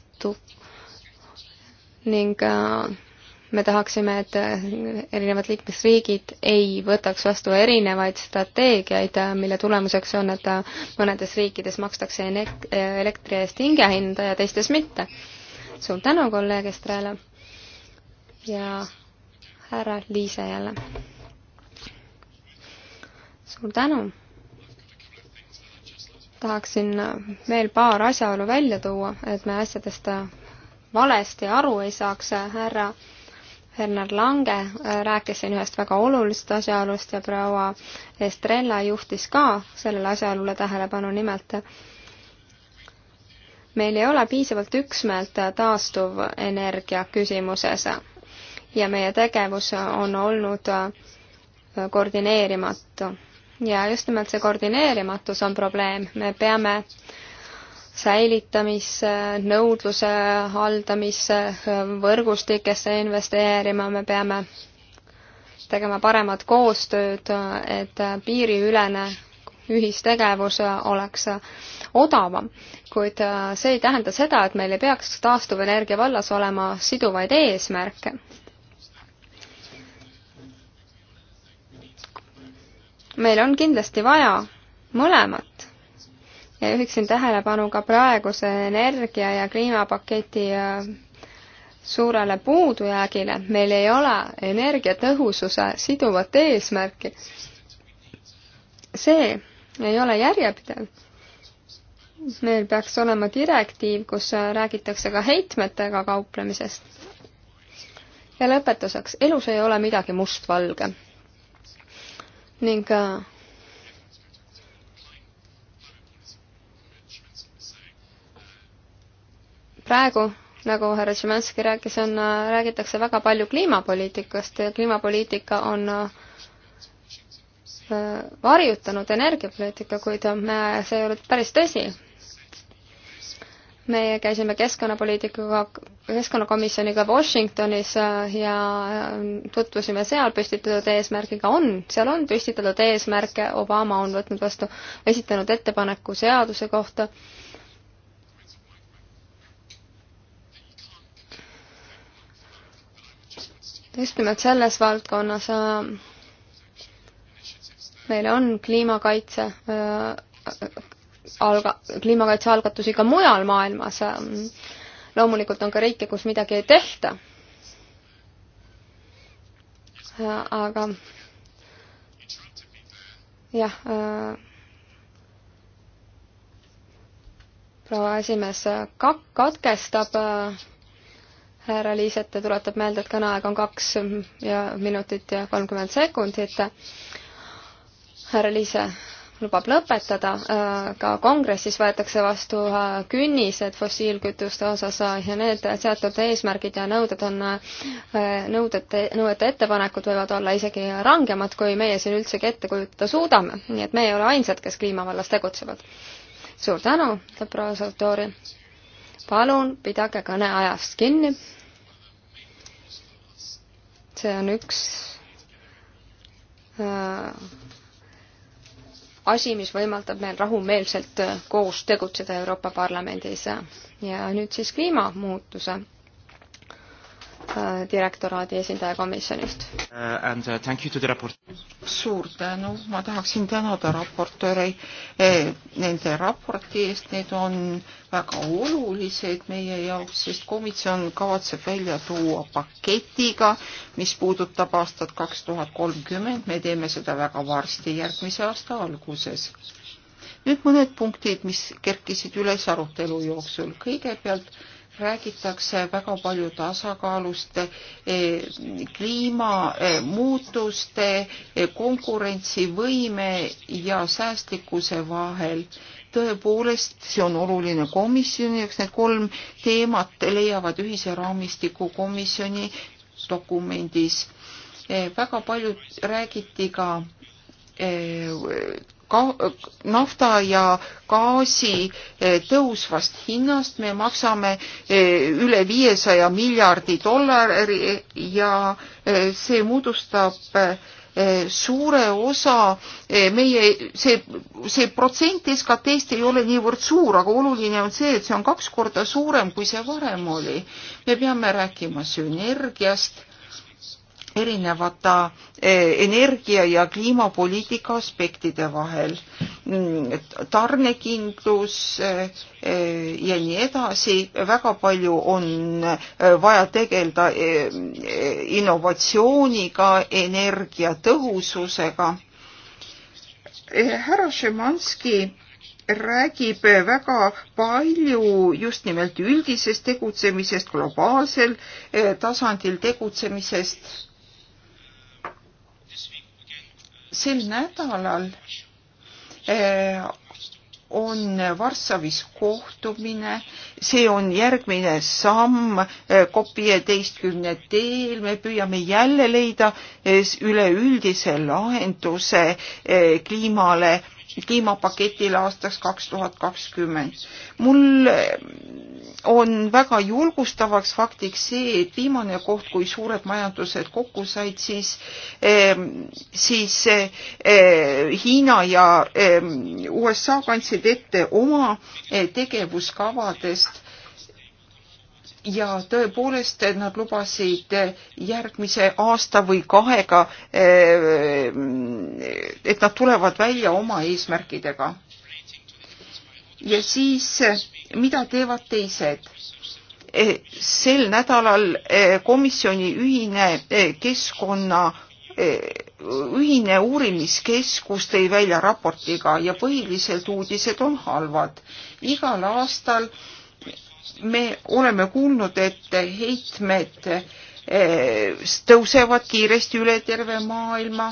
ning äh, me tahaksime, et äh, erinevad liikmesriigid ei võtaks vastu erinevaid strateegiaid, mille tulemuseks on, et mõnedes riikides makstakse elektri eest hingehinda ja teistes mitte. suur tänu, kolleeg Estrela! ja härra Liise jälle. suur tänu! tahaksin veel paar asjaolu välja tuua, et me asjadest valesti aru ei saaks. härra Werner Lange rääkis siin ühest väga olulisest asjaolust ja proua Estrella juhtis ka sellele asjaolule tähelepanu, nimelt meil ei ole piisavalt üksmeelt taastuvenergia küsimuses ja meie tegevus on olnud äh, koordineerimatu. ja just nimelt see koordineerimatus on probleem, me peame säilitamisse, nõudluse haldamisse, äh, võrgustikesse investeerima, me peame tegema paremat koostööd, et piiriülene ühistegevus oleks odavam. kuid äh, see ei tähenda seda, et meil ei peaks taastuvenergia vallas olema siduvaid eesmärke. meil on kindlasti vaja mõlemat ja juhiksin tähelepanu ka praeguse energia ja kliimapaketi äh, suurele puudujäägile. meil ei ole energiatõhususe siduvat eesmärki. see ei ole järjepidev. meil peaks olema direktiiv, kus äh, räägitakse ka heitmetega kauplemisest. ja lõpetuseks, elus ei ole midagi mustvalge ning äh, praegu, nagu härra Tšemanski rääkis, on, äh, räägitakse väga palju kliimapoliitikast ja kliimapoliitika on äh, varjutanud energiapoliitika, kuid me, see ei ole päris tõsi meie käisime keskkonnapoliitikaga, keskkonnakomisjoniga Washingtonis äh, ja ähm, tutvusime seal püstitatud eesmärgiga, on, seal on püstitatud eesmärke, Obama on võtnud vastu, esitanud ettepaneku seaduse kohta. just nimelt selles valdkonnas äh, meil on kliimakaitse äh, alga-, kliimakaitsealgatusi ka mujal maailmas. loomulikult on ka riike, kus midagi ei tehta. aga jah äh,, proua esimees kak-, katkestab äh, härra Liiset ja tuletab meelde, et kõneaeg on kaks ja minutit ja kolmkümmend sekundit. härra Liise lubab lõpetada, äh, ka kongressis võetakse vastu äh, künnised fossiilkütuste osas äh, ja need seatud eesmärgid ja nõuded on, nõudete, nõuete ettepanekud võivad olla isegi rangemad, kui meie siin üldsegi ette kujutada suudame, nii et me ei ole ainsad, kes kliima vallas tegutsevad. suur tänu, proua Sartori. palun pidage kõneajast kinni. see on üks asi, mis võimaldab meil rahumeelselt äh, koos tegutseda Euroopa Parlamendis. ja nüüd siis kliimamuutuse Äh, direktoraadi esindaja komisjonist. Uh, uh, suur tänu, ma tahaksin tänada raportööri eh, nende raporti eest, need on väga olulised meie jaoks, sest komisjon kavatseb välja tuua paketiga, mis puudutab aastat kaks tuhat kolmkümmend, me teeme seda väga varsti, järgmise aasta alguses nüüd mõned punktid, mis kerkisid üles arutelu jooksul. kõigepealt räägitakse väga palju tasakaalust, eh, kliimamuutuste, eh, eh, konkurentsivõime ja säästlikkuse vahel. tõepoolest, see on oluline komisjoni jaoks, need kolm teemat leiavad ühise raamistiku komisjoni dokumendis. väga palju räägiti ka ka, nafta ja gaasi e, tõusvast hinnast, me maksame e, üle viiesaja miljardi dollari ja e, see moodustab suure osa meie, see, see protsent SKT-st ei ole niivõrd suur, aga oluline on see, et see on kaks korda suurem, kui see varem oli. me peame rääkima sünergiast erinevate eh, energia ja kliimapoliitika aspektide vahel, mm, tarnekindlus eh, eh, ja nii edasi, väga palju on vaja tegeleda innovatsiooniga, energiatõhususega. härra Šemanski räägib väga palju just nimelt üldisest tegutsemisest, globaalsel tasandil tegutsemisest sel nädalal eh, on Varssavis kohtumine, see on järgmine samm eh, COP viieteistkümne teel, me püüame jälle leida eh, üleüldise lahenduse kliimale kliimapaketile aastaks kaks tuhat kakskümmend. mul on väga julgustavaks faktiks see, et viimane koht, kui suured majandused kokku said, siis, ehm, siis eh, Hiina ja ehm, USA kandsid ette oma eh, tegevuskavadest ja tõepoolest nad lubasid eh, järgmise aasta või kahega, eh, et nad tulevad välja oma eesmärkidega. ja siis, eh, mida teevad teised? sel nädalal komisjoni ühine keskkonna ühine uurimiskeskus tõi välja raportiga ja põhiliselt uudised on halvad. igal aastal me oleme kuulnud, et heitmed eh, tõusevad kiiresti üle terve maailma,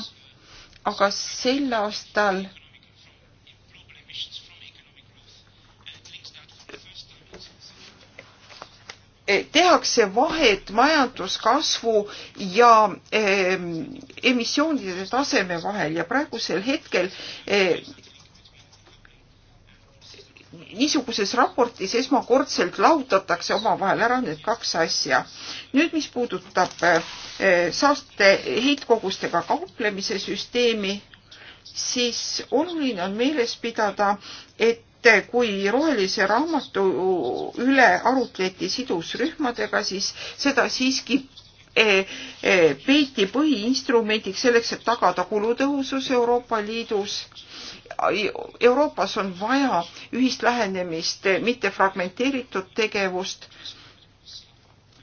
aga sel aastal eh, tehakse vahet majanduskasvu ja eh, emissioonide taseme vahel ja praegusel hetkel niisuguses raportis esmakordselt lahutatakse omavahel ära need kaks asja. nüüd, mis puudutab eh, saaste heitkogustega kauplemise süsteemi, siis oluline on meeles pidada, et kui rohelise raamatu üle arutleti sidusrühmadega, siis seda siiski E, e, peeti põhiinstrumendiks selleks, et tagada kulutõhusus Euroopa Liidus. Euroopas on vaja ühist lähenemist, mitte fragmenteeritud tegevust.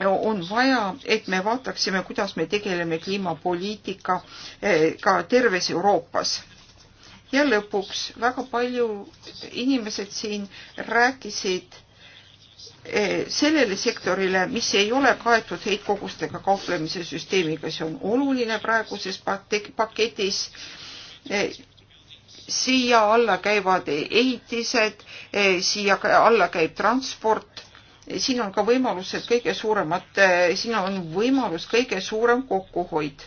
on vaja, et me vaataksime, kuidas me tegeleme kliimapoliitikaga e, terves Euroopas ja lõpuks väga palju inimesed siin rääkisid Eh, sellele sektorile, mis ei ole kaetud heitkogustega kauplemise süsteemiga, see on oluline praeguses paketis. Eh, siia alla käivad ehitised, eh, siia alla käib transport, siin on ka võimalused kõige suuremad, siin on võimalus kõige suurem kokkuhoid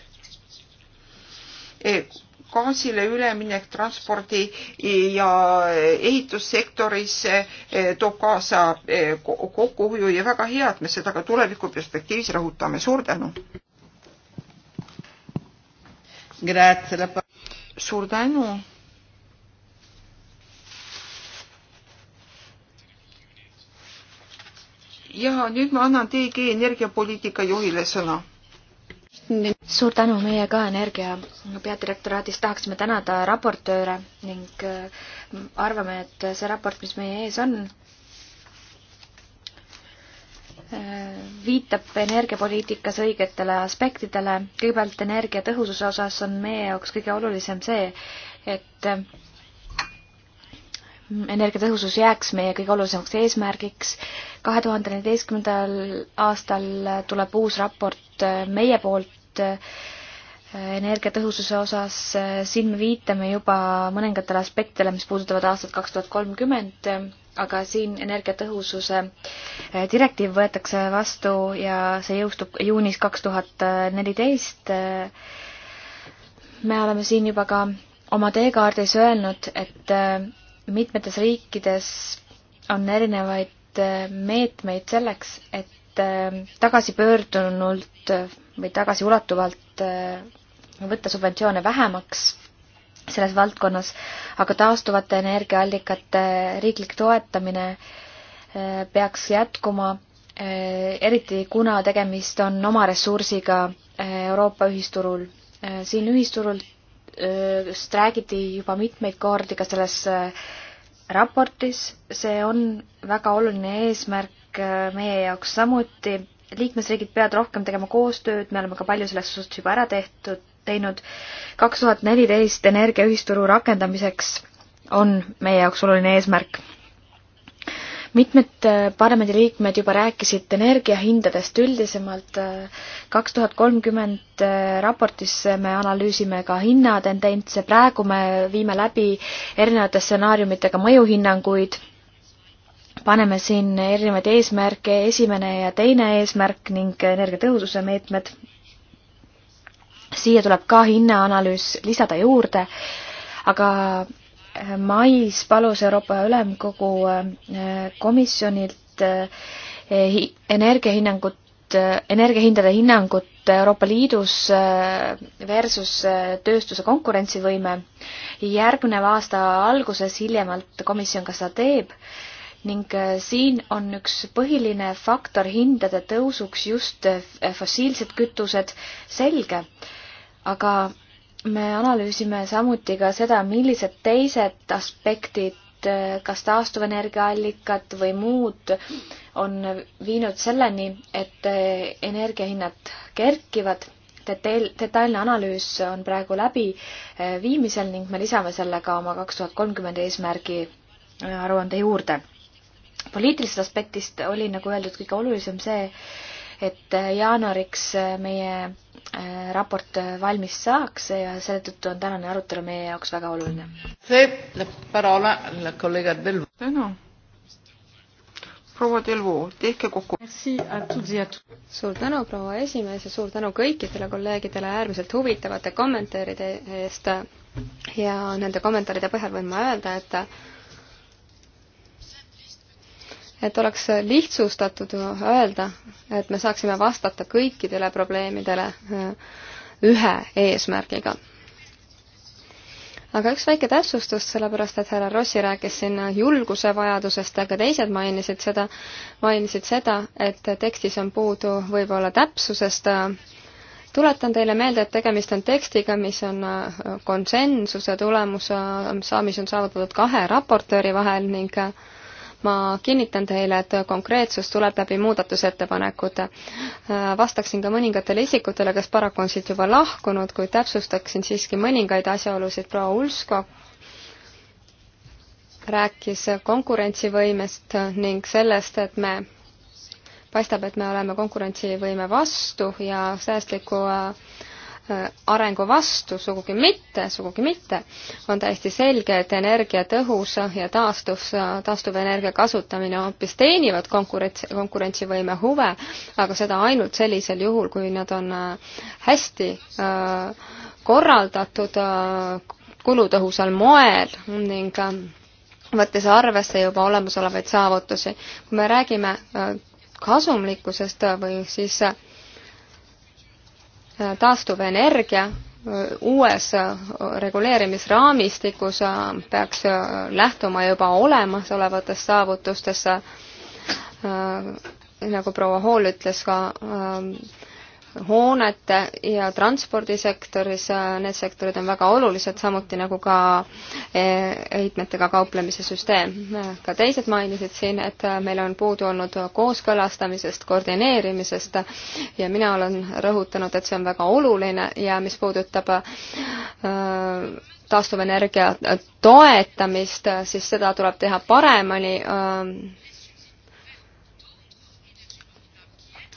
gaasile üleminek transpordi ja ehitussektoris eh, toob kaasa eh, kokkuhoiu ja väga hea, et me seda ka tuleviku perspektiivis rõhutame. suur tänu! suur tänu! ja nüüd ma annan DG energiapoliitika juhile sõna suur tänu, meie ka Energia peadirektoraadist tahaksime tänada raportööre ning äh, arvame, et see raport, mis meie ees on, äh, viitab energiapoliitikas õigetele aspektidele. kõigepealt energiatõhususe osas on meie jaoks kõige olulisem see, et äh, energiatõhusus jääks meie kõige olulisemaks eesmärgiks. kahe tuhande neljateistkümnendal aastal tuleb uus raport meie poolt nüüd äh, energiatõhususe osas, äh, siin me viitame juba mõningatele aspektidele, mis puudutavad aastat kaks tuhat kolmkümmend, aga siin energiatõhususe äh, direktiiv võetakse vastu ja see jõustub juunis kaks tuhat neliteist. me oleme siin juba ka oma teekaardis öelnud, et mitmetes riikides on erinevaid meetmeid selleks, et Äh, tagasipöördunult äh, või tagasiulatuvalt äh, võtta subventsioone vähemaks selles valdkonnas, aga taastuvate energiaallikate riiklik toetamine peaks jätkuma, eriti kuna tegemist on oma ressursiga Euroopa ühisturul. siin ühisturul räägiti juba mitmeid kordi ka selles raportis, see on väga oluline eesmärk Äh, meie jaoks samuti. liikmesriigid peavad rohkem tegema koostööd, me oleme ka palju selles suhtes juba ära tehtud, teinud. kaks tuhat neliteist energia ühisturu rakendamiseks on meie jaoks oluline eesmärk mitmed äh, parlamendiliikmed juba rääkisid energiahindadest üldisemalt. kaks tuhat kolmkümmend äh, raportis me analüüsime ka hinnatendentse, praegu me viime läbi erinevate stsenaariumitega mõjuhinnanguid paneme siin erinevaid eesmärke, esimene ja teine eesmärk ning energiatõhususe meetmed. siia tuleb ka hinnaanalüüs lisada juurde, aga äh, mais palus Euroopa Ülemkogu äh, komisjonilt äh, energiahinnangut, energiahindade hinnangut Euroopa Liidus versus tööstuse konkurentsivõime. järgneva aasta alguses hiljemalt komisjon ka seda teeb ning äh, siin on üks põhiline faktor hindade tõusuks just äh, fossiilsed kütused, selge. aga me analüüsime samuti ka seda, millised teised aspektid, äh, kas taastuvenergiaallikad või muud, on viinud selleni, et energiahinnad kerkivad. Detail, detailne analüüs on praegu läbi viimisel ning me lisame selle ka oma kaks tuhat kolmkümmend eesmärgi aruande juurde poliitilisest aspektist oli, nagu öeldud, kõige olulisem see, et jaanuariks meie äh, raport valmis saaks ja selle tõttu on tänane arutelu meie jaoks väga oluline. tänu. proua Delvo, tehke kokku. suur tänu, proua esimees ja suur tänu kõikidele kolleegidele äärmiselt huvitavate kommentaaride eest ja nende kommentaaride põhjal võin ma öelda, et et oleks lihtsustatud öelda, et me saaksime vastata kõikidele probleemidele äh, ühe eesmärgiga. aga üks väike täpsustus, sellepärast et härra Rossi rääkis siin julguse vajadusest, aga teised mainisid seda, mainisid seda, et tekstis on puudu võib-olla täpsusest. tuletan teile meelde, et tegemist on tekstiga, mis on äh, konsensuse tulemuse, äh, mis on saavutatud kahe raportööri vahel ning ma kinnitan teile, et konkreetsus tuleb läbi muudatusettepanekute. vastaksin ka mõningatele isikutele, kes paraku on siit juba lahkunud, kuid täpsustaksin siiski mõningaid asjaolusid. proua Ulsko rääkis konkurentsivõimest ning sellest, et me paistab, et me oleme konkurentsivõime vastu ja säästliku äh, Äh, arengu vastu, sugugi mitte, sugugi mitte, on täiesti selge, et energiatõhus ja taastus, taastuvenergia kasutamine hoopis teenivad konkurentsi, konkurentsivõime huve, aga seda ainult sellisel juhul, kui nad on äh, hästi äh, korraldatud kulutõhusal moel ning võttes arvesse juba olemasolevaid saavutusi. kui me räägime kasumlikkusest või siis taastuvenergia uues reguleerimisraamistikus äh, peaks äh, lähtuma juba olemasolevatest saavutustest, äh, nagu proua Hall ütles ka hoonete ja transpordisektoris, äh, need sektorid on väga olulised, samuti nagu ka äh, heitmetega kauplemise süsteem. Äh, ka teised mainisid siin, et meil on puudu olnud kooskõlastamisest, koordineerimisest ja mina olen rõhutanud, et see on väga oluline ja mis puudutab taastuvenergia toetamist, siis seda tuleb teha paremini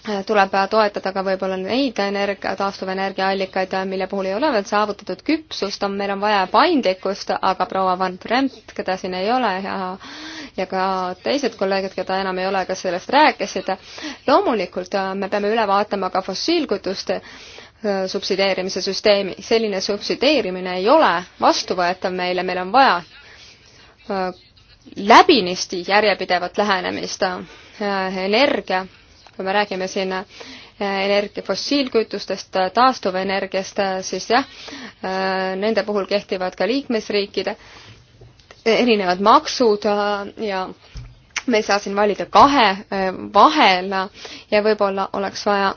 Äh, tuleb toetada ka võib-olla neid energia, taastuvenergiaallikaid, äh, mille puhul ei ole veel saavutatud küpsust, on, meil on vaja paindlikkust, aga proua Van Brempt, keda siin ei ole ja ja ka teised kolleegid, keda enam ei ole, kes sellest rääkisid, loomulikult äh, me peame üle vaatama ka fossiilkütuste subsideerimise süsteemi. selline subsideerimine ei ole vastuvõetav meile, meil on vaja läbinisti järjepidevat lähenemist energia kui me räägime siin äh, energia, fossiilkütustest, äh, taastuvenergiast, äh, siis jah, nende puhul kehtivad ka liikmesriikide e, erinevad maksud ja me ei saa siin valida kahe vahel ja võib-olla oleks vaja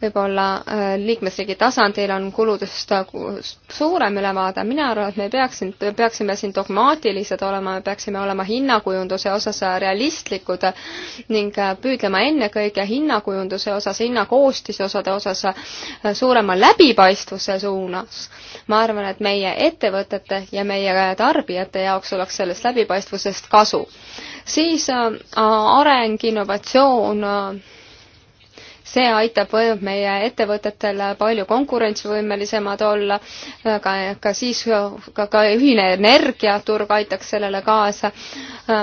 võib-olla äh, liikmesriigi tasandil on kuludest äh, suurem ülevaade, mina arvan, et me peaksin, peaksime siin dogmaatilised olema, me peaksime olema hinnakujunduse osas äh, realistlikud ning püüdlema ennekõike hinnakujunduse osas, hinnakoostisosade osas suurema läbipaistvuse suunas. ma arvan, et meie ettevõtete ja meie tarbijate jaoks oleks sellest läbipaistvusest kasu. siis areng, innovatsioon see aitab meie ettevõtetel palju konkurentsivõimelisemad olla, ka, ka siis, ka, ka ühine energiaturg aitaks sellele kaasa.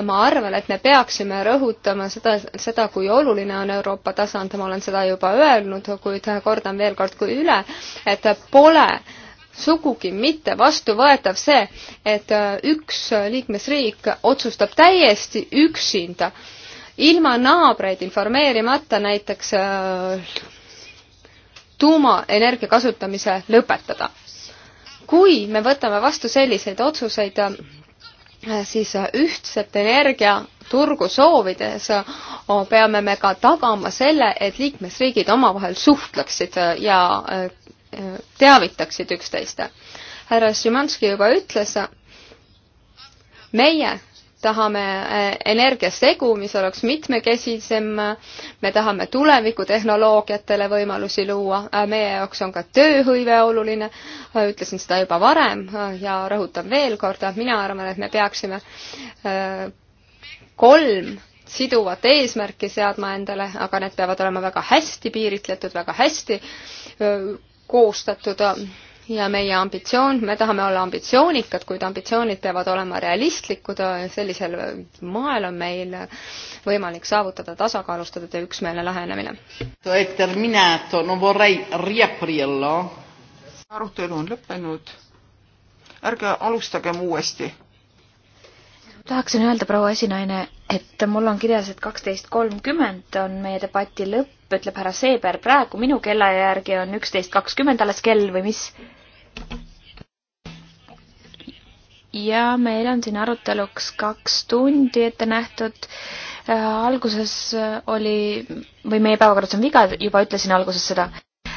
ma arvan, et me peaksime rõhutama seda, seda, kui oluline on Euroopa tasand, ma olen seda juba öelnud, kuid kordan veel kord kui üle, et pole sugugi mitte vastuvõetav see, et üks liikmesriik otsustab täiesti üksinda äh, ilma naabreid informeerimata näiteks äh, tuumaenergia kasutamise lõpetada. kui me võtame vastu selliseid otsuseid, äh, siis ühtset energiaturgu soovides äh, peame me ka tagama selle, et liikmesriigid omavahel suhtleksid ja teavitaksid üksteist. härra Šimanski juba ütles, meie tahame äh, energiasegu, mis oleks mitmekesisem, me tahame tulevikutehnoloogiatele võimalusi luua, äh, meie jaoks on ka tööhõive oluline, äh, ütlesin seda juba varem ja rõhutan veel kord, mina arvan, et me peaksime kolm siduvat eesmärki seadma endale, aga need peavad olema väga hästi piiritletud, väga hästi koostatud ja meie ambitsioon, me tahame olla ambitsioonikad, kuid ambitsioonid peavad olema realistlikud, sellisel moel on meil võimalik saavutada tasakaalustatud ja üksmeelne lähenemine. arutelu on lõppenud, ärge alustagem uuesti. tahaksin öelda, proua esinaine, et mul on kirjas, et kaksteist kolmkümmend on meie debati lõpp, ütleb härra Seeber, praegu minu kella järgi on üksteist kakskümmend alles kell või mis? ja meil on siin aruteluks kaks tundi ette nähtud. Äh, alguses oli, või meie päevakorras on viga, juba ütlesin alguses seda.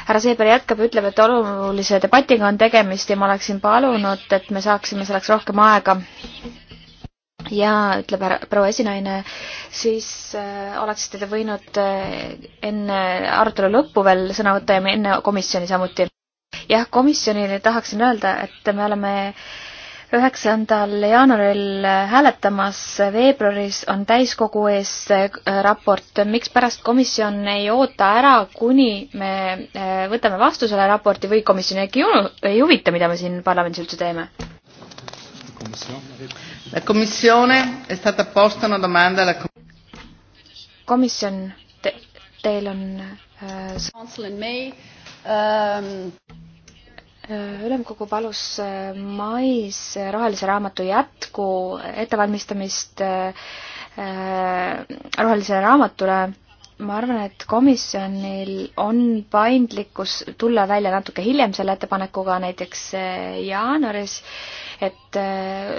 härra Seeber jätkab ja ütleb, et olulise debatiga on tegemist ja ma oleksin palunud, et me saaksime selleks rohkem aega. ja ütleb proua esinaine, siis äh, oleksite te võinud äh, enne arutelu lõppu veel sõna võtta ja enne komisjoni samuti jah, komisjonile tahaksin öelda, et me oleme üheksandal jaanuaril hääletamas, veebruaris on täiskogu ees äh, raport, mikspärast komisjon ei oota ära, kuni me äh, võtame vastu selle raporti või komisjoni äkki ei huvita, mida me siin parlamendis üldse teeme? komisjon te,, teil on äh, ülemkogu palus äh, mais rohelise raamatu jätku ettevalmistamist äh, rohelisele raamatule. ma arvan, et komisjonil on paindlikkus tulla välja natuke hiljem selle ettepanekuga, näiteks äh, jaanuaris, et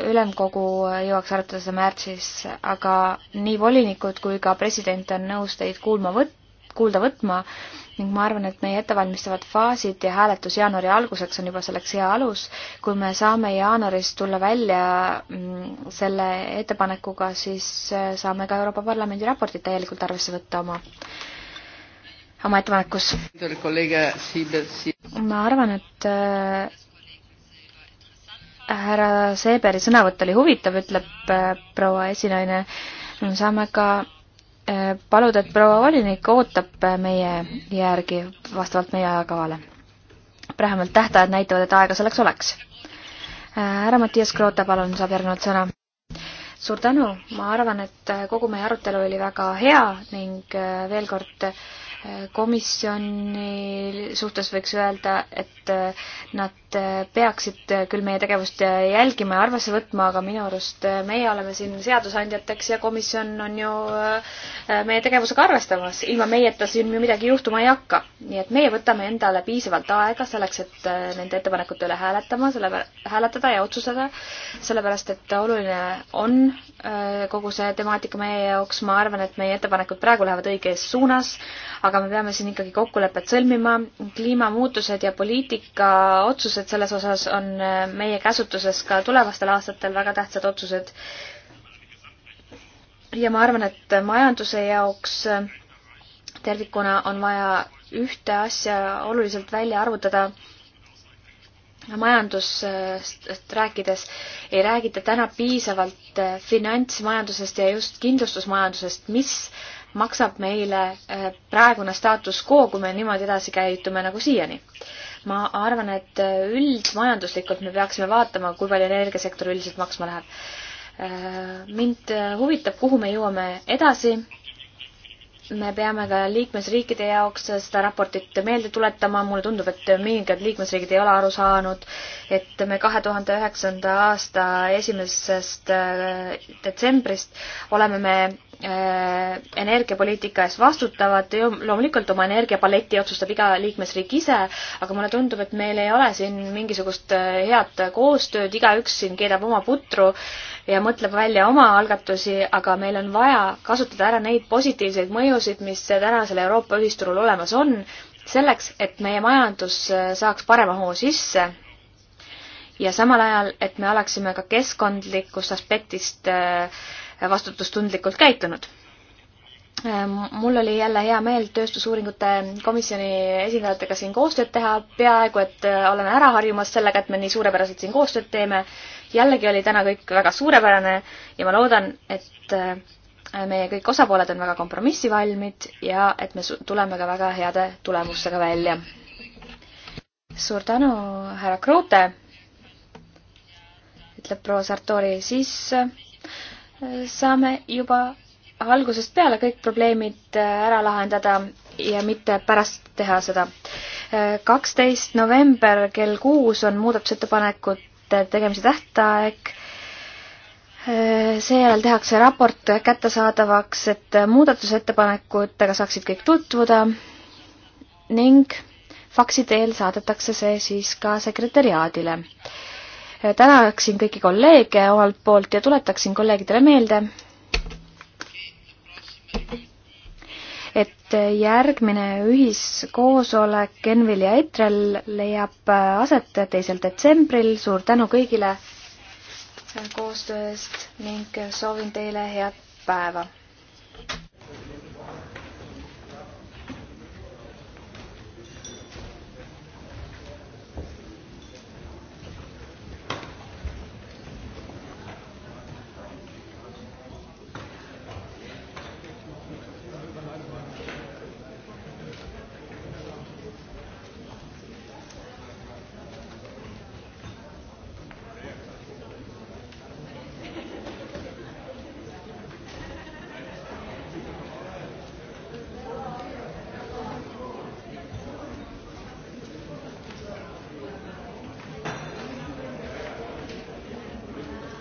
ülemkogu jõuaks arutada seda märtsis, aga nii volinikud kui ka president on nõus teid kuulma võtma kuulda võtma ning ma arvan, et meie ettevalmistavad faasid ja hääletus jaanuari alguseks on juba selleks hea alus. kui me saame jaanuaris tulla välja mm, selle ettepanekuga, siis äh, saame ka Euroopa Parlamendi raportit täielikult arvesse võtta oma oma ettepanekus. ma arvan, et äh, härra Seeberi sõnavõtt oli huvitav, ütleb äh, proua esinaine. me saame ka Äh, paluda, et proua volinik ootab äh, meie järgi vastavalt meie ajakavale. vähemalt tähtajad näitavad, et aega selleks oleks. Äh, härra Mattias Kroota, palun, saab järgnevalt sõna. suur tänu, ma arvan, et kogu meie arutelu oli väga hea ning veel kord komisjoni suhtes võiks öelda, et nad Äh, peaksid äh, küll meie tegevust äh, jälgima ja arvesse võtma, aga minu arust meie oleme siin seadusandjateks ja komisjon on ju meie tegevusega arvestamas. ilma meieta siin ju midagi juhtuma ei hakka. nii et meie võtame endale piisavalt aega selleks, et nende ettepanekute üle hääletama, selle, hääletada ja otsustada, sellepärast et oluline on kogu see temaatika meie jaoks. ma arvan, et meie ettepanekud praegu lähevad õiges suunas, aga me peame siin ikkagi kokkulepet sõlmima. kliimamuutused ja poliitika otsused otsused selles osas on äh, meie käsutuses ka tulevastel aastatel väga tähtsad otsused. ja ma arvan, et majanduse jaoks äh, tervikuna on vaja ühte asja oluliselt välja arvutada. majandusest rääkides ei räägita täna piisavalt äh, finantsmajandusest ja just kindlustusmajandusest, mis maksab meile eh, praegune staatus quo, kui me niimoodi edasi käitume nagu siiani. ma arvan, et eh, üldmajanduslikult me peaksime vaatama, kui palju energiasektor üldiselt maksma läheb. Eh, mind huvitab, kuhu me jõuame edasi. me peame ka liikmesriikide jaoks seda raportit meelde tuletama, mulle tundub, et mõningad liikmesriigid ei ole aru saanud, et me kahe tuhande üheksanda aasta esimesest detsembrist oleme me Äh, energiapoliitika eest vastutavad, loomulikult oma energiapaleti otsustab iga liikmesriik ise, aga mulle tundub, et meil ei ole siin mingisugust äh, head koostööd, igaüks siin keedab oma putru ja mõtleb välja oma algatusi, aga meil on vaja kasutada ära neid positiivseid mõjusid, mis tänasel Euroopa ühisturul olemas on, selleks, et meie majandus äh, saaks parema hoo sisse ja samal ajal, et me oleksime ka keskkondlikust aspektist äh, vastutustundlikult käitunud mul oli jälle hea meel tööstusuuringute komisjoni esindajatega siin koostööd teha, peaaegu et oleme ära harjumas sellega, et me nii suurepäraselt siin koostööd teeme. jällegi oli täna kõik väga suurepärane ja ma loodan, et meie kõik osapooled on väga kompromissivalmid ja et me tuleme ka väga heade tulemustega välja. suur tänu, härra Kruute, ütleb proua Sartori, siis saame juba algusest peale kõik probleemid äh, ära lahendada ja mitte pärast teha seda. Äh, kaksteist november kell kuus on muudatusettepanekute tegemise tähtaeg. Äh, seejärel tehakse raport kättesaadavaks, et muudatusettepanekutega saaksid kõik tutvuda ning faksi teel saadetakse see siis ka sekretäriaadile tänaksin kõiki kolleege omalt poolt ja tuletaksin kolleegidele meelde, et järgmine ühiskoosolek Envil ja Etrel leiab aset teisel detsembril, suur tänu kõigile koostöö eest ning soovin teile head päeva!